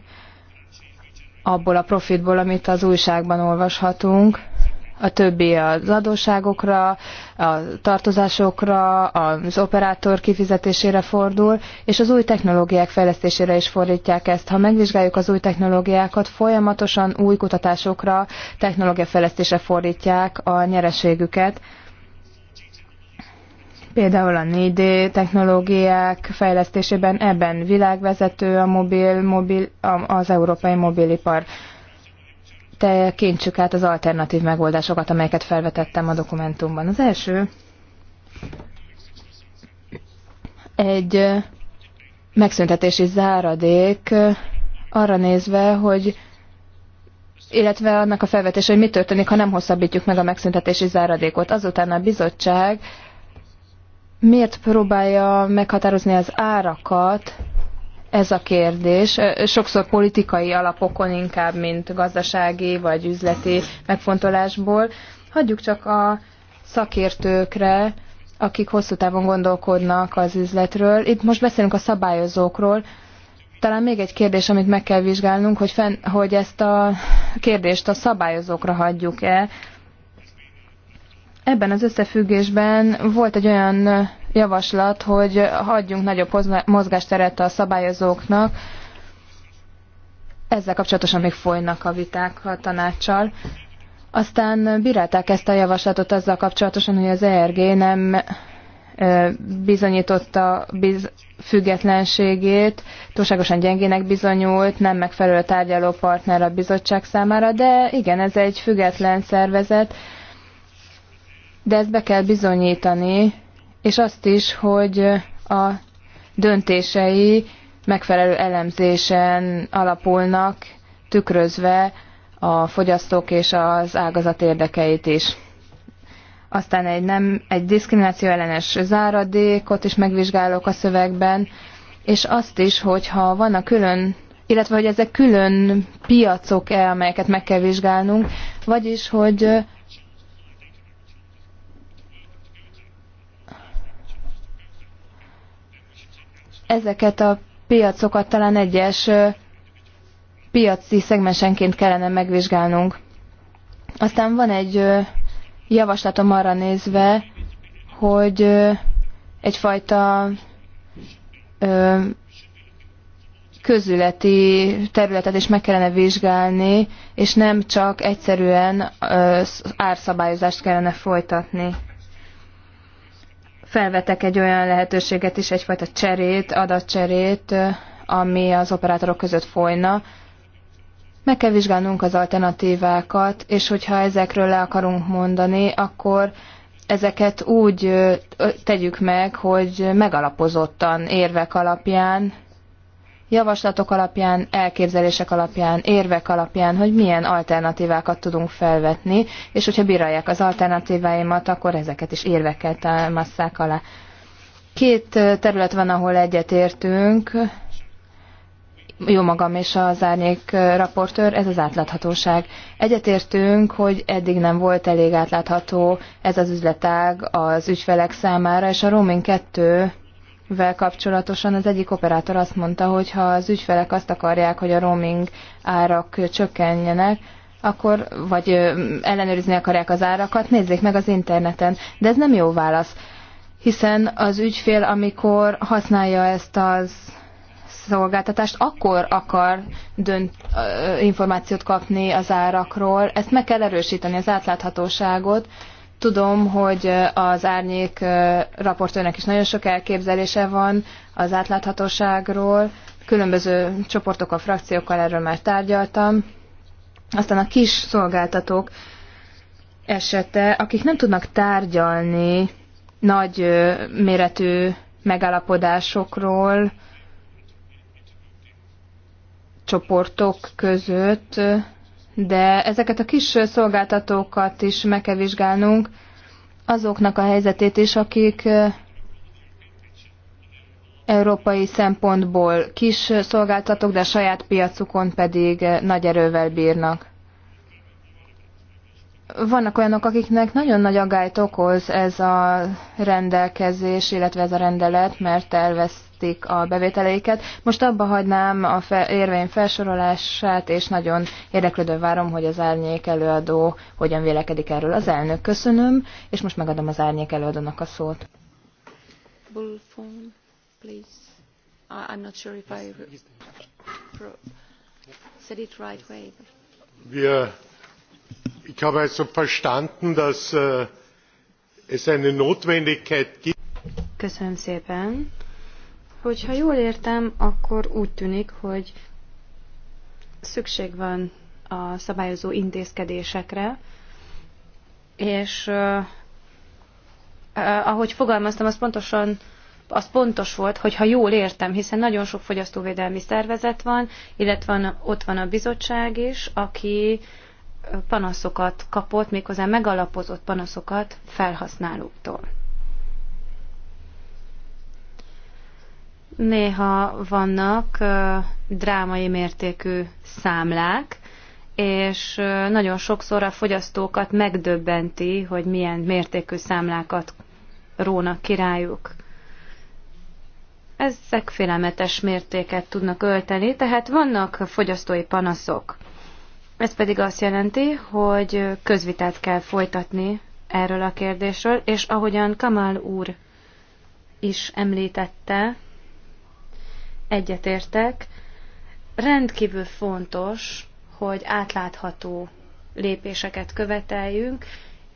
abból a profitból, amit az újságban olvashatunk. A többi az adósságokra, a tartozásokra, az operátor kifizetésére fordul, és az új technológiák fejlesztésére is fordítják ezt. Ha megvizsgáljuk az új technológiákat, folyamatosan új kutatásokra, technológiafejlesztésre fordítják a nyereségüket például a 4D technológiák fejlesztésében ebben világvezető a mobil, mobil az európai mobilipar. Tekintsük át az alternatív megoldásokat, amelyeket felvetettem a dokumentumban. Az első egy megszüntetési záradék arra nézve, hogy illetve annak a felvetés, hogy mi történik, ha nem hosszabbítjuk meg a megszüntetési záradékot. Azután a bizottság Miért próbálja meghatározni az árakat? Ez a kérdés. Sokszor politikai alapokon inkább, mint gazdasági vagy üzleti megfontolásból. Hagyjuk csak a szakértőkre, akik hosszú távon gondolkodnak az üzletről. Itt most beszélünk a szabályozókról. Talán még egy kérdés, amit meg kell vizsgálnunk, hogy, fenn, hogy ezt a kérdést a szabályozókra hagyjuk-e, Ebben az összefüggésben volt egy olyan javaslat, hogy hagyjunk nagyobb mozgásteret a szabályozóknak. Ezzel kapcsolatosan még folynak a viták a tanácssal. Aztán bírálták ezt a javaslatot azzal kapcsolatosan, hogy az ERG nem bizonyította biz függetlenségét, túlságosan gyengének bizonyult, nem megfelelő tárgyaló partner a bizottság számára, de igen, ez egy független szervezet, de ezt be kell bizonyítani, és azt is, hogy a döntései megfelelő elemzésen alapulnak, tükrözve a fogyasztók és az ágazat érdekeit is. Aztán egy, nem, egy diszkrimináció ellenes záradékot is megvizsgálok a szövegben, és azt is, hogyha a külön, illetve hogy ezek külön piacok-e, amelyeket meg kell vizsgálnunk, vagyis, hogy Ezeket a piacokat talán egyes piaci szegmensenként kellene megvizsgálnunk. Aztán van egy javaslatom arra nézve, hogy egyfajta közületi területet is meg kellene vizsgálni, és nem csak egyszerűen árszabályozást kellene folytatni felvetek egy olyan lehetőséget is, egyfajta cserét, adatcserét, ami az operátorok között folyna. Meg kell vizsgálnunk az alternatívákat, és hogyha ezekről le akarunk mondani, akkor ezeket úgy tegyük meg, hogy megalapozottan, érvek alapján javaslatok alapján, elképzelések alapján, érvek alapján, hogy milyen alternatívákat tudunk felvetni, és hogyha bírálják az alternatíváimat, akkor ezeket is érvekkel támasszák alá. Két terület van, ahol egyetértünk, jó magam és az árnyék raportőr, ez az átláthatóság. Egyetértünk, hogy eddig nem volt elég átlátható ez az üzletág az ügyfelek számára, és a Roaming 2 vel kapcsolatosan az egyik operátor azt mondta, hogy ha az ügyfelek azt akarják, hogy a roaming árak csökkenjenek, akkor vagy ellenőrizni akarják az árakat, nézzék meg az interneten. De ez nem jó válasz, hiszen az ügyfél, amikor használja ezt az szolgáltatást, akkor akar dönt, információt kapni az árakról. Ezt meg kell erősíteni, az átláthatóságot, Tudom, hogy az árnyék raportőrnek is nagyon sok elképzelése van az átláthatóságról. Különböző csoportokkal, frakciókkal erről már tárgyaltam. Aztán a kis szolgáltatók esete, akik nem tudnak tárgyalni nagy méretű megállapodásokról, csoportok között, de ezeket a kis szolgáltatókat is meg kell vizsgálnunk, azoknak a helyzetét is, akik európai szempontból kis szolgáltatók, de a saját piacukon pedig nagy erővel bírnak. Vannak olyanok, akiknek nagyon nagy agályt okoz ez a rendelkezés, illetve ez a rendelet, mert elvesztik a bevételeiket. Most abba hagynám a fe, érveim felsorolását, és nagyon érdeklődő várom, hogy az árnyék előadó hogyan vélekedik erről az elnök. Köszönöm, és most megadom az árnyék előadónak a szót.
Bullphone, please. I'm not sure if I said it right way.
But ich habe also verstanden dass äh, es eine notwendigkeit gibt.
köszönöm szépen. Hogyha jól értem, akkor úgy tűnik, hogy szükség van a szabályozó intézkedésekre, és uh, ahogy fogalmaztam, az pontosan az pontos volt, hogyha jól értem, hiszen nagyon sok fogyasztóvédelmi szervezet van, illetve van, ott van a bizottság is, aki panaszokat kapott, méghozzá megalapozott panaszokat felhasználóktól. Néha vannak drámai mértékű számlák, és nagyon sokszor a fogyasztókat megdöbbenti, hogy milyen mértékű számlákat rónak királyuk. Ezek félelmetes mértéket tudnak ölteni, tehát vannak fogyasztói panaszok. Ez pedig azt jelenti, hogy közvitát kell folytatni erről a kérdésről, és ahogyan Kamal úr is említette, egyetértek, rendkívül fontos, hogy átlátható lépéseket követeljünk,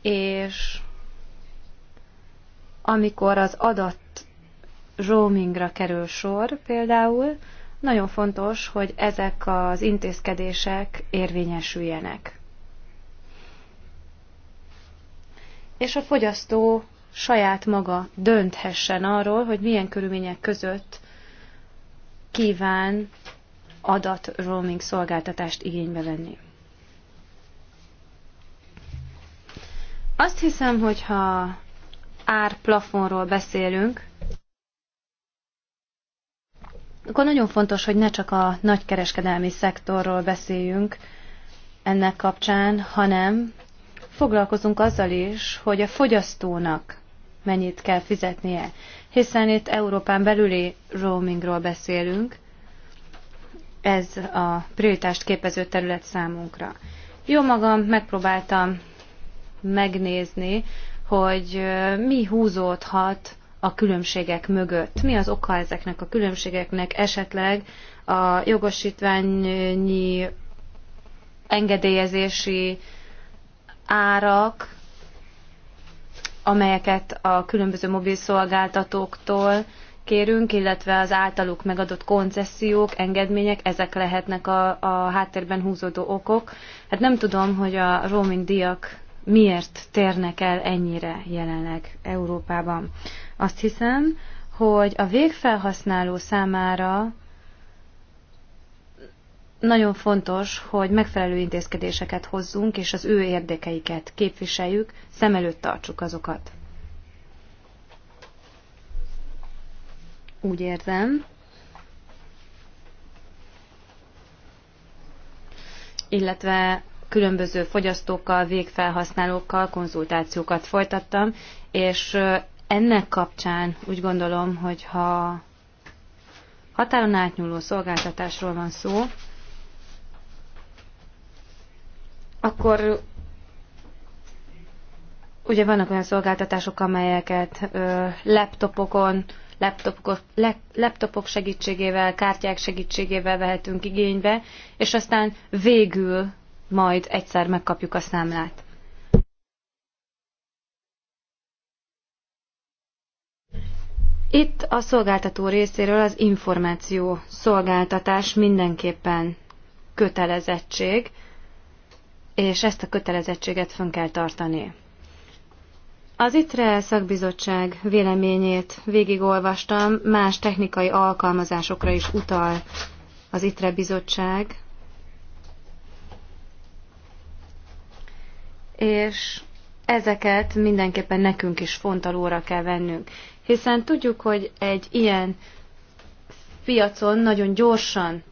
és amikor az adat roamingra kerül sor például, nagyon fontos, hogy ezek az intézkedések érvényesüljenek. És a fogyasztó saját maga dönthessen arról, hogy milyen körülmények között kíván adat roaming szolgáltatást igénybe venni. Azt hiszem, hogy ha árplafonról beszélünk, akkor nagyon fontos, hogy ne csak a nagykereskedelmi szektorról beszéljünk ennek kapcsán, hanem foglalkozunk azzal is, hogy a fogyasztónak mennyit kell fizetnie, hiszen itt Európán belüli roamingról beszélünk, ez a prioritást képező terület számunkra. Jó magam, megpróbáltam megnézni, hogy mi húzódhat a különbségek mögött. Mi az oka ezeknek a különbségeknek? Esetleg a jogosítványi engedélyezési árak, amelyeket a különböző mobil szolgáltatóktól kérünk, illetve az általuk megadott koncesziók, engedmények, ezek lehetnek a, a háttérben húzódó okok. Hát nem tudom, hogy a roaming díjak miért térnek el ennyire jelenleg Európában. Azt hiszem, hogy a végfelhasználó számára nagyon fontos, hogy megfelelő intézkedéseket hozzunk, és az ő érdekeiket képviseljük, szem előtt tartsuk azokat. Úgy érzem. Illetve különböző fogyasztókkal, végfelhasználókkal konzultációkat folytattam, és ennek kapcsán úgy gondolom, hogy ha határon átnyúló szolgáltatásról van szó, akkor ugye vannak olyan szolgáltatások, amelyeket ö, laptopokon, laptopok, le, laptopok segítségével, kártyák segítségével vehetünk igénybe, és aztán végül majd egyszer megkapjuk a számlát. Itt a szolgáltató részéről az információ szolgáltatás mindenképpen kötelezettség, és ezt a kötelezettséget fönn kell tartani. Az ITRE szakbizottság véleményét végigolvastam, más technikai alkalmazásokra is utal az ITRE bizottság, és ezeket mindenképpen nekünk is fontalóra kell vennünk hiszen tudjuk, hogy egy ilyen piacon nagyon gyorsan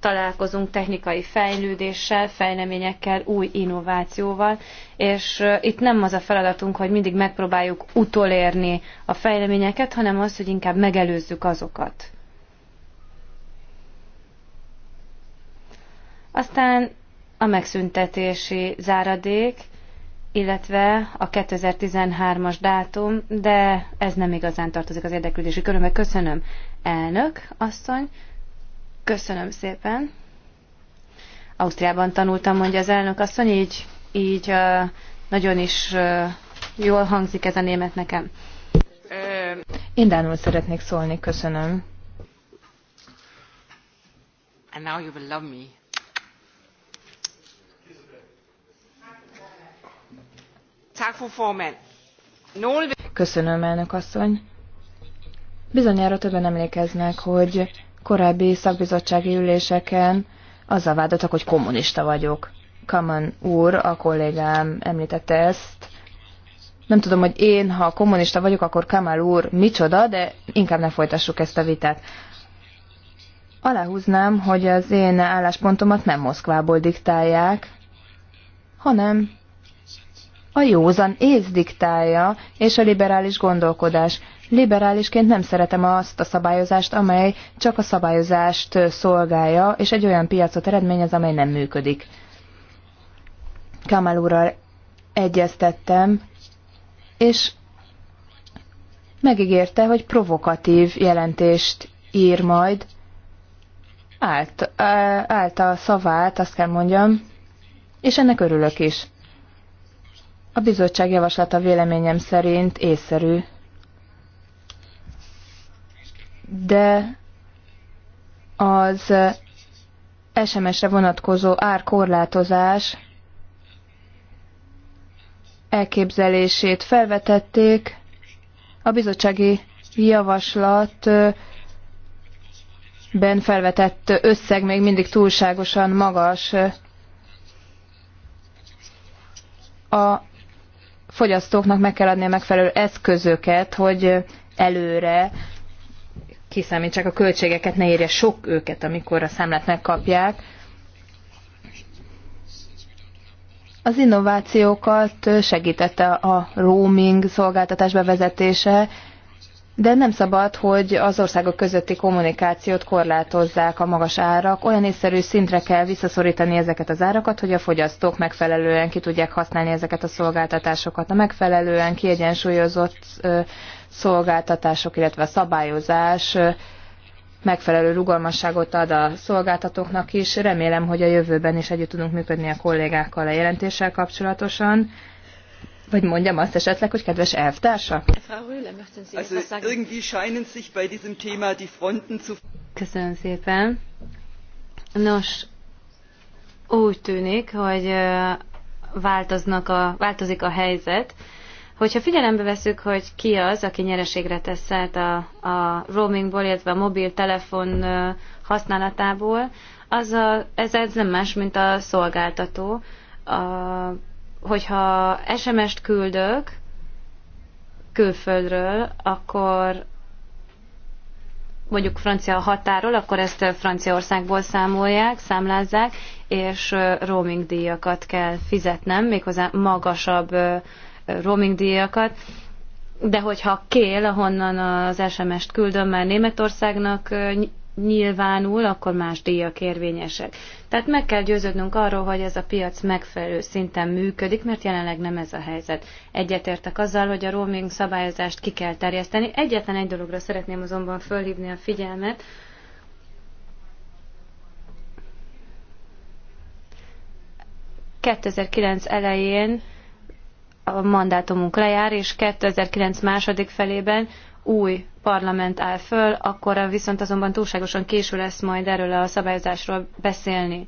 találkozunk technikai fejlődéssel, fejleményekkel, új innovációval, és itt nem az a feladatunk, hogy mindig megpróbáljuk utolérni a fejleményeket, hanem az, hogy inkább megelőzzük azokat. Aztán a megszüntetési záradék, illetve a 2013-as dátum, de ez nem igazán tartozik az érdeklődési körömbe. Köszönöm, elnök asszony. Köszönöm szépen. Ausztriában tanultam, mondja az elnök asszony, így, így nagyon is jól hangzik ez a német nekem.
Én Dánul szeretnék szólni, köszönöm.
And now you will love me.
Köszönöm, elnök asszony. Bizonyára többen emlékeznek, hogy korábbi szakbizottsági üléseken azzal vádoltak, hogy kommunista vagyok. Kaman úr, a kollégám említette ezt. Nem tudom, hogy én, ha kommunista vagyok, akkor Kamal úr micsoda, de inkább ne folytassuk ezt a vitát. Aláhúznám, hogy az én álláspontomat nem Moszkvából diktálják, hanem a józan ész diktálja, és a liberális gondolkodás. Liberálisként nem szeretem azt a szabályozást, amely csak a szabályozást szolgálja, és egy olyan piacot eredményez, amely nem működik. Kamal úrral egyeztettem, és megígérte, hogy provokatív jelentést ír majd. Állt, állt a szavát, azt kell mondjam, és ennek örülök is. A bizottság javaslata véleményem szerint észszerű, de az SMS-re vonatkozó árkorlátozás elképzelését felvetették. A bizottsági javaslat ben felvetett összeg még mindig túlságosan magas. A fogyasztóknak meg kell adni a megfelelő eszközöket, hogy előre kiszámítsák a költségeket, ne érje sok őket, amikor a számlát megkapják. Az innovációkat segítette a roaming szolgáltatás bevezetése, de nem szabad, hogy az országok közötti kommunikációt korlátozzák a magas árak. Olyan észszerű szintre kell visszaszorítani ezeket az árakat, hogy a fogyasztók megfelelően ki tudják használni ezeket a szolgáltatásokat. A megfelelően kiegyensúlyozott szolgáltatások, illetve a szabályozás megfelelő rugalmasságot ad a szolgáltatóknak is. Remélem, hogy a jövőben is együtt tudunk működni a kollégákkal a jelentéssel kapcsolatosan vagy mondjam azt esetleg, hogy kedves
elvtársa? Köszönöm szépen. Nos, úgy tűnik, hogy változnak a, változik a helyzet. Hogyha figyelembe veszük, hogy ki az, aki nyereségre tesz a, a roamingból, illetve a mobiltelefon használatából, az a, ez, ez nem más, mint a szolgáltató. A hogyha SMS-t küldök külföldről, akkor mondjuk francia határól, akkor ezt Franciaországból számolják, számlázzák, és roaming díjakat kell fizetnem, méghozzá magasabb roaming díjakat. De hogyha Kél, ahonnan az SMS-t küldöm, mert Németországnak nyilvánul, akkor más díjak érvényesek. Tehát meg kell győződnünk arról, hogy ez a piac megfelelő szinten működik, mert jelenleg nem ez a helyzet. Egyetértek azzal, hogy a roaming szabályozást ki kell terjeszteni. Egyetlen egy dologra szeretném azonban fölhívni a figyelmet, ...2009 elején a mandátumunk lejár, és 2009 második felében új parlament áll föl, akkor viszont azonban túlságosan késő lesz majd erről a szabályozásról beszélni.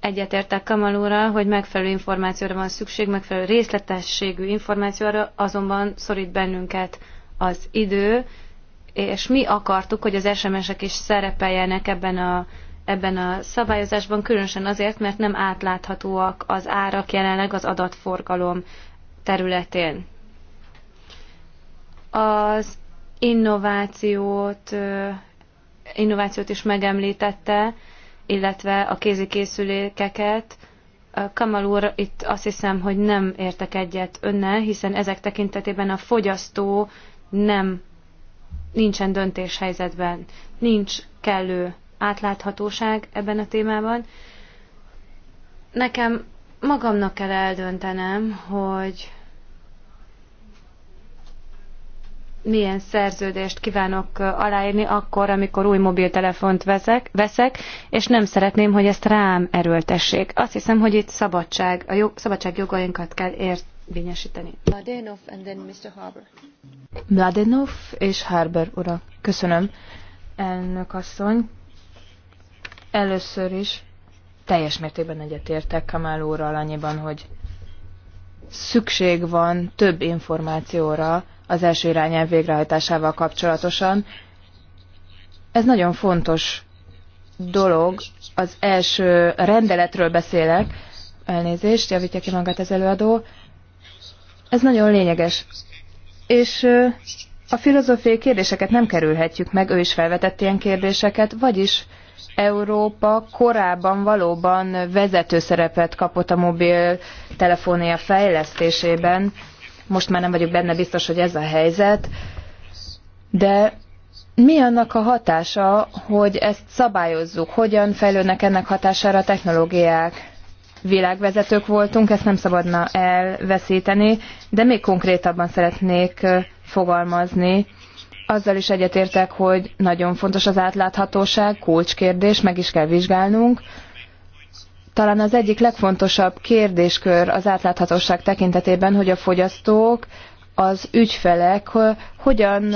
Egyetértek Kamalóra, hogy megfelelő információra van szükség, megfelelő részletességű információra, azonban szorít bennünket az idő, és mi akartuk, hogy az SMS-ek is szerepeljenek ebben a, ebben a szabályozásban, különösen azért, mert nem átláthatóak az árak jelenleg az adatforgalom területén. Az innovációt, innovációt is megemlítette, illetve a kézikészülékeket. Kamal úr, itt azt hiszem, hogy nem értek egyet önnel, hiszen ezek tekintetében a fogyasztó nem nincsen döntéshelyzetben, nincs kellő átláthatóság ebben a témában. Nekem magamnak kell eldöntenem, hogy milyen szerződést kívánok aláírni akkor, amikor új mobiltelefont veszek, veszek, és nem szeretném, hogy ezt rám erőltessék. Azt hiszem, hogy itt szabadság, a jog, szabadság jogainkat kell érvényesíteni.
Mladenov, and then Mr. Harbour.
Mladenov és Harbour ura. Köszönöm. Elnök asszony, először is teljes mértékben egyetértek Kamál úrral annyiban, hogy szükség van több információra, az első irányelv végrehajtásával kapcsolatosan. Ez nagyon fontos dolog, az első rendeletről beszélek, elnézést, javítja ki magát az előadó. Ez nagyon lényeges. És a filozófiai kérdéseket nem kerülhetjük meg, ő is felvetett ilyen kérdéseket, vagyis Európa korábban valóban vezető szerepet kapott a mobil telefonia fejlesztésében, most már nem vagyok benne biztos, hogy ez a helyzet, de mi annak a hatása, hogy ezt szabályozzuk? Hogyan fejlődnek ennek hatására a technológiák? Világvezetők voltunk, ezt nem szabadna elveszíteni, de még konkrétabban szeretnék fogalmazni. Azzal is egyetértek, hogy nagyon fontos az átláthatóság, kulcskérdés, meg is kell vizsgálnunk talán az egyik legfontosabb kérdéskör az átláthatóság tekintetében, hogy a fogyasztók, az ügyfelek hogyan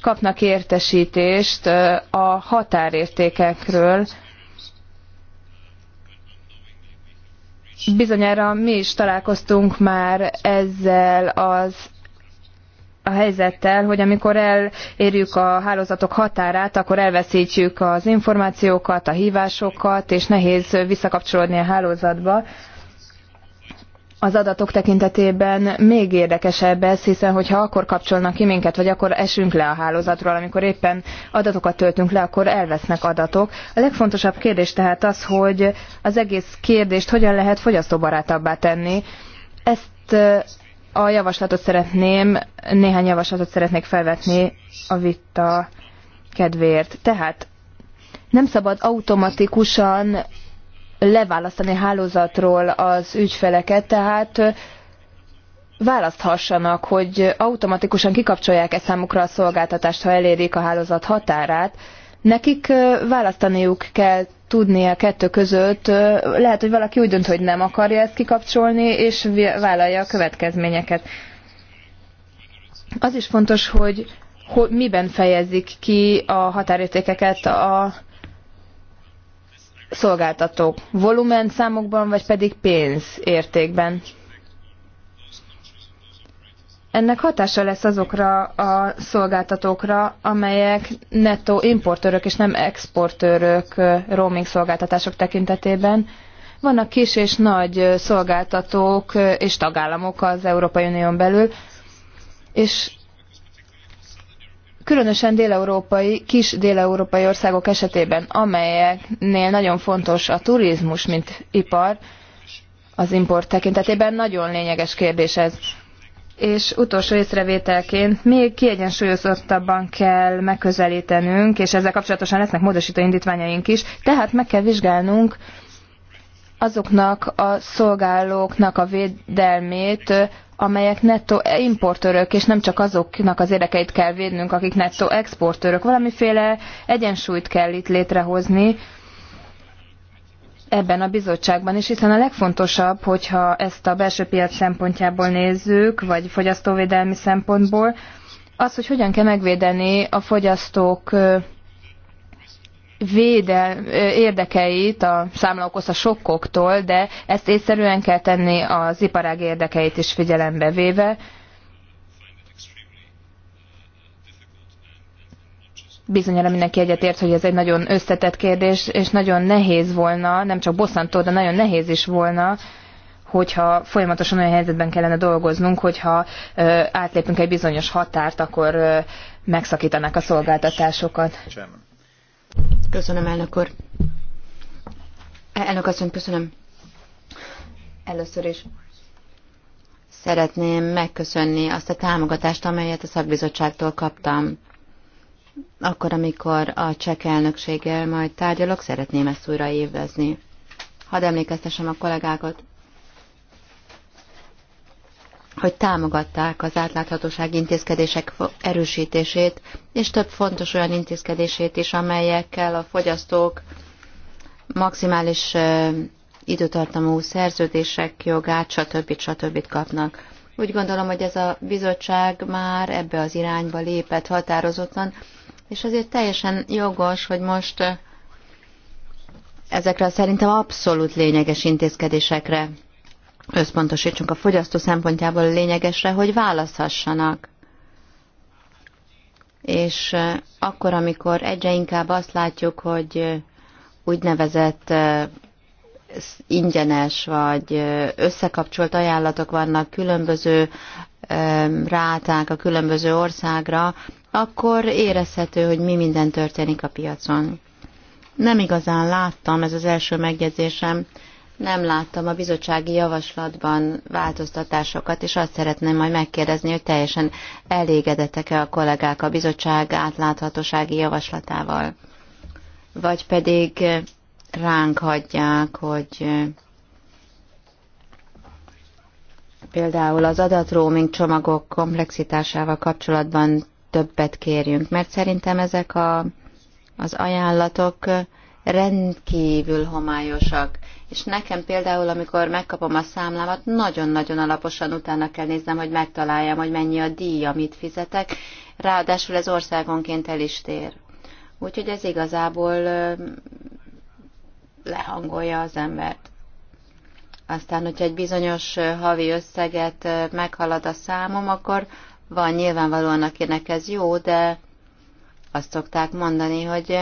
kapnak értesítést a határértékekről. Bizonyára mi is találkoztunk már ezzel az a helyzettel, hogy amikor elérjük a hálózatok határát, akkor elveszítjük az információkat, a hívásokat, és nehéz visszakapcsolódni a hálózatba. Az adatok tekintetében még érdekesebb ez, hiszen hogyha akkor kapcsolnak ki minket, vagy akkor esünk le a hálózatról, amikor éppen adatokat töltünk le, akkor elvesznek adatok. A legfontosabb kérdés tehát az, hogy az egész kérdést hogyan lehet fogyasztóbarátabbá tenni. Ezt a javaslatot szeretném, néhány javaslatot szeretnék felvetni a vita kedvéért. Tehát nem szabad automatikusan leválasztani a hálózatról az ügyfeleket, tehát választhassanak, hogy automatikusan kikapcsolják-e számukra a szolgáltatást, ha elérik a hálózat határát, Nekik választaniuk kell tudnia kettő között. Lehet, hogy valaki úgy dönt, hogy nem akarja ezt kikapcsolni, és vállalja a következményeket. Az is fontos, hogy, hogy miben fejezik ki a határértékeket a szolgáltatók. Volumen számokban, vagy pedig pénz értékben. Ennek hatása lesz azokra a szolgáltatókra, amelyek netto importőrök és nem exportőrök roaming szolgáltatások tekintetében. Vannak kis és nagy szolgáltatók és tagállamok az Európai Unión belül, és különösen déleurópai, kis déleurópai országok esetében, amelyeknél nagyon fontos a turizmus, mint ipar, az import tekintetében nagyon lényeges kérdés ez. És utolsó észrevételként még kiegyensúlyozottabban kell megközelítenünk, és ezzel kapcsolatosan lesznek módosító indítványaink is, tehát meg kell vizsgálnunk azoknak a szolgálóknak a védelmét, amelyek nettó importőrök, és nem csak azoknak az érdekeit kell védnünk, akik nettó exportőrök. Valamiféle egyensúlyt kell itt létrehozni, ebben a bizottságban is, hiszen a legfontosabb, hogyha ezt a belső piac szempontjából nézzük, vagy fogyasztóvédelmi szempontból, az, hogy hogyan kell megvédeni a fogyasztók védel, érdekeit a számlaokozta sokkoktól, de ezt észszerűen kell tenni az iparág érdekeit is figyelembe véve, Bizonyára mindenki egyetért, hogy ez egy nagyon összetett kérdés, és nagyon nehéz volna, nem csak bosszantó, de nagyon nehéz is volna, hogyha folyamatosan olyan helyzetben kellene dolgoznunk, hogyha ö, átlépünk egy bizonyos határt, akkor ö, megszakítanak a szolgáltatásokat.
Köszönöm, elnök úr. Elnök asszony, köszönöm. Először is szeretném megköszönni azt a támogatást, amelyet a szakbizottságtól kaptam akkor, amikor a csek elnökséggel majd tárgyalok, szeretném ezt újra évezni. Hadd emlékeztessem a kollégákat, hogy támogatták az átláthatóság intézkedések erősítését, és több fontos olyan intézkedését is, amelyekkel a fogyasztók maximális időtartamú szerződések jogát, stb. stb. kapnak. Úgy gondolom, hogy ez a bizottság már ebbe az irányba lépett határozottan, és azért teljesen jogos, hogy most ezekre a szerintem abszolút lényeges intézkedésekre összpontosítsunk a fogyasztó szempontjából a lényegesre, hogy választhassanak. És akkor, amikor egyre inkább azt látjuk, hogy úgynevezett ingyenes vagy összekapcsolt ajánlatok vannak különböző ráták a különböző országra, akkor érezhető, hogy mi minden történik a piacon. Nem igazán láttam, ez az első megjegyzésem, nem láttam a bizottsági javaslatban változtatásokat, és azt szeretném majd megkérdezni, hogy teljesen elégedettek-e a kollégák a bizottság átláthatósági javaslatával. Vagy pedig ránk hagyják, hogy például az adatroaming csomagok komplexitásával kapcsolatban többet kérjünk, mert szerintem ezek a, az ajánlatok rendkívül homályosak. És nekem például, amikor megkapom a számlámat, nagyon-nagyon alaposan utána kell néznem, hogy megtaláljam, hogy mennyi a díj, amit fizetek. Ráadásul ez országonként el is tér. Úgyhogy ez igazából lehangolja az embert. Aztán, hogyha egy bizonyos havi összeget meghalad a számom, akkor van nyilvánvalóan, akinek ez jó, de azt szokták mondani, hogy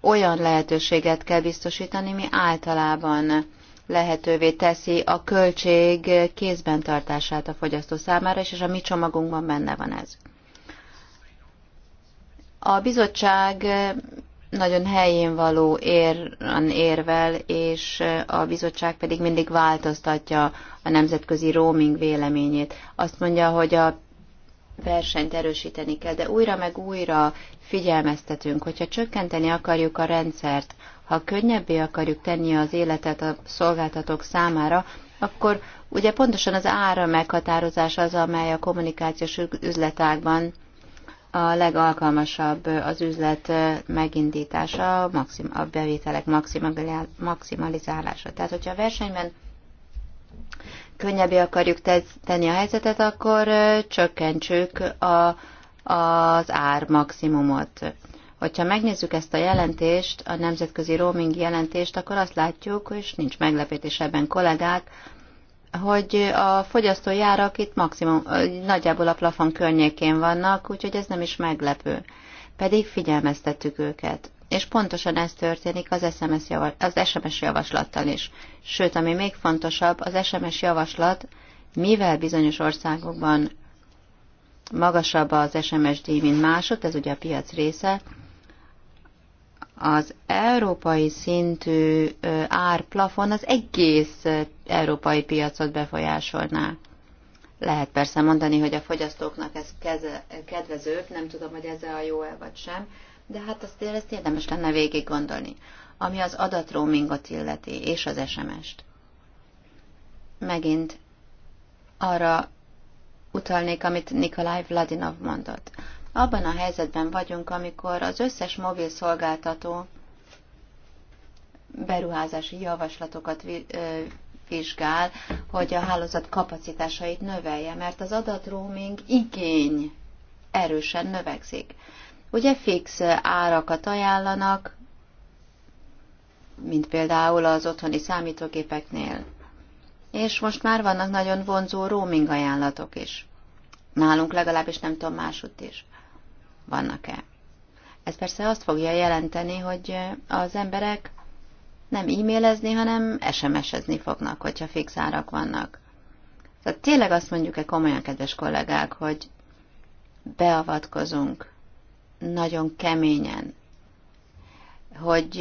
olyan lehetőséget kell biztosítani, mi általában lehetővé teszi a költség kézben tartását a fogyasztó számára, és a mi csomagunkban benne van ez. A bizottság nagyon helyén való ér, érvel, és a bizottság pedig mindig változtatja a nemzetközi roaming véleményét. Azt mondja, hogy a versenyt erősíteni kell, de újra meg újra figyelmeztetünk, hogyha csökkenteni akarjuk a rendszert, ha könnyebbé akarjuk tenni az életet a szolgáltatók számára, akkor ugye pontosan az ára meghatározása az, amely a kommunikációs üzletágban a legalkalmasabb az üzlet megindítása, a, maxim, a bevételek maximalizálása. Tehát, hogyha a versenyben könnyebbé akarjuk tenni a helyzetet, akkor csökkentsük a, az ár maximumot. Hogyha megnézzük ezt a jelentést, a nemzetközi roaming jelentést, akkor azt látjuk, és nincs meglepetés ebben kollégák, hogy a fogyasztói árak itt maximum, nagyjából a plafon környékén vannak, úgyhogy ez nem is meglepő. Pedig figyelmeztettük őket. És pontosan ez történik az SMS, javas, az SMS javaslattal is. Sőt, ami még fontosabb, az SMS javaslat, mivel bizonyos országokban magasabb az SMS díj, mint másod, ez ugye a piac része, az európai szintű árplafon az egész európai piacot befolyásolná. Lehet persze mondani, hogy a fogyasztóknak ez kedvezőbb, nem tudom, hogy ez a jó-e vagy sem, de hát azt ezt érdemes lenne végig gondolni, ami az adatroamingot illeti, és az SMS-t. Megint arra utalnék, amit Nikolaj Vladinov mondott abban a helyzetben vagyunk, amikor az összes mobil szolgáltató beruházási javaslatokat vizsgál, hogy a hálózat kapacitásait növelje, mert az adatroaming igény erősen növekszik. Ugye fix árakat ajánlanak, mint például az otthoni számítógépeknél. És most már vannak nagyon vonzó roaming ajánlatok is. Nálunk legalábbis nem tudom másutt is vannak-e. Ez persze azt fogja jelenteni, hogy az emberek nem e-mailezni, hanem SMS-ezni fognak, hogyha fix árak vannak. Tehát tényleg azt mondjuk-e komolyan, kedves kollégák, hogy beavatkozunk nagyon keményen, hogy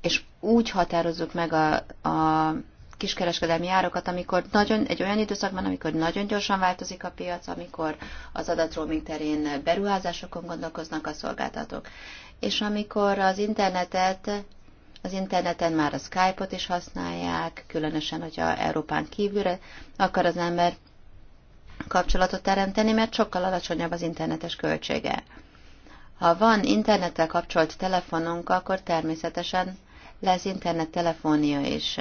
és úgy határozzuk meg a, a kiskereskedelmi árakat, amikor nagyon, egy olyan időszakban, amikor nagyon gyorsan változik a piac, amikor az adatroaming terén beruházásokon gondolkoznak a szolgáltatók. És amikor az internetet, az interneten már a Skype-ot is használják, különösen, hogyha Európán kívülre akar az ember kapcsolatot teremteni, mert sokkal alacsonyabb az internetes költsége. Ha van internettel kapcsolt telefonunk, akkor természetesen lesz internet is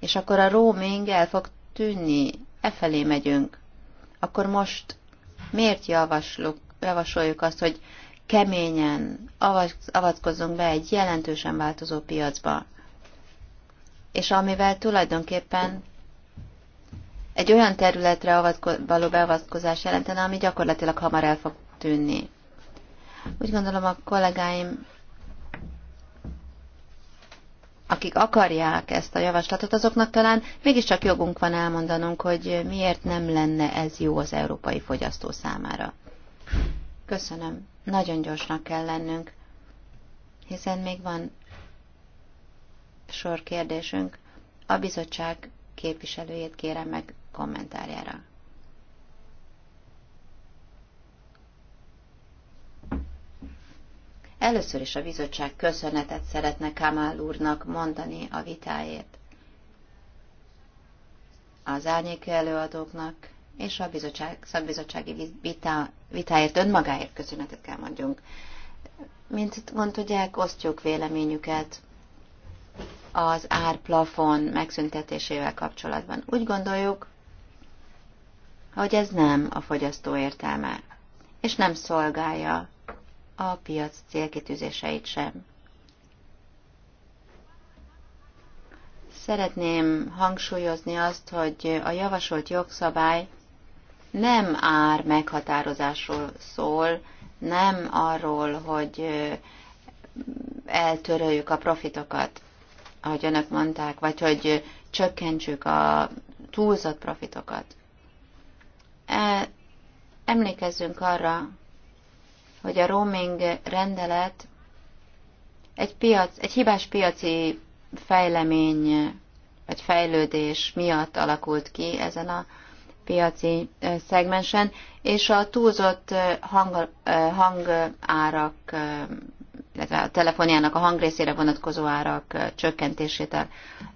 és akkor a roaming el fog tűnni, e felé megyünk. Akkor most miért javasluk, javasoljuk azt, hogy keményen avatkozzunk be egy jelentősen változó piacba, és amivel tulajdonképpen egy olyan területre avatko- való beavatkozás jelentene, ami gyakorlatilag hamar el fog tűnni. Úgy gondolom a kollégáim akik akarják ezt a javaslatot, azoknak talán mégiscsak jogunk van elmondanunk, hogy miért nem lenne ez jó az európai fogyasztó számára. Köszönöm. Nagyon gyorsnak kell lennünk, hiszen még van sor kérdésünk. A bizottság képviselőjét kérem meg kommentárjára. Először is a bizottság köszönetet szeretne Kamál úrnak mondani a vitáért. Az árnyék előadóknak és a bizottság, szakbizottsági vita, vitáért önmagáért köszönetet kell mondjunk. Mint mondtudják, osztjuk véleményüket az árplafon megszüntetésével kapcsolatban. Úgy gondoljuk, hogy ez nem a fogyasztó értelme, és nem szolgálja a piac célkitűzéseit sem. Szeretném hangsúlyozni azt, hogy a javasolt jogszabály nem ár meghatározásról szól, nem arról, hogy eltöröljük a profitokat, ahogy önök mondták, vagy hogy csökkentsük a túlzott profitokat. E, emlékezzünk arra, hogy a roaming rendelet egy, piac, egy hibás piaci fejlemény vagy fejlődés miatt alakult ki ezen a piaci szegmensen, és a túlzott hang, hangárak, illetve a telefonjának a hangrészére vonatkozó árak csökkentését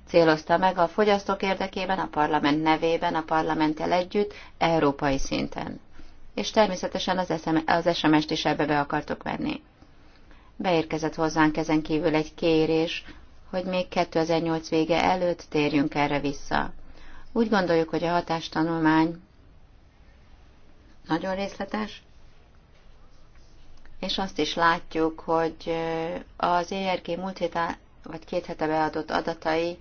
célozta meg a fogyasztók érdekében, a parlament nevében, a parlamenttel együtt, európai szinten és természetesen az SMS-t is ebbe be akartok venni. Beérkezett hozzánk ezen kívül egy kérés, hogy még 2008 vége előtt térjünk erre vissza. Úgy gondoljuk, hogy a hatástanulmány nagyon részletes, és azt is látjuk, hogy az ERG múlt héten vagy két hete beadott adatai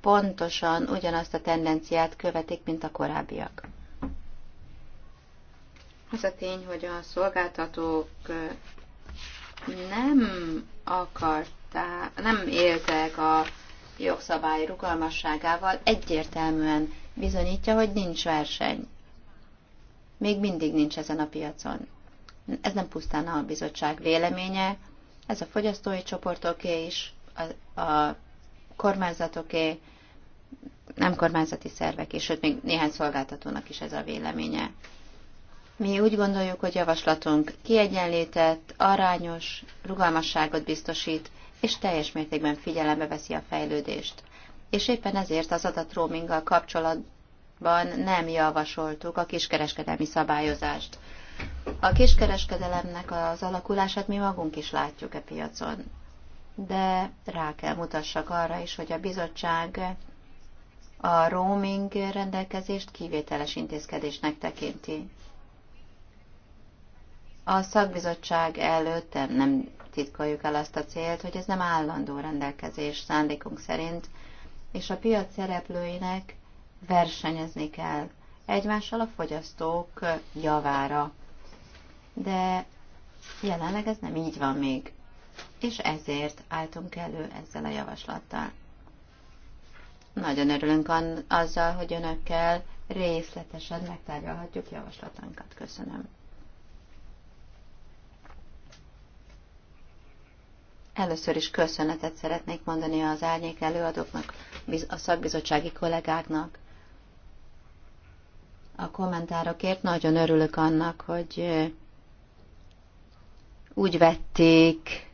pontosan ugyanazt a tendenciát követik, mint a korábbiak. Az a tény, hogy a szolgáltatók nem akarták, nem éltek a jogszabály rugalmasságával, egyértelműen bizonyítja, hogy nincs verseny. Még mindig nincs ezen a piacon. Ez nem pusztán a bizottság véleménye, ez a fogyasztói csoportoké is, a, a kormányzatoké, nem kormányzati szervek, és sőt, még néhány szolgáltatónak is ez a véleménye. Mi úgy gondoljuk, hogy javaslatunk kiegyenlített, arányos, rugalmasságot biztosít, és teljes mértékben figyelembe veszi a fejlődést. És éppen ezért az adatroaminggal kapcsolatban nem javasoltuk a kiskereskedelmi szabályozást. A kiskereskedelemnek az alakulását mi magunk is látjuk e piacon. De rá kell mutassak arra is, hogy a bizottság a roaming rendelkezést kivételes intézkedésnek tekinti. A szakbizottság előtt nem titkoljuk el azt a célt, hogy ez nem állandó rendelkezés szándékunk szerint, és a piac szereplőinek versenyezni kell egymással a fogyasztók javára. De jelenleg ez nem így van még, és ezért álltunk elő ezzel a javaslattal. Nagyon örülünk azzal, hogy önökkel részletesen megtárgyalhatjuk javaslatunkat. Köszönöm. Először is köszönetet szeretnék mondani az árnyék előadóknak, a szakbizottsági kollégáknak. A kommentárokért nagyon örülök annak, hogy úgy vették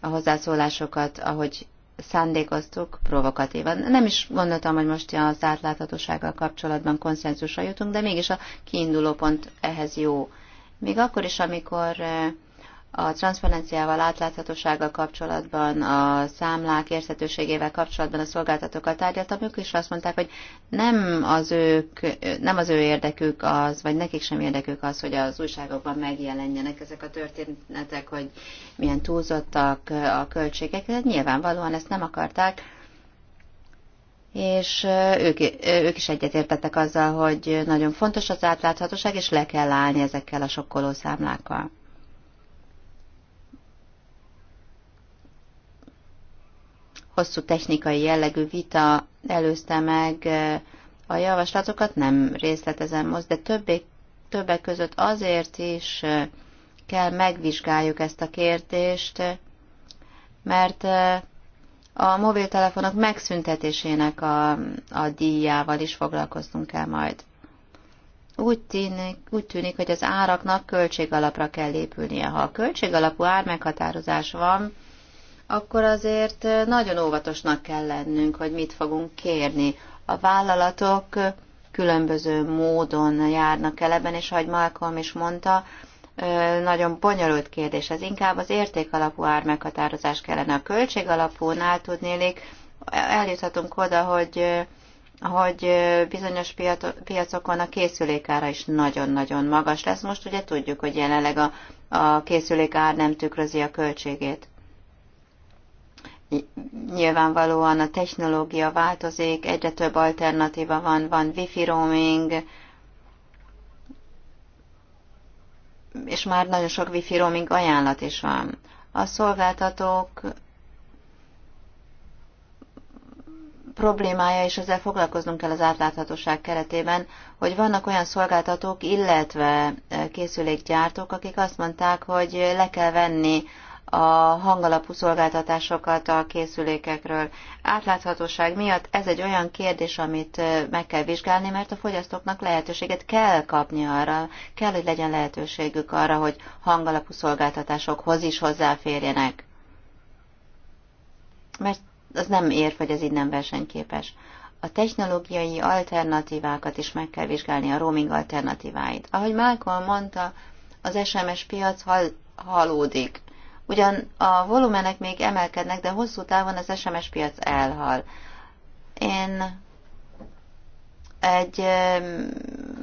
a hozzászólásokat, ahogy szándékoztuk provokatívan. Nem is gondoltam, hogy most az átláthatósággal kapcsolatban konszenzusra jutunk, de mégis a kiinduló pont ehhez jó. Még akkor is, amikor a transzparenciával, átláthatósággal kapcsolatban, a számlák érthetőségével kapcsolatban a szolgáltatókat tárgyaltam, ők is azt mondták, hogy nem az, ők, nem az ő érdekük az, vagy nekik sem érdekük az, hogy az újságokban megjelenjenek ezek a történetek, hogy milyen túlzottak a költségek. De hát nyilvánvalóan ezt nem akarták, és ők, ők is egyetértettek azzal, hogy nagyon fontos az átláthatóság, és le kell állni ezekkel a sokkoló számlákkal. hosszú technikai jellegű vita előzte meg a javaslatokat, nem részletezem most, de többé, többek között azért is kell megvizsgáljuk ezt a kérdést, mert a mobiltelefonok megszüntetésének a, a díjával is foglalkoznunk kell majd. Úgy tűnik, úgy tűnik, hogy az áraknak költségalapra kell épülnie. Ha a költségalapú ármeghatározás van, akkor azért nagyon óvatosnak kell lennünk, hogy mit fogunk kérni. A vállalatok különböző módon járnak el ebben, és ahogy Malcolm is mondta, nagyon bonyolult kérdés. Ez inkább az értékalapú meghatározás kellene. A költségalapúnál tudnélik, eljuthatunk oda, hogy hogy bizonyos piacokon a készülékára is nagyon-nagyon magas lesz. Most ugye tudjuk, hogy jelenleg a, a készülék ár nem tükrözi a költségét. Nyilvánvalóan a technológia változik, egyre több alternatíva van, van wifi roaming, és már nagyon sok wifi roaming ajánlat is van. A szolgáltatók problémája, és ezzel foglalkoznunk kell az átláthatóság keretében, hogy vannak olyan szolgáltatók, illetve készülékgyártók, akik azt mondták, hogy le kell venni a hangalapú szolgáltatásokat a készülékekről. Átláthatóság miatt ez egy olyan kérdés, amit meg kell vizsgálni, mert a fogyasztóknak lehetőséget kell kapni arra, kell, hogy legyen lehetőségük arra, hogy hangalapú szolgáltatásokhoz is hozzáférjenek. Mert az nem ér, hogy ez így nem versenyképes. A technológiai alternatívákat is meg kell vizsgálni, a roaming alternatíváit. Ahogy Malcolm mondta, az SMS piac hal- halódik. Ugyan a volumenek még emelkednek, de hosszú távon az SMS piac elhal. Én egy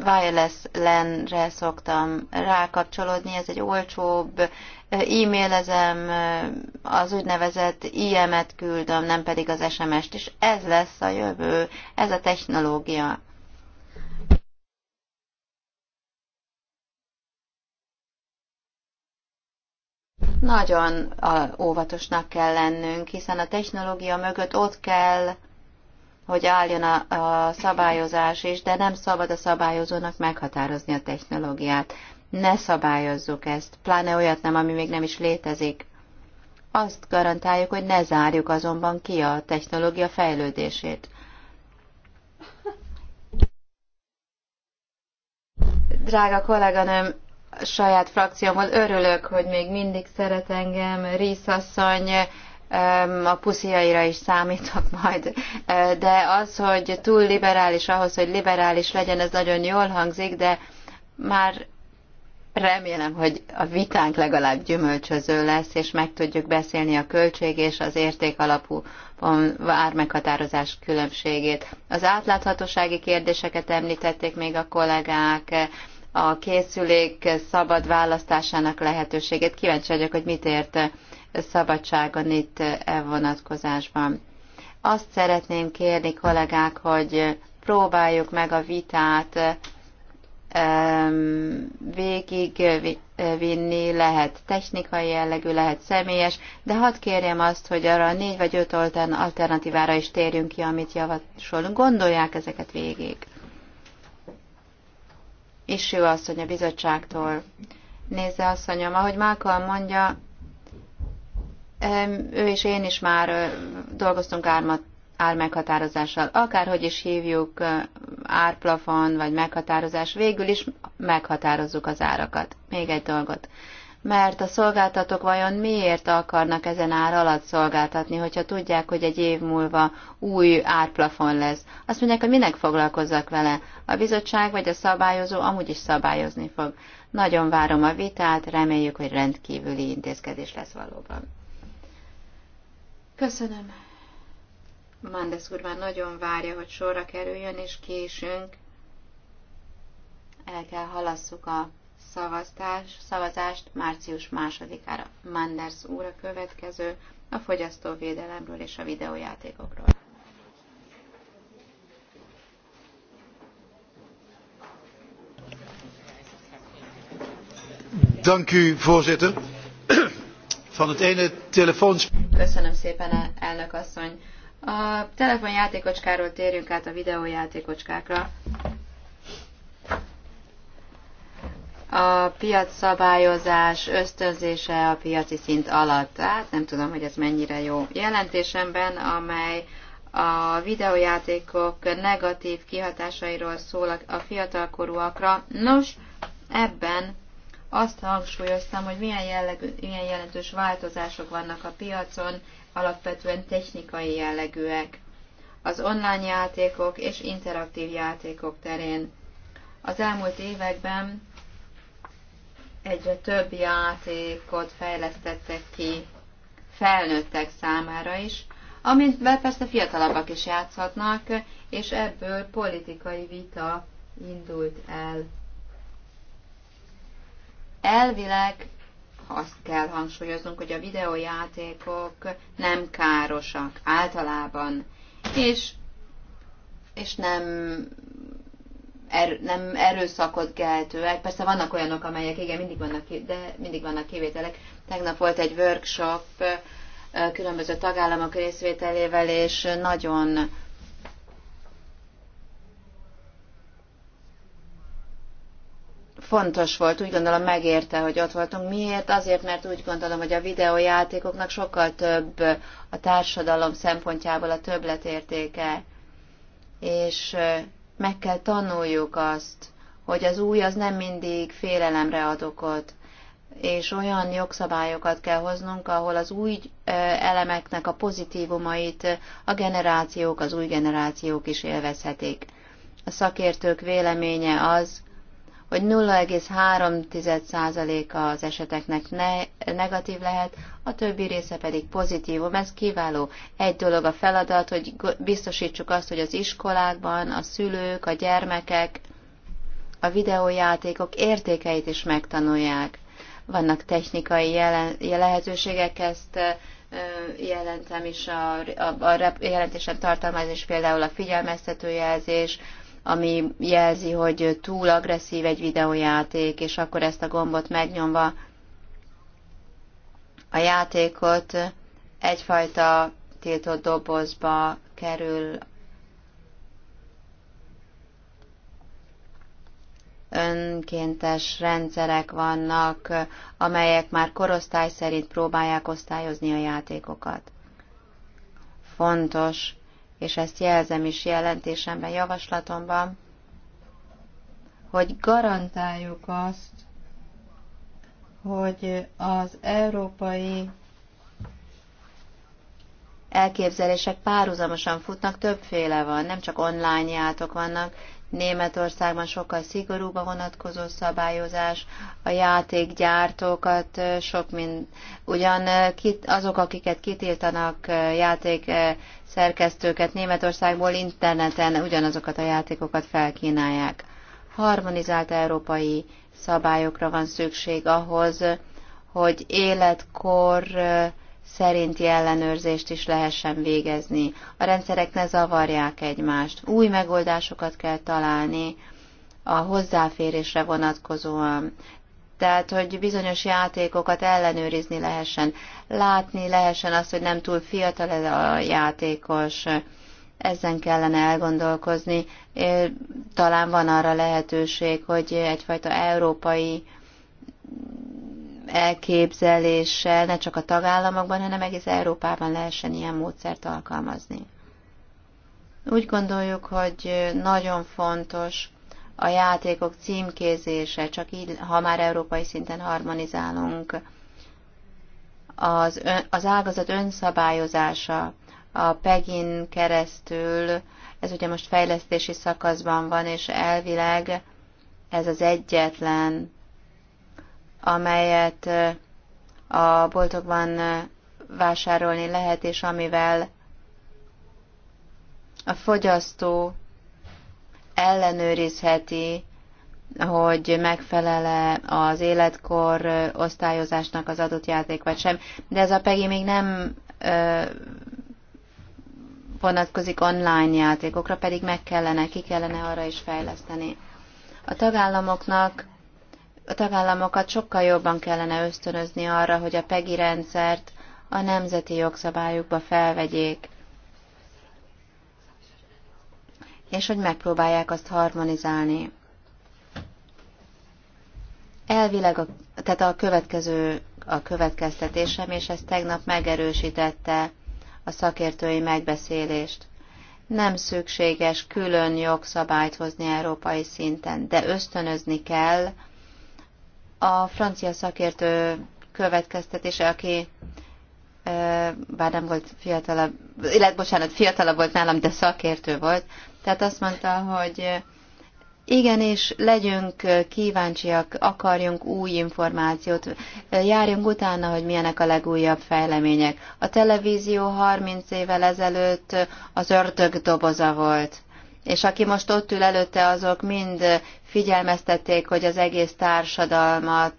wireless lenre szoktam rákapcsolódni, ez egy olcsóbb, e, e-mailezem, e, az úgynevezett IM-et küldöm, nem pedig az SMS-t, és ez lesz a jövő, ez a technológia. nagyon óvatosnak kell lennünk, hiszen a technológia mögött ott kell, hogy álljon a, a szabályozás is, de nem szabad a szabályozónak meghatározni a technológiát. Ne szabályozzuk ezt, pláne olyat nem, ami még nem is létezik. Azt garantáljuk, hogy ne zárjuk azonban ki a technológia fejlődését. Drága kolléganőm, saját frakciómból örülök, hogy még mindig szeret engem Rízasszony, a pusziaira is számítok majd, de az, hogy túl liberális ahhoz, hogy liberális legyen, ez nagyon jól hangzik, de már remélem, hogy a vitánk legalább gyümölcsöző lesz, és meg tudjuk beszélni a költség és az érték alapú um, ármeghatározás különbségét. Az átláthatósági kérdéseket említették még a kollégák, a készülék szabad választásának lehetőségét. Kíváncsi vagyok, hogy mit ért szabadságon itt e vonatkozásban. Azt szeretném kérni kollégák, hogy próbáljuk meg a vitát végigvinni, lehet technikai jellegű, lehet személyes, de hadd kérjem azt, hogy arra a négy vagy öt alternatívára is térjünk ki, amit javasolunk. Gondolják ezeket végig és ő asszony a bizottságtól. Nézze, asszonyom, ahogy Malcolm mondja, ő és én is már dolgoztunk ármat, ár meghatározással. Akárhogy is hívjuk árplafon vagy meghatározás, végül is meghatározzuk az árakat. Még egy dolgot mert a szolgáltatók vajon miért akarnak ezen ár alatt szolgáltatni, hogyha tudják, hogy egy év múlva új árplafon lesz. Azt mondják, hogy minek foglalkozzak vele. A bizottság vagy a szabályozó amúgy is szabályozni fog. Nagyon várom a vitát, reméljük, hogy rendkívüli intézkedés lesz valóban. Köszönöm. Mandes úr már nagyon várja, hogy sorra kerüljön, és késünk. El kell halasszuk a szavaztás, szavazást március másodikára. Manders úr a következő a fogyasztóvédelemről és a videójátékokról.
Dank u, voorzitter. Van het ene telefoons...
Köszönöm szépen, elnök asszony. A telefonjátékocskáról térjünk át a videójátékocskákra. a piac szabályozás ösztönzése a piaci szint alatt. Hát nem tudom, hogy ez mennyire jó. Jelentésemben, amely a videójátékok negatív kihatásairól szól a fiatalkorúakra. Nos, ebben azt hangsúlyoztam, hogy milyen, jellegű, milyen jelentős változások vannak a piacon, alapvetően technikai jellegűek. Az online játékok és interaktív játékok terén. Az elmúlt években egyre több játékot fejlesztettek ki felnőttek számára is, amit persze fiatalabbak is játszhatnak, és ebből politikai vita indult el. Elvileg azt kell hangsúlyoznunk, hogy a videójátékok nem károsak általában, és, és nem Er, nem erőszakot keltőek. Persze vannak olyanok, amelyek, igen, mindig vannak, de mindig vannak kivételek. Tegnap volt egy workshop különböző tagállamok részvételével, és nagyon fontos volt, úgy gondolom megérte, hogy ott voltunk. Miért? Azért, mert úgy gondolom, hogy a videójátékoknak sokkal több a társadalom szempontjából a többletértéke, és meg kell tanuljuk azt, hogy az új az nem mindig félelemre ad okot, és olyan jogszabályokat kell hoznunk, ahol az új elemeknek a pozitívumait a generációk, az új generációk is élvezhetik. A szakértők véleménye az, hogy 0,3%-a az eseteknek ne, negatív lehet, a többi része pedig pozitívum. Ez kiváló. Egy dolog a feladat, hogy biztosítsuk azt, hogy az iskolákban a szülők, a gyermekek a videójátékok értékeit is megtanulják. Vannak technikai jelen, lehetőségek, ezt jelentem is a, a, a jelentésem tartalmaz, és például a figyelmeztetőjelzés, ami jelzi, hogy túl agresszív egy videójáték, és akkor ezt a gombot megnyomva a játékot egyfajta tiltott dobozba kerül önkéntes rendszerek vannak, amelyek már korosztály szerint próbálják osztályozni a játékokat. Fontos, és ezt jelzem is jelentésemben, javaslatomban, hogy garantáljuk azt, hogy az európai elképzelések párhuzamosan futnak, többféle van, nem csak online játok vannak, Németországban sokkal szigorúbb a vonatkozó szabályozás, a játékgyártókat sok mind, ugyan azok, akiket kitiltanak játék szerkesztőket Németországból interneten ugyanazokat a játékokat felkínálják. Harmonizált európai szabályokra van szükség ahhoz, hogy életkor szerinti ellenőrzést is lehessen végezni. A rendszerek ne zavarják egymást. Új megoldásokat kell találni a hozzáférésre vonatkozóan. Tehát, hogy bizonyos játékokat ellenőrizni lehessen, látni lehessen azt, hogy nem túl fiatal ez a játékos, ezen kellene elgondolkozni. Talán van arra lehetőség, hogy egyfajta európai elképzeléssel ne csak a tagállamokban, hanem egész Európában lehessen ilyen módszert alkalmazni. Úgy gondoljuk, hogy nagyon fontos a játékok címkézése, csak így, ha már európai szinten harmonizálunk, az, ön, az ágazat önszabályozása a PEGIN keresztül, ez ugye most fejlesztési szakaszban van, és elvileg ez az egyetlen amelyet a boltokban vásárolni lehet, és amivel a fogyasztó ellenőrizheti, hogy megfelele az életkor osztályozásnak az adott játék, vagy sem. De ez a PEGI még nem ö, vonatkozik online játékokra, pedig meg kellene, ki kellene arra is fejleszteni. A tagállamoknak a tagállamokat sokkal jobban kellene ösztönözni arra, hogy a PEGI rendszert a nemzeti jogszabályukba felvegyék, és hogy megpróbálják azt harmonizálni. Elvileg, a, tehát a következő a következtetésem, és ezt tegnap megerősítette a szakértői megbeszélést. Nem szükséges külön jogszabályt hozni európai szinten, de ösztönözni kell, a francia szakértő következtetése, aki bár nem volt fiatalabb, illetve bocsánat, fiatalabb volt nálam, de szakértő volt. Tehát azt mondta, hogy igen és legyünk kíváncsiak, akarjunk új információt, járjunk utána, hogy milyenek a legújabb fejlemények. A televízió 30 évvel ezelőtt az ördög doboza volt és aki most ott ül előtte, azok mind figyelmeztették, hogy az egész társadalmat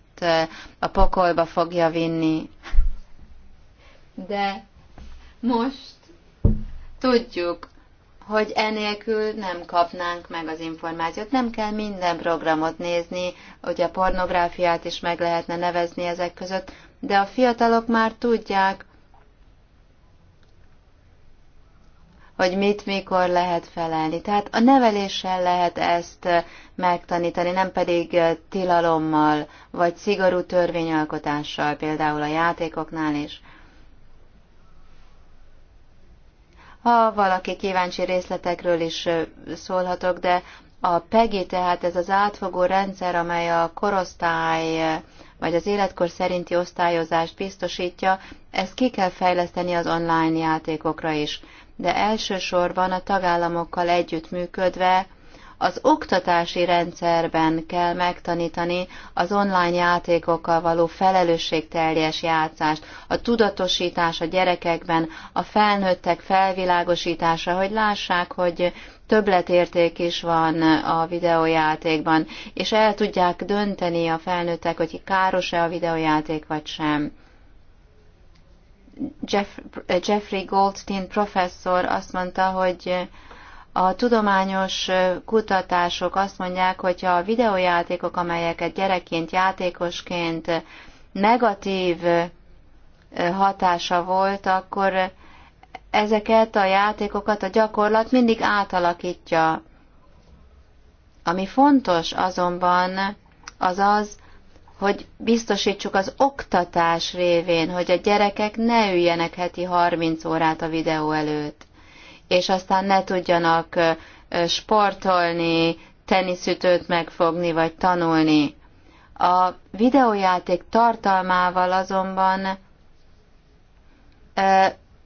a pokolba fogja vinni. De most tudjuk, hogy enélkül nem kapnánk meg az információt. Nem kell minden programot nézni, hogy a pornográfiát is meg lehetne nevezni ezek között, de a fiatalok már tudják, hogy mit, mikor lehet felelni. Tehát a neveléssel lehet ezt eh, megtanítani, nem pedig eh, tilalommal, vagy szigorú törvényalkotással, például a játékoknál is. Ha valaki kíváncsi részletekről is eh, szólhatok, de a PEGI, tehát ez az átfogó rendszer, amely a korosztály vagy az életkor szerinti osztályozást biztosítja, ezt ki kell fejleszteni az online játékokra is de elsősorban a tagállamokkal együttműködve az oktatási rendszerben kell megtanítani az online játékokkal való felelősségteljes játszást, a tudatosítás a gyerekekben, a felnőttek felvilágosítása, hogy lássák, hogy többletérték is van a videójátékban, és el tudják dönteni a felnőttek, hogy káros-e a videójáték vagy sem. Jeff, Jeffrey Goldstein professzor azt mondta, hogy a tudományos kutatások azt mondják, hogy a videójátékok, amelyeket gyerekként, játékosként negatív hatása volt, akkor ezeket a játékokat a gyakorlat mindig átalakítja. Ami fontos azonban az az, hogy biztosítsuk az oktatás révén, hogy a gyerekek ne üljenek heti 30 órát a videó előtt, és aztán ne tudjanak sportolni, teniszütőt megfogni, vagy tanulni. A videójáték tartalmával azonban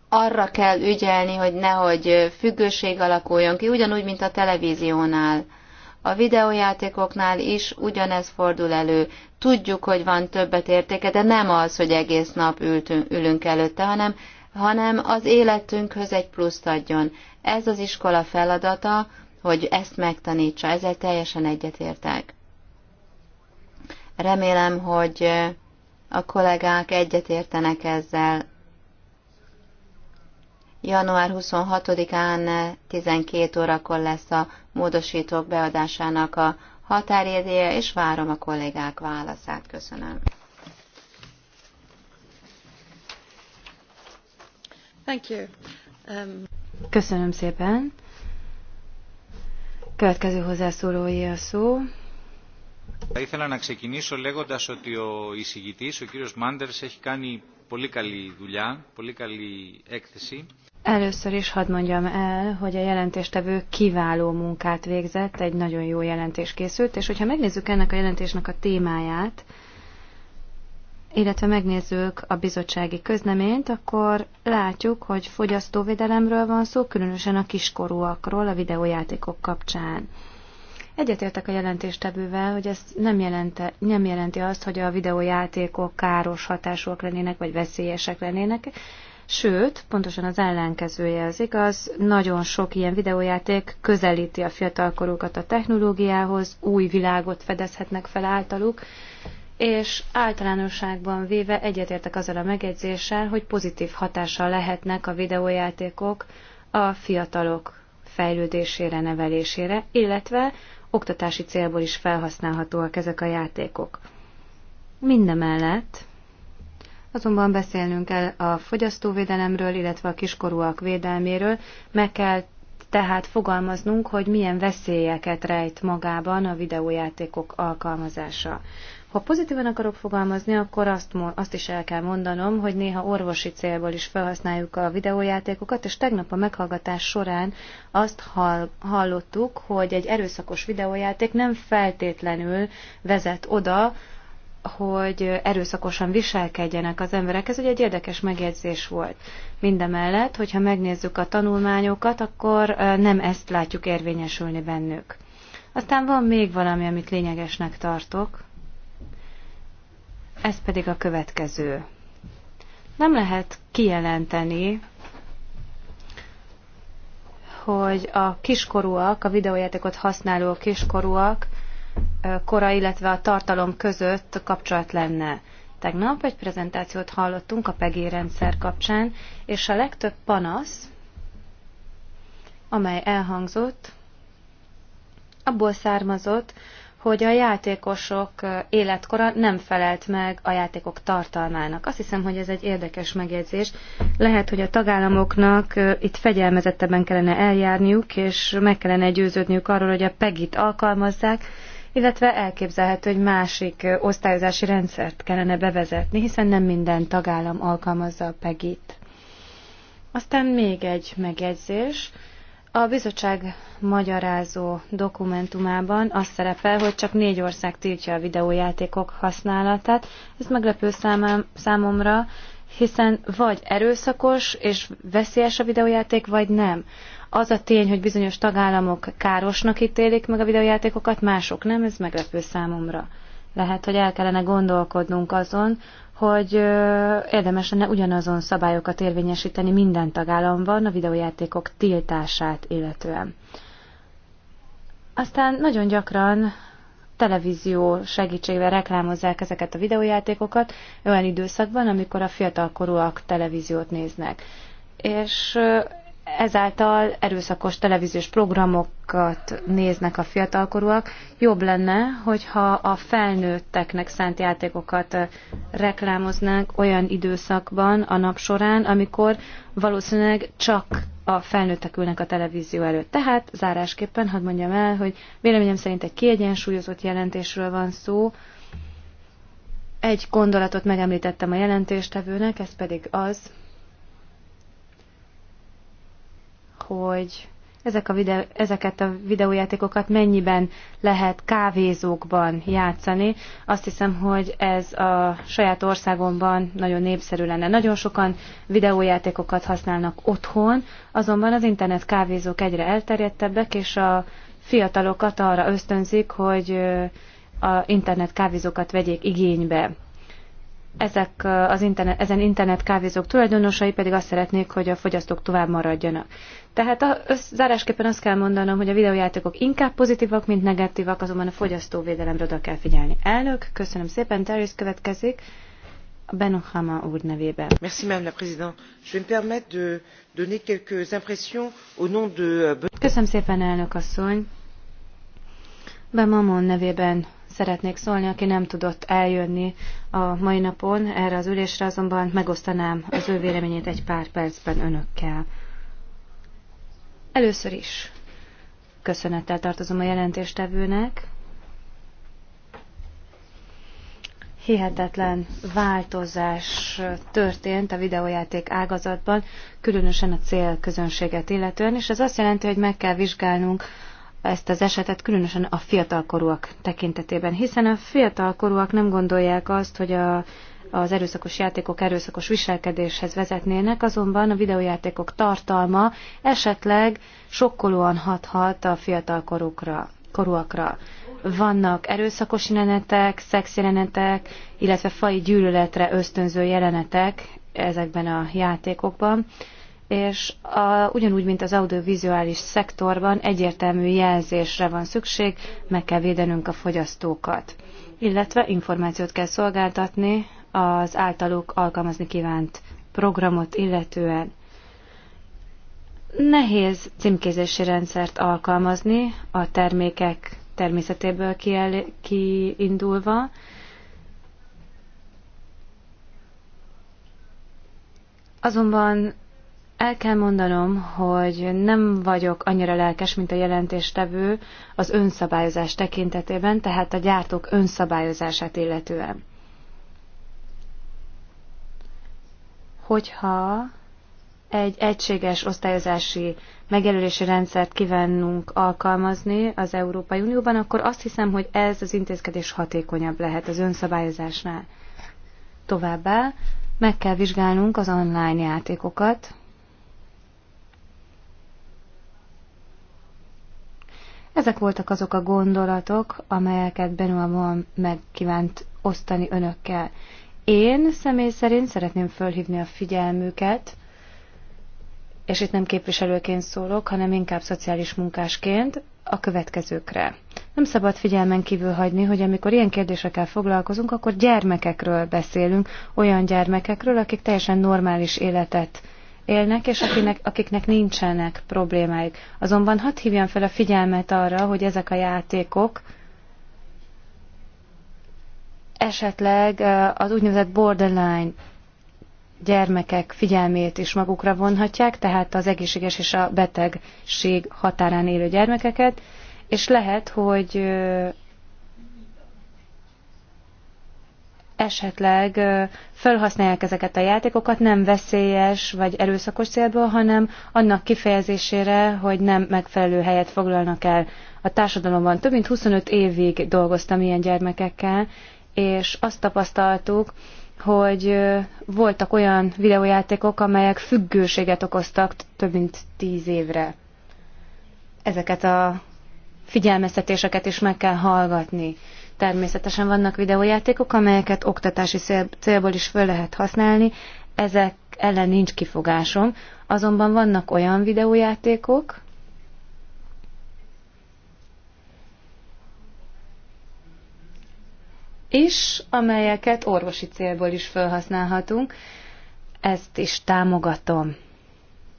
arra kell ügyelni, hogy nehogy függőség alakuljon ki, ugyanúgy, mint a televíziónál a videójátékoknál is ugyanez fordul elő. Tudjuk, hogy van többet értéke, de nem az, hogy egész nap ültünk, ülünk előtte, hanem, hanem az életünkhöz egy pluszt adjon. Ez az iskola feladata, hogy ezt megtanítsa. Ezzel teljesen egyetértek. Remélem, hogy a kollégák egyetértenek ezzel. Január 26-án 12 órakor lesz a módosítók beadásának a határidéje, és várom a kollégák válaszát. Köszönöm.
Thank you. Um...
Köszönöm szépen. Következő hozzászólói a szó.
Θα ήθελα να ξεκινήσω λέγοντας ότι ο εισηγητής, ο κύριος Μάντερς, έχει κάνει πολύ καλή δουλειά, πολύ καλή έκθεση
Először is hadd mondjam el, hogy a jelentéstevő kiváló munkát végzett, egy nagyon jó jelentés készült, és hogyha megnézzük ennek a jelentésnek a témáját, illetve megnézzük a bizottsági közleményt, akkor látjuk, hogy fogyasztóvédelemről van szó, különösen a kiskorúakról a videójátékok kapcsán. Egyetértek a jelentéstevővel, hogy ez nem, jelente, nem jelenti azt, hogy a videójátékok káros hatásúak lennének, vagy veszélyesek lennének, Sőt, pontosan az ellenkezője az igaz, nagyon sok ilyen videójáték közelíti a fiatalkorúkat a technológiához, új világot fedezhetnek fel általuk, és általánosságban véve egyetértek azzal a megjegyzéssel, hogy pozitív hatással lehetnek a videójátékok a fiatalok fejlődésére, nevelésére, illetve oktatási célból is felhasználhatóak ezek a játékok. Mindemellett Azonban beszélnünk kell a fogyasztóvédelemről, illetve a kiskorúak védelméről. Meg kell tehát fogalmaznunk, hogy milyen veszélyeket rejt magában a videójátékok alkalmazása. Ha pozitívan akarok fogalmazni, akkor azt, azt is el kell mondanom, hogy néha orvosi célból is felhasználjuk a videójátékokat, és tegnap a meghallgatás során azt hall, hallottuk, hogy egy erőszakos videójáték nem feltétlenül vezet oda, hogy erőszakosan viselkedjenek az emberek. Ez ugye egy érdekes megjegyzés volt. Mindemellett, hogyha megnézzük a tanulmányokat, akkor nem ezt látjuk érvényesülni bennük. Aztán van még valami, amit lényegesnek tartok. Ez pedig a következő. Nem lehet kijelenteni, hogy a kiskorúak, a videójátékot használó kiskorúak kora, illetve a tartalom között kapcsolat lenne. Tegnap egy prezentációt hallottunk a PEGI rendszer kapcsán, és a legtöbb panasz, amely elhangzott, abból származott, hogy a játékosok életkora nem felelt meg a játékok tartalmának. Azt hiszem, hogy ez egy érdekes megjegyzés. Lehet, hogy a tagállamoknak itt fegyelmezettebben kellene eljárniuk, és meg kellene győződniük arról, hogy a PEGIT alkalmazzák, illetve elképzelhető, hogy másik osztályozási rendszert kellene bevezetni, hiszen nem minden tagállam alkalmazza a pegit. Aztán még egy megjegyzés. A bizottság magyarázó dokumentumában az szerepel, hogy csak négy ország tiltja a videójátékok használatát. Ez meglepő számám, számomra, hiszen vagy erőszakos és veszélyes a videójáték, vagy nem. Az a tény, hogy bizonyos tagállamok károsnak ítélik meg a videójátékokat, mások nem, ez meglepő számomra. Lehet, hogy el kellene gondolkodnunk azon, hogy érdemes lenne ugyanazon szabályokat érvényesíteni minden tagállamban a videójátékok tiltását illetően. Aztán nagyon gyakran televízió segítségével reklámozzák ezeket a videójátékokat olyan időszakban, amikor a fiatalkorúak televíziót néznek. És ezáltal erőszakos televíziós programokat néznek a fiatalkorúak. Jobb lenne, hogyha a felnőtteknek szánt játékokat reklámoznánk olyan időszakban a nap során, amikor valószínűleg csak a felnőttek ülnek a televízió előtt. Tehát zárásképpen hadd mondjam el, hogy véleményem szerint egy kiegyensúlyozott jelentésről van szó. Egy gondolatot megemlítettem a jelentéstevőnek, ez pedig az, hogy ezek a videó, ezeket a videójátékokat mennyiben lehet kávézókban játszani. Azt hiszem, hogy ez a saját országomban nagyon népszerű lenne. Nagyon sokan videójátékokat használnak otthon, azonban az internet kávézók egyre elterjedtebbek, és a fiatalokat arra ösztönzik, hogy a internet kávézókat vegyék igénybe. Ezek az internet, ezen internet kávézók tulajdonosai pedig azt szeretnék, hogy a fogyasztók tovább maradjanak. Tehát a, az, zárásképpen azt kell mondanom, hogy a videójátékok inkább pozitívak, mint negatívak, azonban a fogyasztóvédelemre oda kell figyelni. Elnök, köszönöm szépen, Terris következik. Benohama úr nevében.
Merci, Madame la Présidente. Je vais me permettre de donner quelques impressions au nom de... Euh,
köszönöm szépen, elnök asszony. Ben Mamon nevében szeretnék szólni, aki nem tudott eljönni a mai napon erre az ülésre, azonban megosztanám az ő véleményét egy pár percben önökkel. Először is köszönettel tartozom a jelentéstevőnek. Hihetetlen változás történt a videójáték ágazatban, különösen a célközönséget illetően, és ez azt jelenti, hogy meg kell vizsgálnunk ezt az esetet különösen a fiatalkorúak tekintetében, hiszen a fiatalkorúak nem gondolják azt, hogy a az erőszakos játékok erőszakos viselkedéshez vezetnének, azonban a videójátékok tartalma esetleg sokkolóan hathat a fiatal korukra, korúakra. Vannak erőszakos jelenetek, szexjelenetek, illetve fai gyűlöletre ösztönző jelenetek ezekben a játékokban, és a, ugyanúgy, mint az audiovizuális szektorban egyértelmű jelzésre van szükség, meg kell védenünk a fogyasztókat illetve információt kell szolgáltatni az általuk alkalmazni kívánt programot illetően. Nehéz címkézési rendszert alkalmazni a termékek természetéből kiindulva, Azonban el kell mondanom, hogy nem vagyok annyira lelkes, mint a jelentéstevő az önszabályozás tekintetében, tehát a gyártók önszabályozását illetően. hogyha egy egységes osztályozási megjelölési rendszert kívánnunk alkalmazni az Európai Unióban, akkor azt hiszem, hogy ez az intézkedés hatékonyabb lehet az önszabályozásnál. Továbbá meg kell vizsgálnunk az online játékokat. Ezek voltak azok a gondolatok, amelyeket Benoît meg kívánt osztani önökkel. Én személy szerint szeretném fölhívni a figyelmüket, és itt nem képviselőként szólok, hanem inkább szociális munkásként, a következőkre. Nem szabad figyelmen kívül hagyni, hogy amikor ilyen kérdésekkel foglalkozunk, akkor gyermekekről beszélünk, olyan gyermekekről, akik teljesen normális életet élnek, és akinek, akiknek nincsenek problémáik. Azonban hadd hívjam fel a figyelmet arra, hogy ezek a játékok, esetleg az úgynevezett borderline gyermekek figyelmét is magukra vonhatják, tehát az egészséges és a betegség határán élő gyermekeket, és lehet, hogy esetleg felhasználják ezeket a játékokat nem veszélyes vagy erőszakos célból, hanem annak kifejezésére, hogy nem megfelelő helyet foglalnak el a társadalomban. Több mint 25 évig dolgoztam ilyen gyermekekkel, és azt tapasztaltuk, hogy voltak olyan videójátékok, amelyek függőséget okoztak több mint tíz évre. Ezeket a figyelmeztetéseket is meg kell hallgatni. Természetesen vannak videójátékok, amelyeket oktatási célból is föl lehet használni, ezek ellen nincs kifogásom, azonban vannak olyan videójátékok, is, amelyeket orvosi célból is felhasználhatunk. Ezt is támogatom.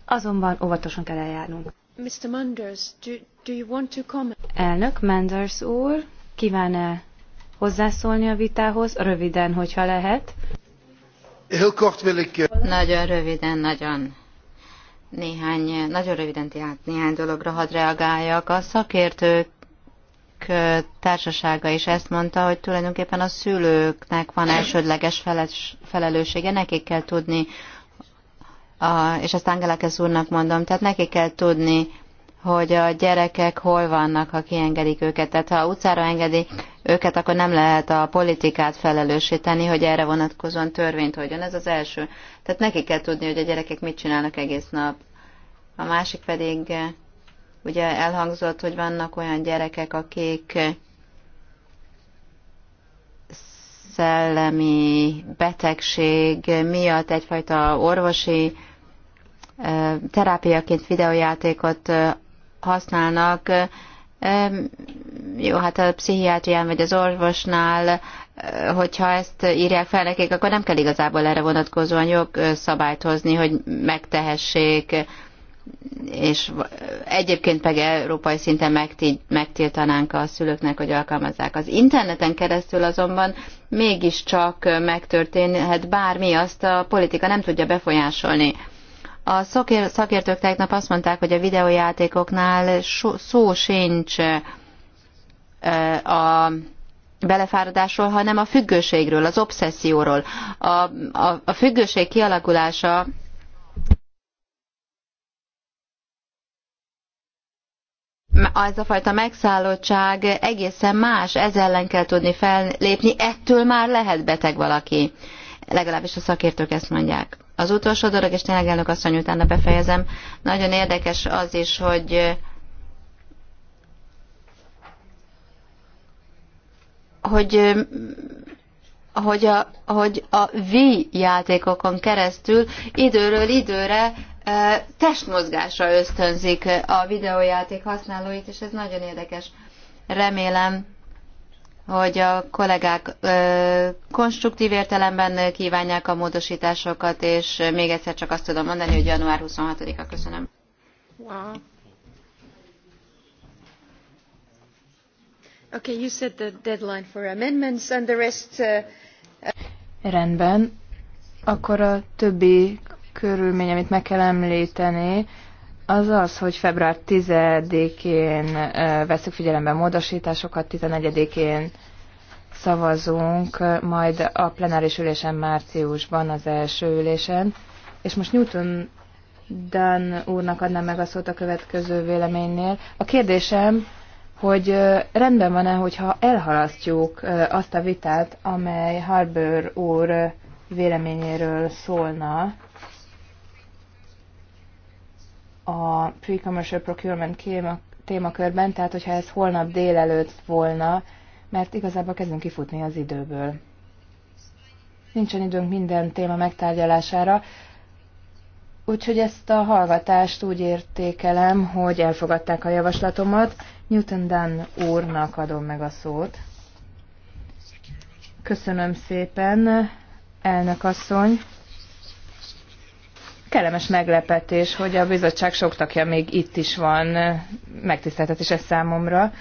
Azonban óvatosan kell eljárnunk.
Mr. Manders,
do, do you want to comment? Elnök Manders úr, kíván-e
hozzászólni a vitához, röviden, hogyha lehet? Eh, nagyon röviden, nagyon néhány, nagyon röviden tehát néhány dologra hadd reagáljak. A szakértők Társasága is ezt mondta, hogy tulajdonképpen a szülőknek van elsődleges felelőssége, nekik kell tudni, a, és ezt Angelakes úrnak mondom, tehát nekik kell tudni, hogy a gyerekek hol vannak, ha kiengedik őket. Tehát ha utcára engedi őket, akkor nem lehet a politikát felelősíteni, hogy erre vonatkozóan törvényt hogyan. Ez az első. Tehát neki kell tudni, hogy a gyerekek mit csinálnak egész nap. A másik pedig Ugye elhangzott, hogy vannak olyan gyerekek, akik szellemi betegség miatt egyfajta orvosi terápiaként videójátékot használnak. Jó, hát a pszichiátrián vagy az orvosnál, hogyha ezt írják fel nekik, akkor nem kell igazából erre vonatkozóan jogszabályt hozni, hogy megtehessék és egyébként pedig európai szinten megtiltanánk a szülőknek, hogy alkalmazzák. Az interneten keresztül azonban mégiscsak megtörténhet bármi, azt a politika nem tudja befolyásolni. A szakértők tegnap azt mondták, hogy a videójátékoknál szó sincs a belefáradásról, hanem a függőségről, az obszesszióról. A, a, a függőség kialakulása az a fajta megszállottság egészen más, ez ellen kell tudni fellépni, ettől már lehet beteg valaki. Legalábbis a szakértők ezt mondják. Az utolsó dolog, és tényleg elnök asszony utána befejezem, nagyon érdekes az is, hogy hogy hogy a, hogy a V játékokon keresztül időről időre testmozgásra ösztönzik a videójáték használóit, és ez nagyon érdekes. Remélem, hogy a kollégák ö, konstruktív értelemben kívánják a módosításokat, és még egyszer csak azt tudom mondani, hogy január 26-a. Köszönöm. Wow.
Okay, you said the deadline for amendments and the rest... Uh,
uh Rendben. Akkor a többi körülmény, amit meg kell említeni, az az, hogy február 10-én veszük figyelembe módosításokat, 14-én szavazunk, majd a plenáris ülésen márciusban, az első ülésen. És most Newton Dan úrnak adnám meg a szót a következő véleménynél. A kérdésem, hogy rendben van-e, hogyha elhalasztjuk azt a vitát, amely Harbour úr véleményéről szólna, a pre-commercial procurement témakörben, tehát hogyha ez holnap délelőtt volna, mert igazából kezdünk kifutni az időből. Nincsen időnk minden téma megtárgyalására, úgyhogy ezt a hallgatást úgy értékelem, hogy elfogadták a javaslatomat. Newton Dunn úrnak adom meg a szót. Köszönöm szépen, elnök asszony kellemes meglepetés, hogy a bizottság sok tagja még itt is van, megtiszteltetés ez számomra.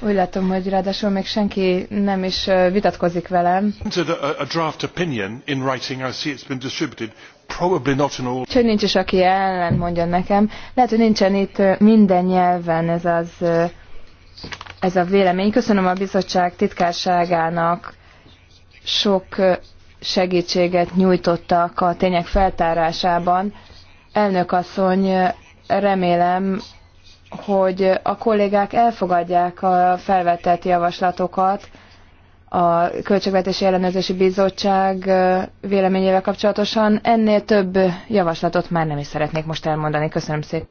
Úgy látom, hogy ráadásul még senki nem is vitatkozik velem. Úgyhogy nincs is, aki ellent mondjon nekem. Lehet, hogy nincsen itt minden nyelven ez, az, ez a vélemény. Köszönöm a bizottság titkárságának sok segítséget nyújtottak a tények feltárásában. Elnök asszony, remélem, hogy a kollégák elfogadják a felvetett javaslatokat a Költségvetési Ellenőrzési Bizottság véleményével kapcsolatosan. Ennél több javaslatot már nem is szeretnék most elmondani. Köszönöm szépen.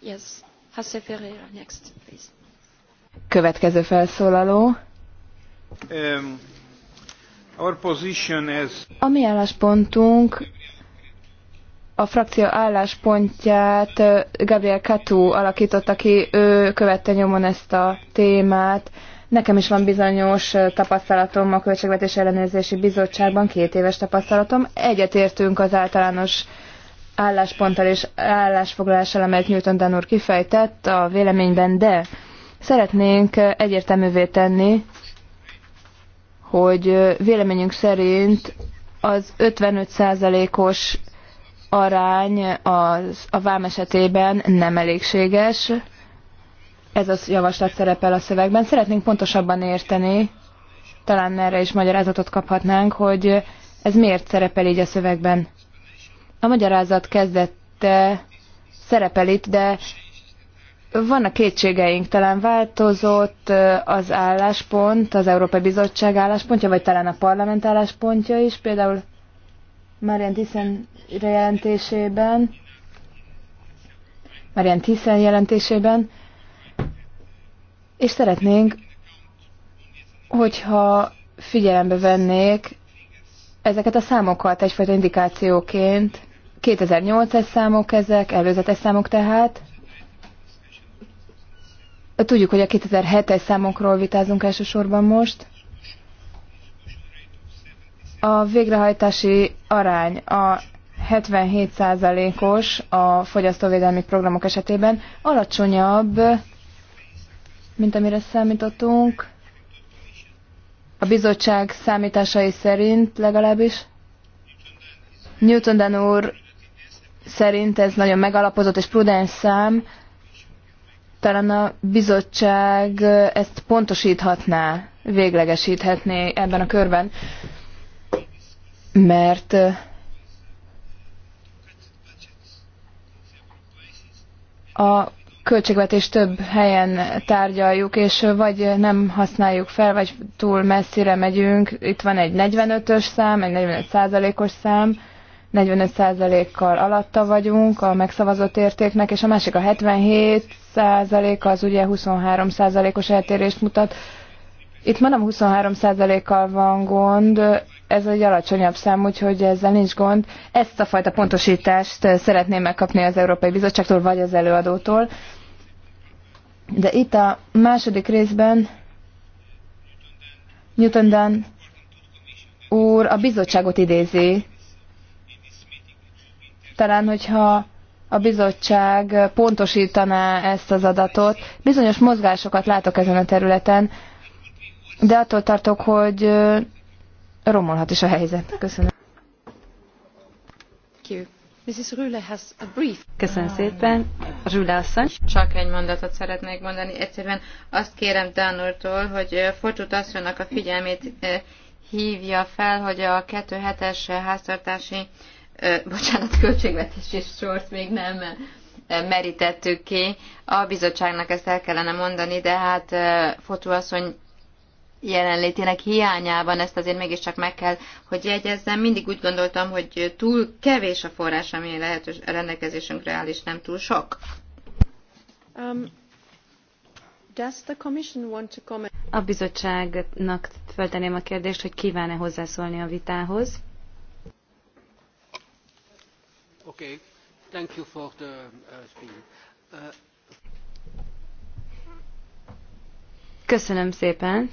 Yes.
Következő felszólaló. Um, a mi álláspontunk a frakció álláspontját Gabriel Katú alakította ki, ő követte nyomon ezt a témát. Nekem is van bizonyos tapasztalatom a Költségvetés Ellenőrzési Bizottságban, két éves tapasztalatom. Egyetértünk az általános állásponttal és állásfoglalással, amelyet Newton Dan úr kifejtett a véleményben, de szeretnénk egyértelművé tenni, hogy véleményünk szerint az 55%-os arány az, a vám esetében nem elégséges. Ez a javaslat szerepel a szövegben. Szeretnénk pontosabban érteni, talán erre is magyarázatot kaphatnánk, hogy ez miért szerepel így a szövegben. A magyarázat kezdette szerepel itt, de vannak kétségeink, talán változott az álláspont, az Európai Bizottság álláspontja, vagy talán a parlament álláspontja is, például Marian Tiszen jelentésében, Marian Tiszen jelentésében, és szeretnénk, hogyha figyelembe vennék ezeket a számokat egyfajta indikációként, 2008 2008-es számok ezek, előzetes számok tehát, Tudjuk, hogy a 2007-es számokról vitázunk elsősorban most. A végrehajtási arány a 77%-os a fogyasztóvédelmi programok esetében alacsonyabb, mint amire számítottunk. A bizottság számításai szerint legalábbis. Newton úr szerint ez nagyon megalapozott és prudens szám, talán a bizottság ezt pontosíthatná, véglegesíthetné ebben a körben, mert a költségvetés több helyen tárgyaljuk, és vagy nem használjuk fel, vagy túl messzire megyünk. Itt van egy 45-ös szám, egy 45 százalékos szám, 45%-kal alatta vagyunk a megszavazott értéknek, és a másik a 77% az ugye 23%-os eltérést mutat. Itt már nem 23%-kal van gond, ez egy alacsonyabb szám, úgyhogy ezzel nincs gond. Ezt a fajta pontosítást szeretném megkapni az Európai Bizottságtól, vagy az előadótól. De itt a második részben Newton Dunn úr a bizottságot idézi, talán, hogyha a bizottság pontosítaná ezt az adatot. Bizonyos mozgásokat látok ezen a területen, de attól tartok, hogy romolhat is a helyzet. Köszönöm.
Köszönöm szépen. Rüle asszony.
Csak egy mondatot szeretnék mondani. Egyszerűen azt kérem Dan hogy Fortut asszonynak a figyelmét hívja fel, hogy a 2.7-es háztartási bocsánat, költségvetési sort még nem merítettük ki. A bizottságnak ezt el kellene mondani, de hát Fotó asszony jelenlétének hiányában ezt azért mégiscsak meg kell, hogy jegyezzem. Mindig úgy gondoltam, hogy túl kevés a forrás, ami lehetős, a rendelkezésünkre áll, és nem túl sok. Um, does the commission want to comment?
A bizottságnak fölteném a kérdést, hogy kíván-e hozzászólni a vitához.
Okay. Thank you for the uh, speech. Uh...
Köszönöm szépen.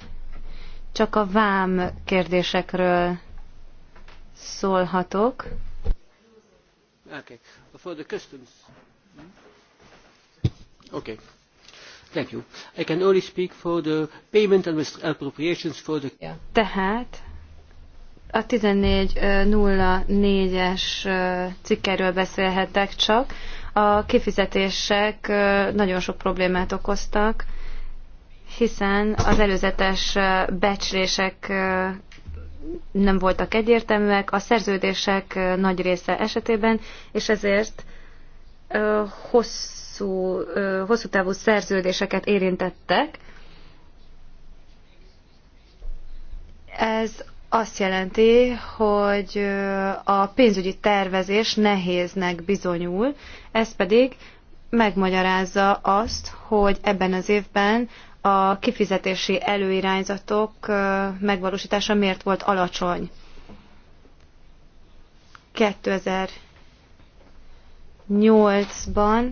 Csak a vám kérdésekről szólhatok.
Okay. For the customs. Hmm? Okay. Thank you. I can only speak for the payment and appropriations for the...
Tehát a 14.04-es cikkerről beszélhetek csak. A kifizetések nagyon sok problémát okoztak, hiszen az előzetes becslések nem voltak egyértelműek, a szerződések nagy része esetében, és ezért hosszú, hosszú távú szerződéseket érintettek. Ez azt jelenti, hogy a pénzügyi tervezés nehéznek bizonyul, ez pedig megmagyarázza azt, hogy ebben az évben a kifizetési előirányzatok megvalósítása miért volt alacsony. 2008-ban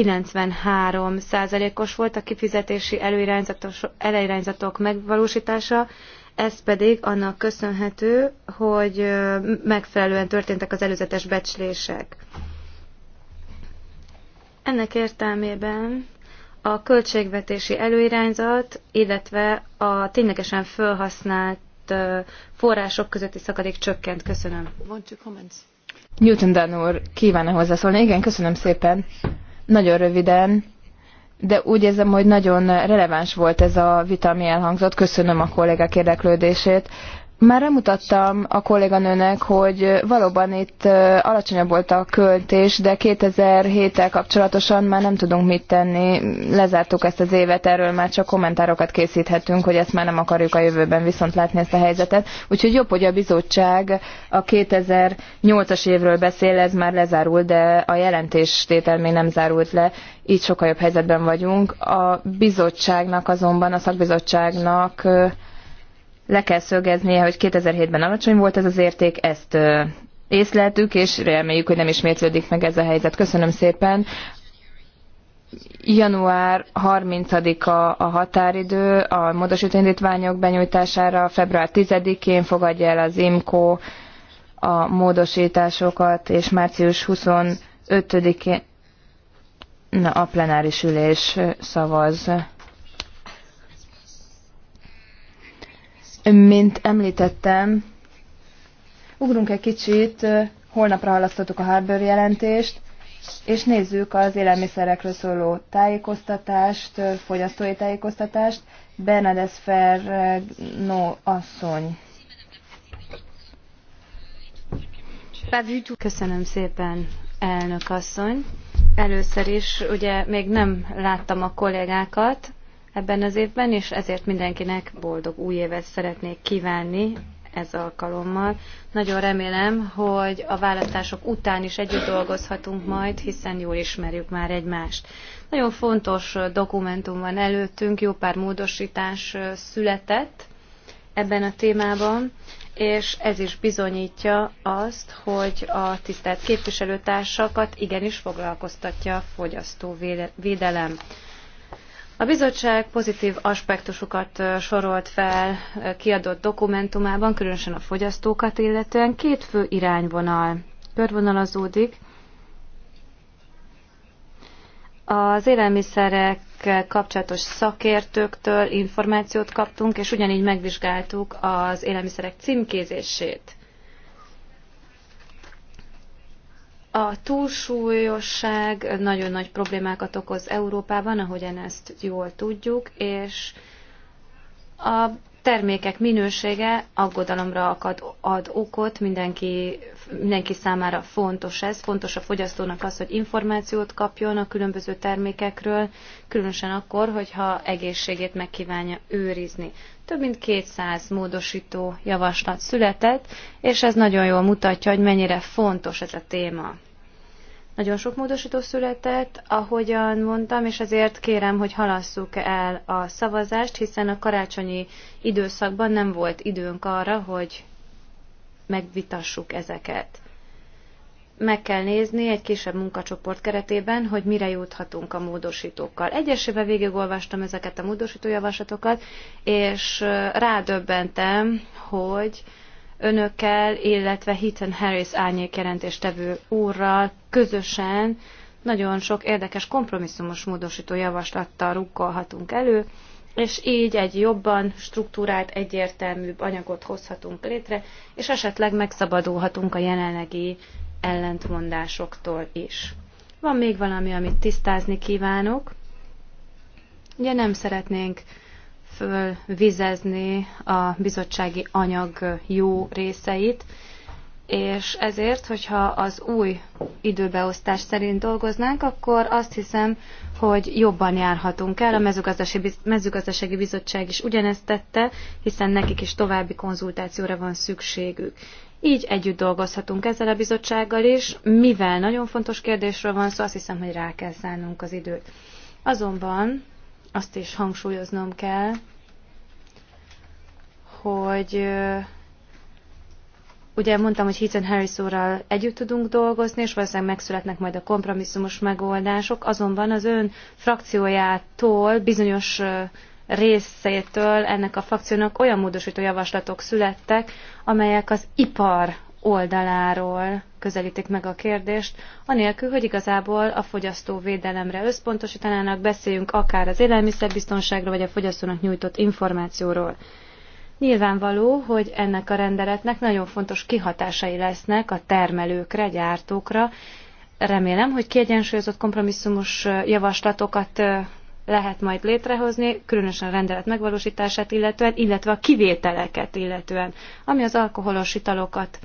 93 százalékos volt a kifizetési előirányzatok megvalósítása, ez pedig annak köszönhető, hogy megfelelően történtek az előzetes becslések. Ennek értelmében a költségvetési előirányzat, illetve a ténylegesen felhasznált források közötti szakadék csökkent. Köszönöm.
Newton Dan úr kívánna hozzászólni. Igen, köszönöm szépen. Nagyon röviden, de úgy érzem, hogy nagyon releváns volt ez a vita, ami elhangzott. Köszönöm a kollégák érdeklődését. Már remutattam a kolléganőnek, hogy valóban itt alacsonyabb volt a költés, de 2007-tel kapcsolatosan már nem tudunk mit tenni. Lezártuk ezt az évet, erről már csak kommentárokat készíthetünk, hogy ezt már nem akarjuk a jövőben viszont látni ezt a helyzetet. Úgyhogy jobb, hogy a bizottság a 2008-as évről beszél, ez már lezárul, de a jelentéstétel még nem zárult le, így sokkal jobb helyzetben vagyunk. A bizottságnak azonban, a szakbizottságnak le kell szögeznie, hogy 2007-ben alacsony volt ez az érték, ezt észleltük, és reméljük, hogy nem ismétlődik meg ez a helyzet. Köszönöm szépen. Január 30-a a határidő a módosító indítványok benyújtására, február 10-én fogadja el az IMCO a módosításokat, és március 25-én a plenáris ülés szavaz Mint említettem, ugrunk egy kicsit, holnapra halasztottuk a Harbour jelentést, és nézzük az élelmiszerekről szóló tájékoztatást, fogyasztói tájékoztatást.
Bernadette Ferno asszony. Köszönöm szépen, elnök asszony. Először is ugye még nem láttam a kollégákat, ebben az évben, és ezért mindenkinek boldog új évet szeretnék kívánni ez alkalommal. Nagyon remélem, hogy a választások után is együtt dolgozhatunk majd, hiszen jól ismerjük már egymást. Nagyon fontos dokumentum van előttünk, jó pár módosítás született ebben a témában, és ez is bizonyítja azt, hogy a tisztelt képviselőtársakat igenis foglalkoztatja a fogyasztóvédelem. A bizottság pozitív aspektusokat sorolt fel kiadott dokumentumában, különösen a fogyasztókat illetően. Két fő irányvonal körvonalazódik. Az élelmiszerekkel kapcsolatos szakértőktől információt kaptunk, és ugyanígy megvizsgáltuk az élelmiszerek címkézését. A túlsúlyosság nagyon nagy problémákat okoz Európában, ahogyan ezt jól tudjuk, és a termékek minősége aggodalomra akad, ad okot, mindenki, mindenki számára fontos ez. Fontos a fogyasztónak az, hogy információt kapjon a különböző termékekről, különösen akkor, hogyha egészségét megkívánja őrizni. Több mint 200 módosító javaslat született, és ez nagyon jól mutatja, hogy mennyire fontos ez a téma. Nagyon sok módosító született, ahogyan mondtam, és ezért kérem, hogy halasszuk el a szavazást, hiszen a karácsonyi időszakban nem volt időnk arra, hogy megvitassuk ezeket. Meg kell nézni egy kisebb munkacsoport keretében, hogy mire juthatunk a módosítókkal. Egyesével végigolvastam ezeket a módosítójavaslatokat, és rádöbbentem, hogy önökkel, illetve Heaton Harris tevő úrral közösen nagyon sok érdekes kompromisszumos módosító javaslattal rukkolhatunk elő, és így egy jobban struktúrált, egyértelműbb anyagot hozhatunk létre, és esetleg megszabadulhatunk a jelenlegi ellentmondásoktól is. Van még valami, amit tisztázni kívánok. Ugye nem szeretnénk fölvizezni a bizottsági anyag jó részeit, és ezért, hogyha az új időbeosztás szerint dolgoznánk, akkor azt hiszem, hogy jobban járhatunk el. A mezőgazdasági, bizottság is ugyanezt tette, hiszen nekik is további konzultációra van szükségük. Így együtt dolgozhatunk ezzel a bizottsággal is, mivel nagyon fontos kérdésről van szó, azt hiszem, hogy rá kell szánnunk az időt. Azonban azt is hangsúlyoznom kell, hogy ugye mondtam, hogy Heaton Harris úrral együtt tudunk dolgozni, és valószínűleg megszületnek majd a kompromisszumos megoldások, azonban az ön frakciójától bizonyos részétől ennek a frakciónak olyan módosító javaslatok születtek, amelyek az ipar oldaláról közelítik meg a kérdést, anélkül, hogy igazából a fogyasztóvédelemre összpontosítanának, beszéljünk akár az élelmiszerbiztonságról, vagy a fogyasztónak nyújtott információról. Nyilvánvaló, hogy ennek a rendeletnek nagyon fontos kihatásai lesznek a termelőkre, gyártókra. Remélem, hogy kiegyensúlyozott kompromisszumos javaslatokat lehet majd létrehozni, különösen a rendelet megvalósítását illetően, illetve a kivételeket illetően, ami az alkoholos italokat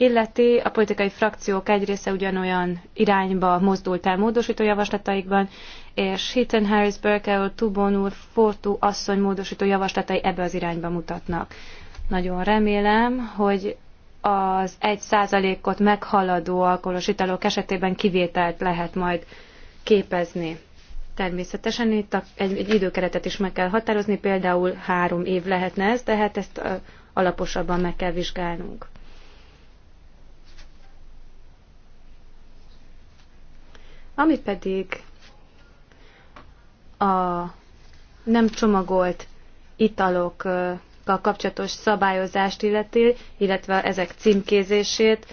illeti, a politikai frakciók egy része ugyanolyan irányba mozdult el módosító javaslataikban, és Hitten Harris, Burkell, Tubon úr, Fortu asszony módosító javaslatai ebbe az irányba mutatnak. Nagyon remélem, hogy az egy százalékot meghaladó alkoholos italok esetében kivételt lehet majd képezni. Természetesen itt egy, egy időkeretet is meg kell határozni, például három év lehetne ez, tehát ezt alaposabban meg kell vizsgálnunk. Ami pedig a nem csomagolt italokkal kapcsolatos szabályozást illeti, illetve ezek címkézését,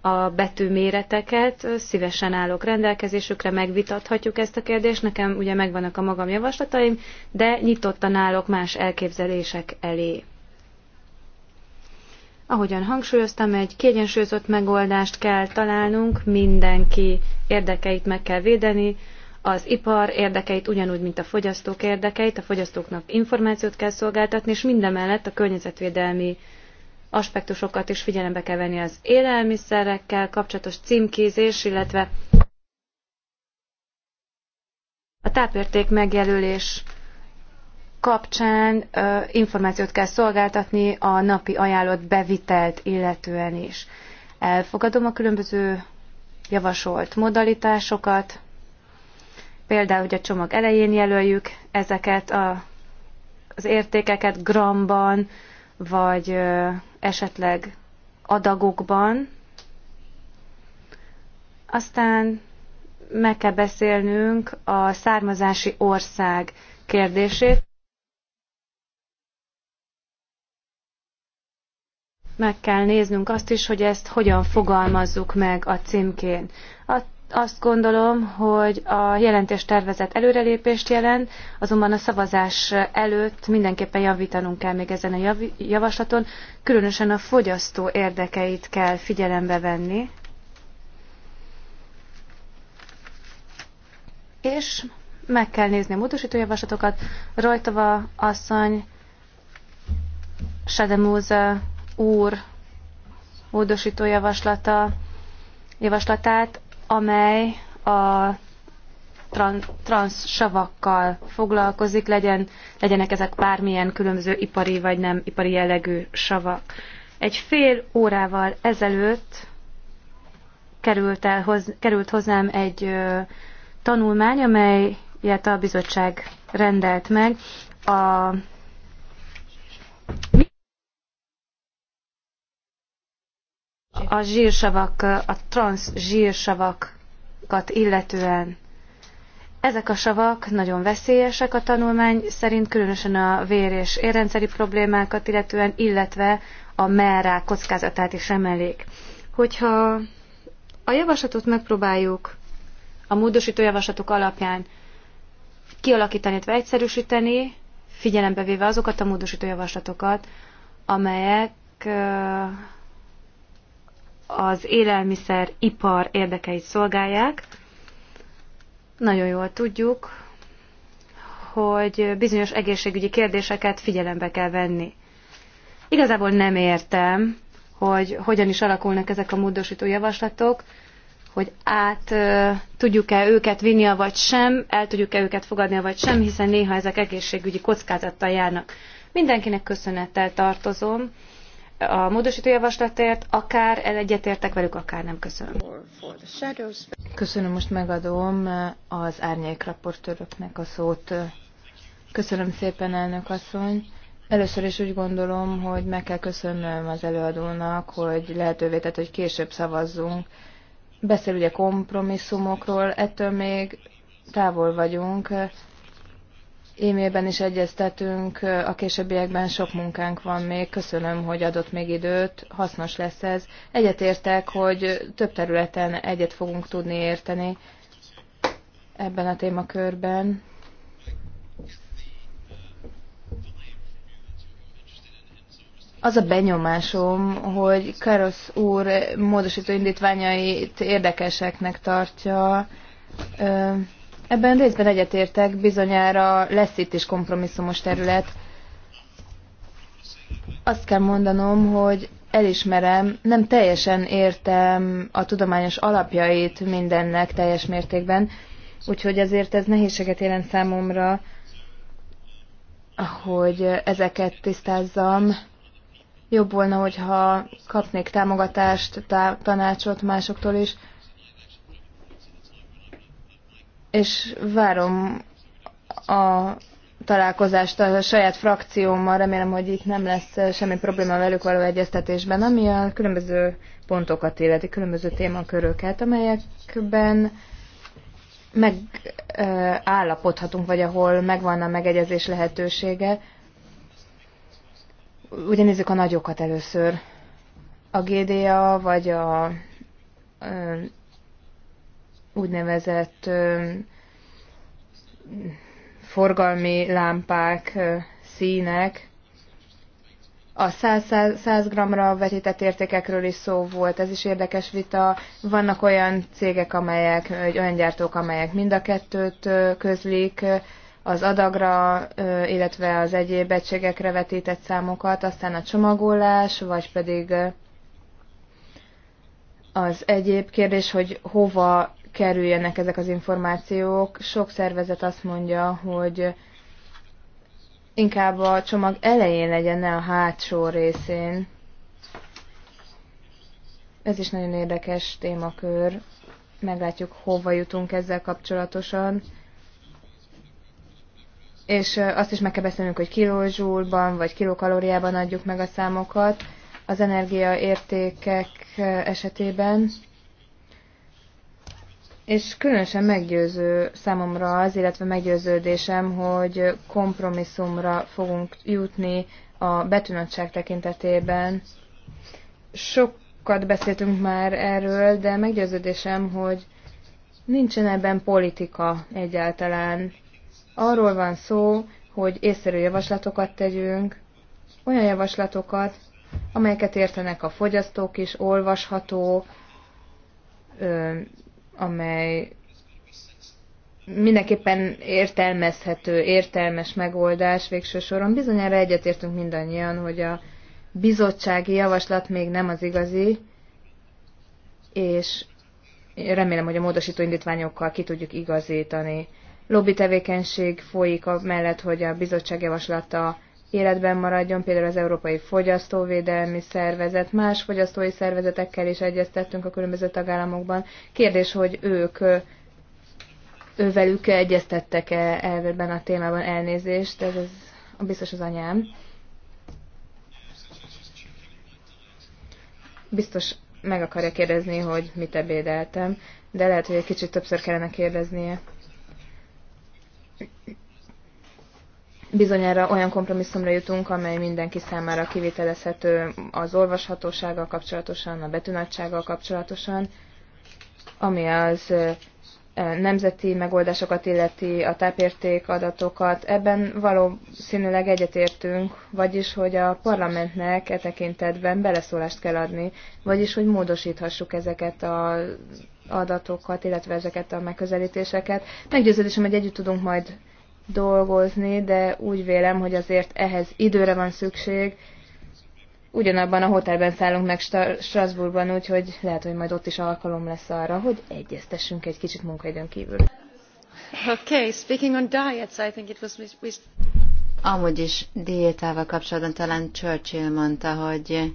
a betűméreteket szívesen állok rendelkezésükre, megvitathatjuk ezt a kérdést. Nekem ugye megvannak a magam javaslataim, de nyitottan állok más elképzelések elé. Ahogyan hangsúlyoztam, egy kiegyensúlyozott megoldást kell találnunk, mindenki érdekeit meg kell védeni, az ipar érdekeit ugyanúgy, mint a fogyasztók érdekeit, a fogyasztóknak információt kell szolgáltatni, és mindemellett a környezetvédelmi aspektusokat is figyelembe kell venni az élelmiszerekkel kapcsolatos címkézés, illetve a tápérték megjelölés kapcsán információt kell szolgáltatni a napi ajánlott bevitelt illetően is. Elfogadom a különböző javasolt modalitásokat, például, hogy a csomag elején jelöljük ezeket a, az értékeket gramban, vagy esetleg adagokban. Aztán meg kell beszélnünk a származási ország kérdését. meg kell néznünk azt is, hogy ezt hogyan fogalmazzuk meg a címkén. Azt gondolom, hogy a jelentés tervezet előrelépést jelent, azonban a szavazás előtt mindenképpen javítanunk kell még ezen a javaslaton, különösen a fogyasztó érdekeit kell figyelembe venni. És meg kell nézni a javaslatokat. Rajtova asszony, Sademúza úr módosító javaslata, javaslatát, amely a tran, savakkal foglalkozik, legyen, legyenek ezek bármilyen különböző ipari vagy nem ipari jellegű savak. Egy fél órával ezelőtt került, el, hoz, került hozzám egy ö, tanulmány, amelyet a bizottság rendelt meg a A zsírsavak, a transz zsírsavakat illetően ezek a savak nagyon veszélyesek a tanulmány szerint, különösen a vér- és érrendszeri problémákat illetően, illetve a merrák kockázatát is emelik. Hogyha a javaslatot megpróbáljuk a módosító javaslatok alapján kialakítani, illetve egyszerűsíteni, figyelembe véve azokat a módosító javaslatokat, amelyek az élelmiszer ipar érdekeit szolgálják. Nagyon jól tudjuk, hogy bizonyos egészségügyi kérdéseket figyelembe kell venni. Igazából nem értem, hogy hogyan is alakulnak ezek a módosító javaslatok, hogy át tudjuk-e őket vinni, vagy sem, el tudjuk-e őket fogadni, vagy sem, hiszen néha ezek egészségügyi kockázattal járnak. Mindenkinek köszönettel tartozom, a módosító javaslatért, akár egyetértek velük, akár nem. Köszönöm.
Köszönöm, most megadom az raportőröknek a szót. Köszönöm szépen, elnök asszony. Először is úgy gondolom, hogy meg kell köszönnöm az előadónak, hogy lehetővé tett, hogy később szavazzunk. Beszél ugye kompromisszumokról, ettől még távol vagyunk, E-mailben is egyeztetünk, a későbbiekben sok munkánk van még, köszönöm, hogy adott még időt, hasznos lesz ez. Egyetértek, hogy több területen egyet fogunk tudni érteni ebben a témakörben. az a benyomásom, hogy Karos úr módosító indítványait érdekeseknek tartja. Ebben részben egyetértek, bizonyára lesz itt is kompromisszumos terület. Azt kell mondanom, hogy elismerem, nem teljesen értem a tudományos alapjait mindennek teljes mértékben, úgyhogy ezért ez nehézséget jelent számomra, hogy ezeket tisztázzam. Jobb volna, hogyha kapnék támogatást, tá- tanácsot másoktól is és várom a találkozást a saját frakciómmal, remélem, hogy itt nem lesz semmi probléma velük való egyeztetésben, ami a különböző pontokat illeti, különböző témaköröket, amelyekben megállapodhatunk, vagy ahol megvan a megegyezés lehetősége. Ugye nézzük a nagyokat először. A GDA, vagy a úgynevezett forgalmi lámpák, színek. A 100, 100 g-ra vetített értékekről is szó volt, ez is érdekes vita. Vannak olyan cégek, amelyek, vagy olyan gyártók, amelyek mind a kettőt közlik, az adagra, illetve az egyéb egységekre vetített számokat, aztán a csomagolás, vagy pedig az egyéb kérdés, hogy hova kerüljenek ezek az információk. Sok szervezet azt mondja, hogy inkább a csomag elején legyen, ne a hátsó részén. Ez is nagyon érdekes témakör. Meglátjuk, hova jutunk ezzel kapcsolatosan. És azt is meg kell beszélnünk, hogy kilózsúlban vagy kilokalóriában adjuk meg a számokat az energiaértékek esetében. És különösen meggyőző számomra az, illetve meggyőződésem, hogy kompromisszumra fogunk jutni a betűnagyság tekintetében. Sokat beszéltünk már erről, de meggyőződésem, hogy nincsen ebben politika egyáltalán. Arról van szó, hogy észszerű javaslatokat tegyünk, olyan javaslatokat, amelyeket értenek a fogyasztók is, olvasható, amely mindenképpen értelmezhető, értelmes megoldás végső soron. Bizonyára egyetértünk mindannyian, hogy a bizottsági javaslat még nem az igazi, és remélem, hogy a módosító indítványokkal ki tudjuk igazítani. Lobby tevékenység folyik mellett, hogy a bizottság javaslata életben maradjon, például az Európai Fogyasztóvédelmi Szervezet, más fogyasztói szervezetekkel is egyeztettünk a különböző tagállamokban. Kérdés, hogy ők ővelük egyeztettek-e elvben a témában elnézést, ez az, biztos az anyám. Biztos meg akarja kérdezni, hogy mit ebédeltem, de lehet, hogy egy kicsit többször kellene kérdeznie. bizonyára olyan kompromisszumra jutunk, amely mindenki számára kivitelezhető az olvashatósággal kapcsolatosan, a betűnagysággal kapcsolatosan, ami az nemzeti megoldásokat illeti, a tápérték adatokat. Ebben valószínűleg egyetértünk, vagyis hogy a parlamentnek e tekintetben beleszólást kell adni, vagyis hogy módosíthassuk ezeket a adatokat, illetve ezeket a megközelítéseket. Meggyőződésem, hogy együtt tudunk majd dolgozni, de úgy vélem, hogy azért ehhez időre van szükség. Ugyanabban a hotelben szállunk meg Strasbourgban, úgyhogy lehet, hogy majd ott is alkalom lesz arra, hogy egyeztessünk egy kicsit munkaidőn kívül.
Okay, speaking on diets, I think it was
Amúgy is diétával kapcsolatban talán Churchill mondta, hogy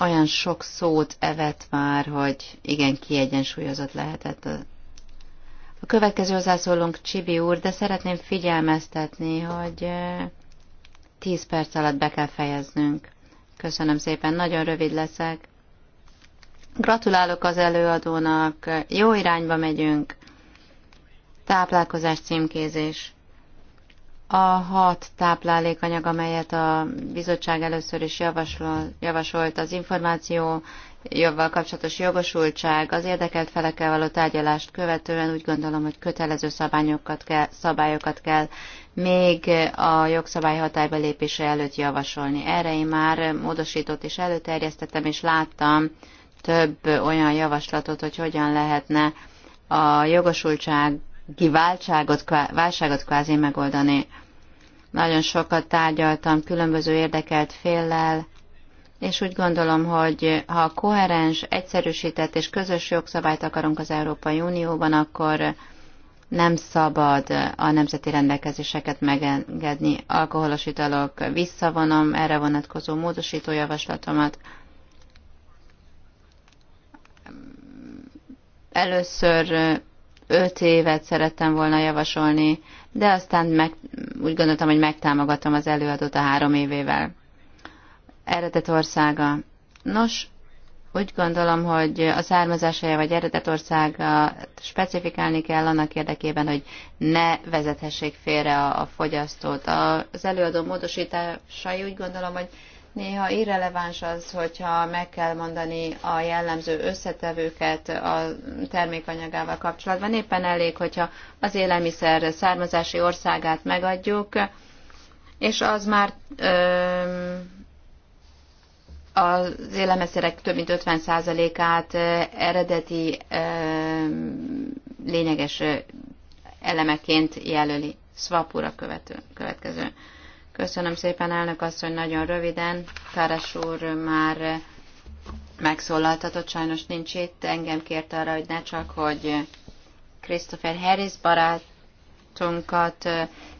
olyan sok szót evett már, hogy igen, kiegyensúlyozott lehetett a következő hozzászólónk Csibi úr, de szeretném figyelmeztetni, hogy 10 perc alatt be kell fejeznünk. Köszönöm szépen, nagyon rövid leszek. Gratulálok az előadónak, jó irányba megyünk. Táplálkozás címkézés. A hat táplálékanyag, amelyet a bizottság először is javasol, javasolt, az információ jobban kapcsolatos jogosultság az érdekelt felekkel való tárgyalást követően úgy gondolom, hogy kötelező szabályokat kell, szabályokat kell még a jogszabály hatályba lépése előtt javasolni. Erre én már módosított és előterjesztettem, és láttam több olyan javaslatot, hogy hogyan lehetne a jogosultsági váltságot, válságot kvázi megoldani. Nagyon sokat tárgyaltam különböző érdekelt féllel, és úgy gondolom, hogy ha koherens, egyszerűsített és közös jogszabályt akarunk az Európai Unióban, akkor nem szabad a nemzeti rendelkezéseket megengedni. Alkoholos italok visszavonom, erre vonatkozó módosító javaslatomat. Először öt évet szerettem volna javasolni, de aztán meg, úgy gondoltam, hogy megtámogatom az előadót a három évével eredet országa. Nos, úgy gondolom, hogy a származásája vagy eredetországa specifikálni kell annak érdekében, hogy ne vezethessék félre a, a fogyasztót. Az előadó módosításai úgy gondolom, hogy néha irreleváns az, hogyha meg kell mondani a jellemző összetevőket a termékanyagával kapcsolatban. Éppen elég, hogyha az élelmiszer származási országát megadjuk, és az már ö, az élelmiszerek több mint 50%-át eredeti lényeges elemeként jelöli. Swapura követő, következő. Köszönöm szépen, elnök asszony, nagyon röviden. Káres úr már megszólaltatott, sajnos nincs itt. Engem kért arra, hogy ne csak, hogy Christopher Harris barátunkat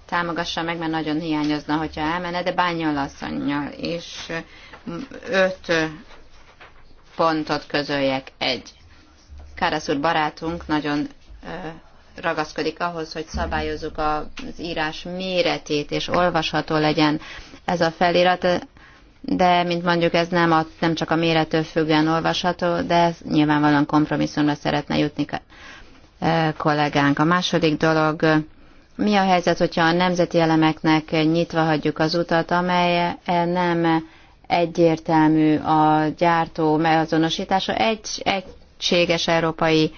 támogassa meg, mert nagyon hiányozna, hogyha elmenne, de bányol asszonynal is öt pontot közöljek. Egy. Kárasz úr barátunk nagyon ragaszkodik ahhoz, hogy szabályozzuk az írás méretét, és olvasható legyen ez a felirat, de mint mondjuk ez nem, a, nem csak a méretől függően olvasható, de ez nyilvánvalóan kompromisszumra szeretne jutni kollégánk. A második dolog, mi a helyzet, hogyha a nemzeti elemeknek nyitva hagyjuk az utat, amely nem egyértelmű a gyártó megazonosítása. Egy egységes európai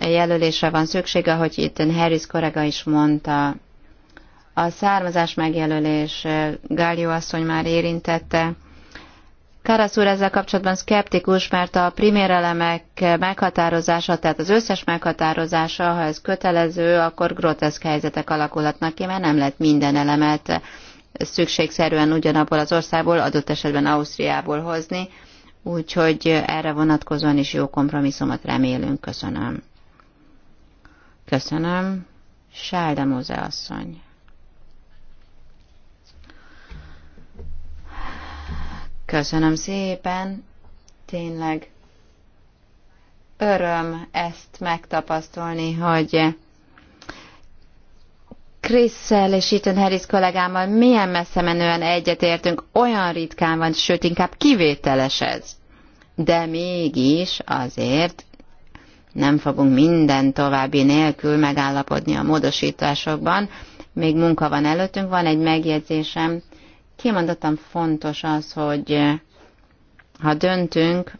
jelölésre van szüksége, ahogy itt Harris korega is mondta. A származás megjelölés Gálió asszony már érintette. Karasz úr ezzel kapcsolatban szkeptikus, mert a primérelemek meghatározása, tehát az összes meghatározása, ha ez kötelező, akkor groteszk helyzetek alakulhatnak ki, mert nem lehet minden elemet szükségszerűen ugyanabból az országból, adott esetben Ausztriából hozni, úgyhogy erre vonatkozóan is jó kompromisszumot remélünk. Köszönöm. Köszönöm. Sálda Móze asszony. Köszönöm szépen. Tényleg öröm ezt megtapasztolni, hogy Krisszel és Ethan Harris kollégámmal milyen messze menően egyetértünk, olyan ritkán van, sőt inkább kivételes ez. De mégis azért nem fogunk minden további nélkül megállapodni a módosításokban. Még munka van előttünk, van egy megjegyzésem. Kimondottan fontos az, hogy ha döntünk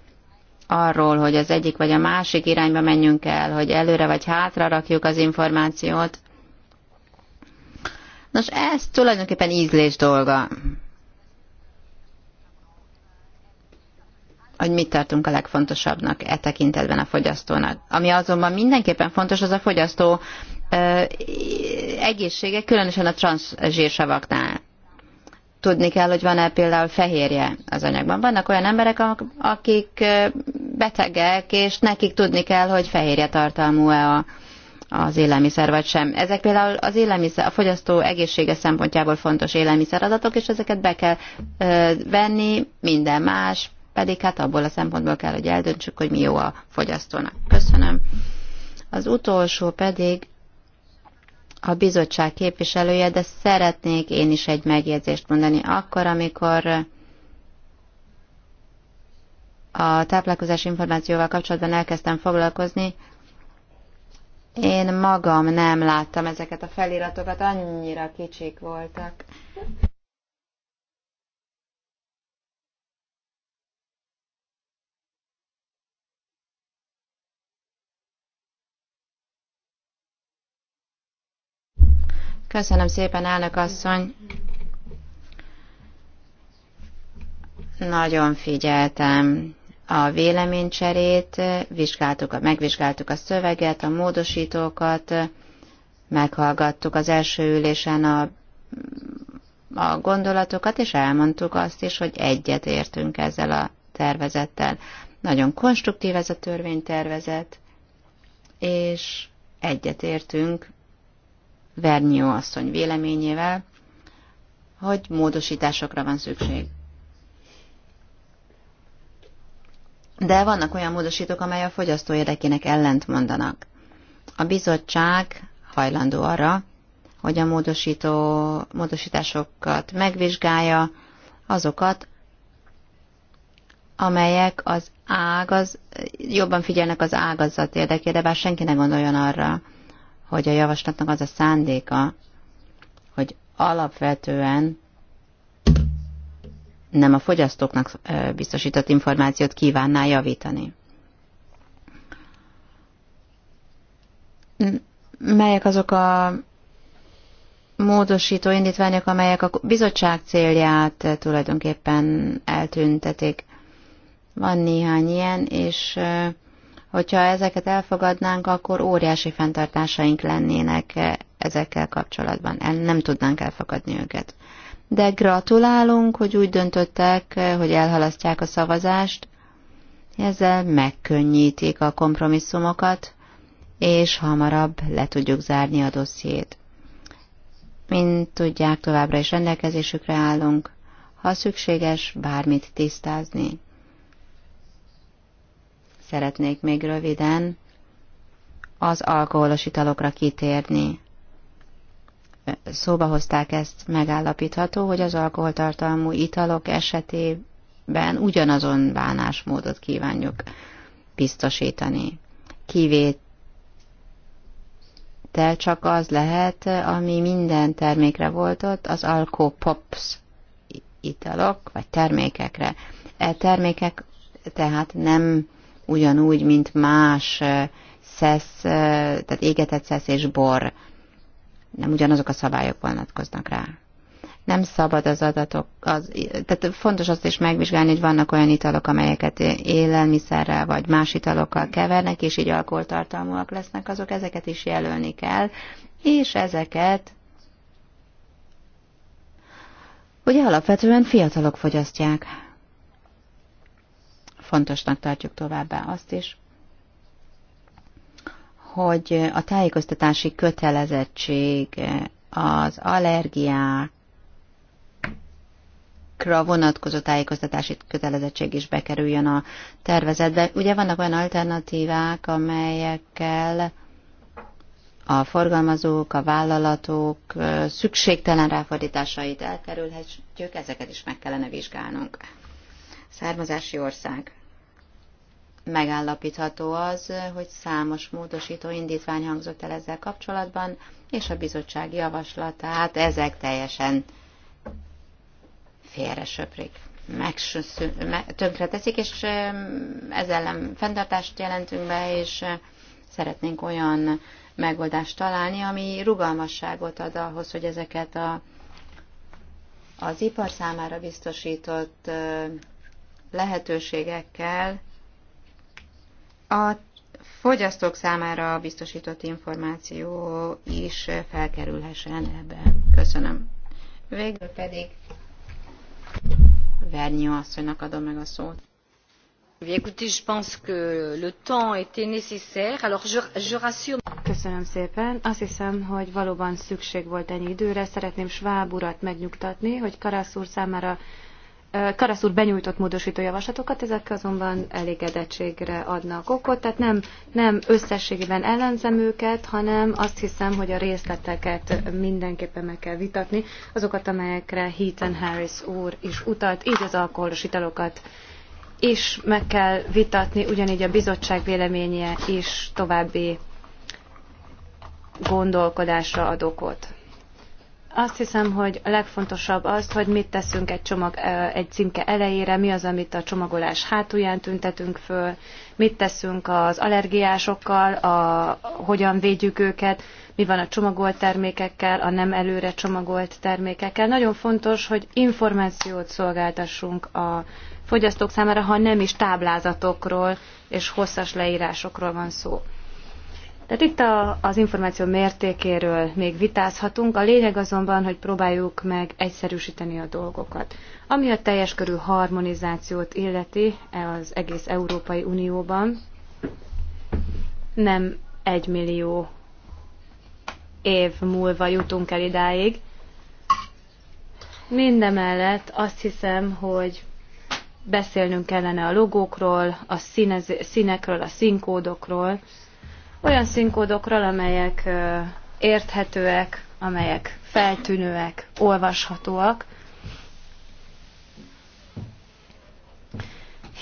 arról, hogy az egyik vagy a másik irányba menjünk el, hogy előre vagy hátra rakjuk az információt, Nos, ez tulajdonképpen ízlés dolga. hogy mit tartunk a legfontosabbnak e tekintetben a fogyasztónak. Ami azonban mindenképpen fontos, az a fogyasztó ö, egészsége, különösen a transzsírsavaknál. Tudni kell, hogy van-e például fehérje az anyagban. Vannak olyan emberek, akik betegek, és nekik tudni kell, hogy fehérje tartalmú-e a, az élelmiszer vagy sem. Ezek például az élelmiszer, a fogyasztó egészsége szempontjából fontos élelmiszeradatok, és ezeket be kell ö, venni, minden más, pedig hát abból a szempontból kell, hogy eldöntsük, hogy mi jó a fogyasztónak. Köszönöm. Az utolsó pedig a bizottság képviselője, de szeretnék én is egy megjegyzést mondani. Akkor, amikor a táplálkozás információval kapcsolatban elkezdtem foglalkozni, én magam nem láttam ezeket a feliratokat, annyira kicsik voltak.
Köszönöm szépen, elnök asszony.
Nagyon figyeltem a véleménycserét, vizsgáltuk, megvizsgáltuk a szöveget, a módosítókat, meghallgattuk az első ülésen a, a gondolatokat, és elmondtuk azt is, hogy egyet értünk ezzel a tervezettel. Nagyon konstruktív ez a törvénytervezet, és egyetértünk Vernyó asszony véleményével, hogy módosításokra van szükség. de vannak olyan módosítók, amely a fogyasztó érdekének ellent mondanak. A bizottság hajlandó arra, hogy a módosító, módosításokat megvizsgálja, azokat, amelyek az ágaz, jobban figyelnek az ágazat érdekére, bár senki ne gondoljon arra, hogy a javaslatnak az a szándéka, hogy alapvetően nem a fogyasztóknak biztosított információt kívánná javítani. Melyek azok a módosító indítványok, amelyek a bizottság célját tulajdonképpen eltüntetik? Van néhány ilyen, és hogyha ezeket elfogadnánk, akkor óriási fenntartásaink lennének ezekkel kapcsolatban. El nem tudnánk elfogadni őket de gratulálunk, hogy úgy döntöttek, hogy elhalasztják a szavazást. Ezzel megkönnyítik a kompromisszumokat, és hamarabb le tudjuk zárni a dossziét. Mint tudják, továbbra is rendelkezésükre állunk, ha szükséges bármit tisztázni. Szeretnék még röviden az alkoholos italokra kitérni szóba hozták ezt, megállapítható, hogy az alkoholtartalmú italok esetében ugyanazon bánásmódot kívánjuk biztosítani. Kivétel csak az lehet, ami minden termékre volt ott, az alkopops italok vagy termékekre. E termékek tehát nem ugyanúgy, mint más eh, szesz, eh, tehát égetett szesz és bor nem ugyanazok a szabályok vonatkoznak rá. Nem szabad az adatok, az, tehát fontos azt is megvizsgálni, hogy vannak olyan italok, amelyeket élelmiszerrel vagy más italokkal kevernek, és így alkoholtartalmúak lesznek, azok ezeket is jelölni kell, és ezeket ugye alapvetően fiatalok fogyasztják. Fontosnak tartjuk továbbá azt is, hogy a tájékoztatási kötelezettség az allergiákra vonatkozó tájékoztatási kötelezettség is bekerüljön a tervezetbe. Ugye vannak olyan alternatívák, amelyekkel a forgalmazók, a vállalatok szükségtelen ráfordításait elkerülhetjük, ezeket is meg kellene vizsgálnunk. Származási ország megállapítható az, hogy számos módosító indítvány hangzott el ezzel kapcsolatban, és a bizottság javaslatát ezek teljesen félre söprik. Meg, tönkre teszik, és ezzel ellen fenntartást jelentünk be, és szeretnénk olyan megoldást találni, ami rugalmasságot ad ahhoz, hogy ezeket a, az ipar számára biztosított lehetőségekkel a fogyasztók számára biztosított információ is felkerülhessen ebbe. Köszönöm. Végül pedig Vernyó asszonynak adom meg a szót. Eh écoutez, je pense que le temps était nécessaire. Alors je, je rassure. Köszönöm
szépen. Azt hiszem, hogy valóban szükség volt ennyi időre. Szeretném Schwab urat megnyugtatni, hogy Karasz úr számára Karasz úr benyújtott módosító javaslatokat, ezek azonban elégedettségre adnak okot, tehát nem, nem összességében ellenzem őket, hanem azt hiszem, hogy a részleteket mindenképpen meg kell vitatni, azokat, amelyekre Heaton Harris úr is utalt, így az alkoholos italokat is meg kell vitatni, ugyanígy a bizottság véleménye is további gondolkodásra ad okot. Azt hiszem, hogy a legfontosabb az, hogy mit teszünk egy csomag egy címke elejére, mi az, amit a csomagolás hátulján tüntetünk föl, mit teszünk az allergiásokkal, a, hogyan védjük őket, mi van a csomagolt termékekkel, a nem előre csomagolt termékekkel. Nagyon fontos, hogy információt szolgáltassunk a fogyasztók számára, ha nem is táblázatokról és hosszas leírásokról van szó. Tehát itt a, az információ mértékéről még vitázhatunk, a lényeg azonban, hogy próbáljuk meg egyszerűsíteni a dolgokat. Ami a teljes körű harmonizációt illeti az egész Európai Unióban, nem egy millió év múlva jutunk el idáig. Mindemellett azt hiszem, hogy beszélnünk kellene a logókról, a színez, színekről, a színkódokról, olyan színkódokról, amelyek érthetőek, amelyek feltűnőek, olvashatóak,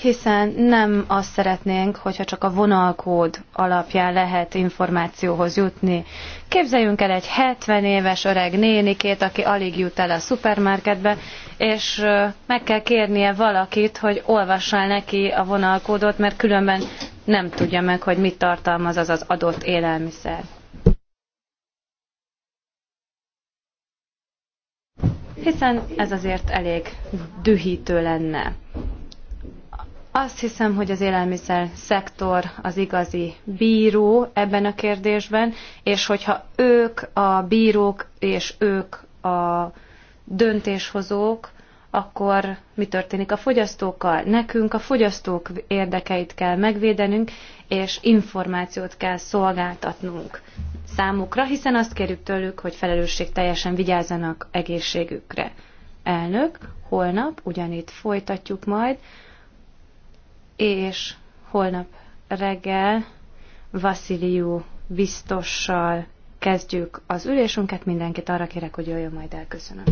hiszen nem azt szeretnénk, hogyha csak a vonalkód alapján lehet információhoz jutni. Képzeljünk el egy 70 éves öreg nénikét, aki alig jut el a szupermarketbe, és meg kell kérnie valakit, hogy olvassál neki a vonalkódot, mert különben nem tudja meg, hogy mit tartalmaz az az adott élelmiszer. Hiszen ez azért elég dühítő lenne. Azt hiszem, hogy az élelmiszer szektor az igazi bíró ebben a kérdésben, és hogyha ők a bírók és ők a döntéshozók, akkor mi történik a fogyasztókkal? Nekünk a fogyasztók érdekeit kell megvédenünk, és információt kell szolgáltatnunk számukra, hiszen azt kérjük tőlük, hogy felelősség teljesen vigyázzanak egészségükre. Elnök, holnap ugyanitt folytatjuk majd és holnap reggel Vasziliu biztossal kezdjük az ülésünket. Mindenkit arra kérek, hogy jöjjön majd el. Köszönöm.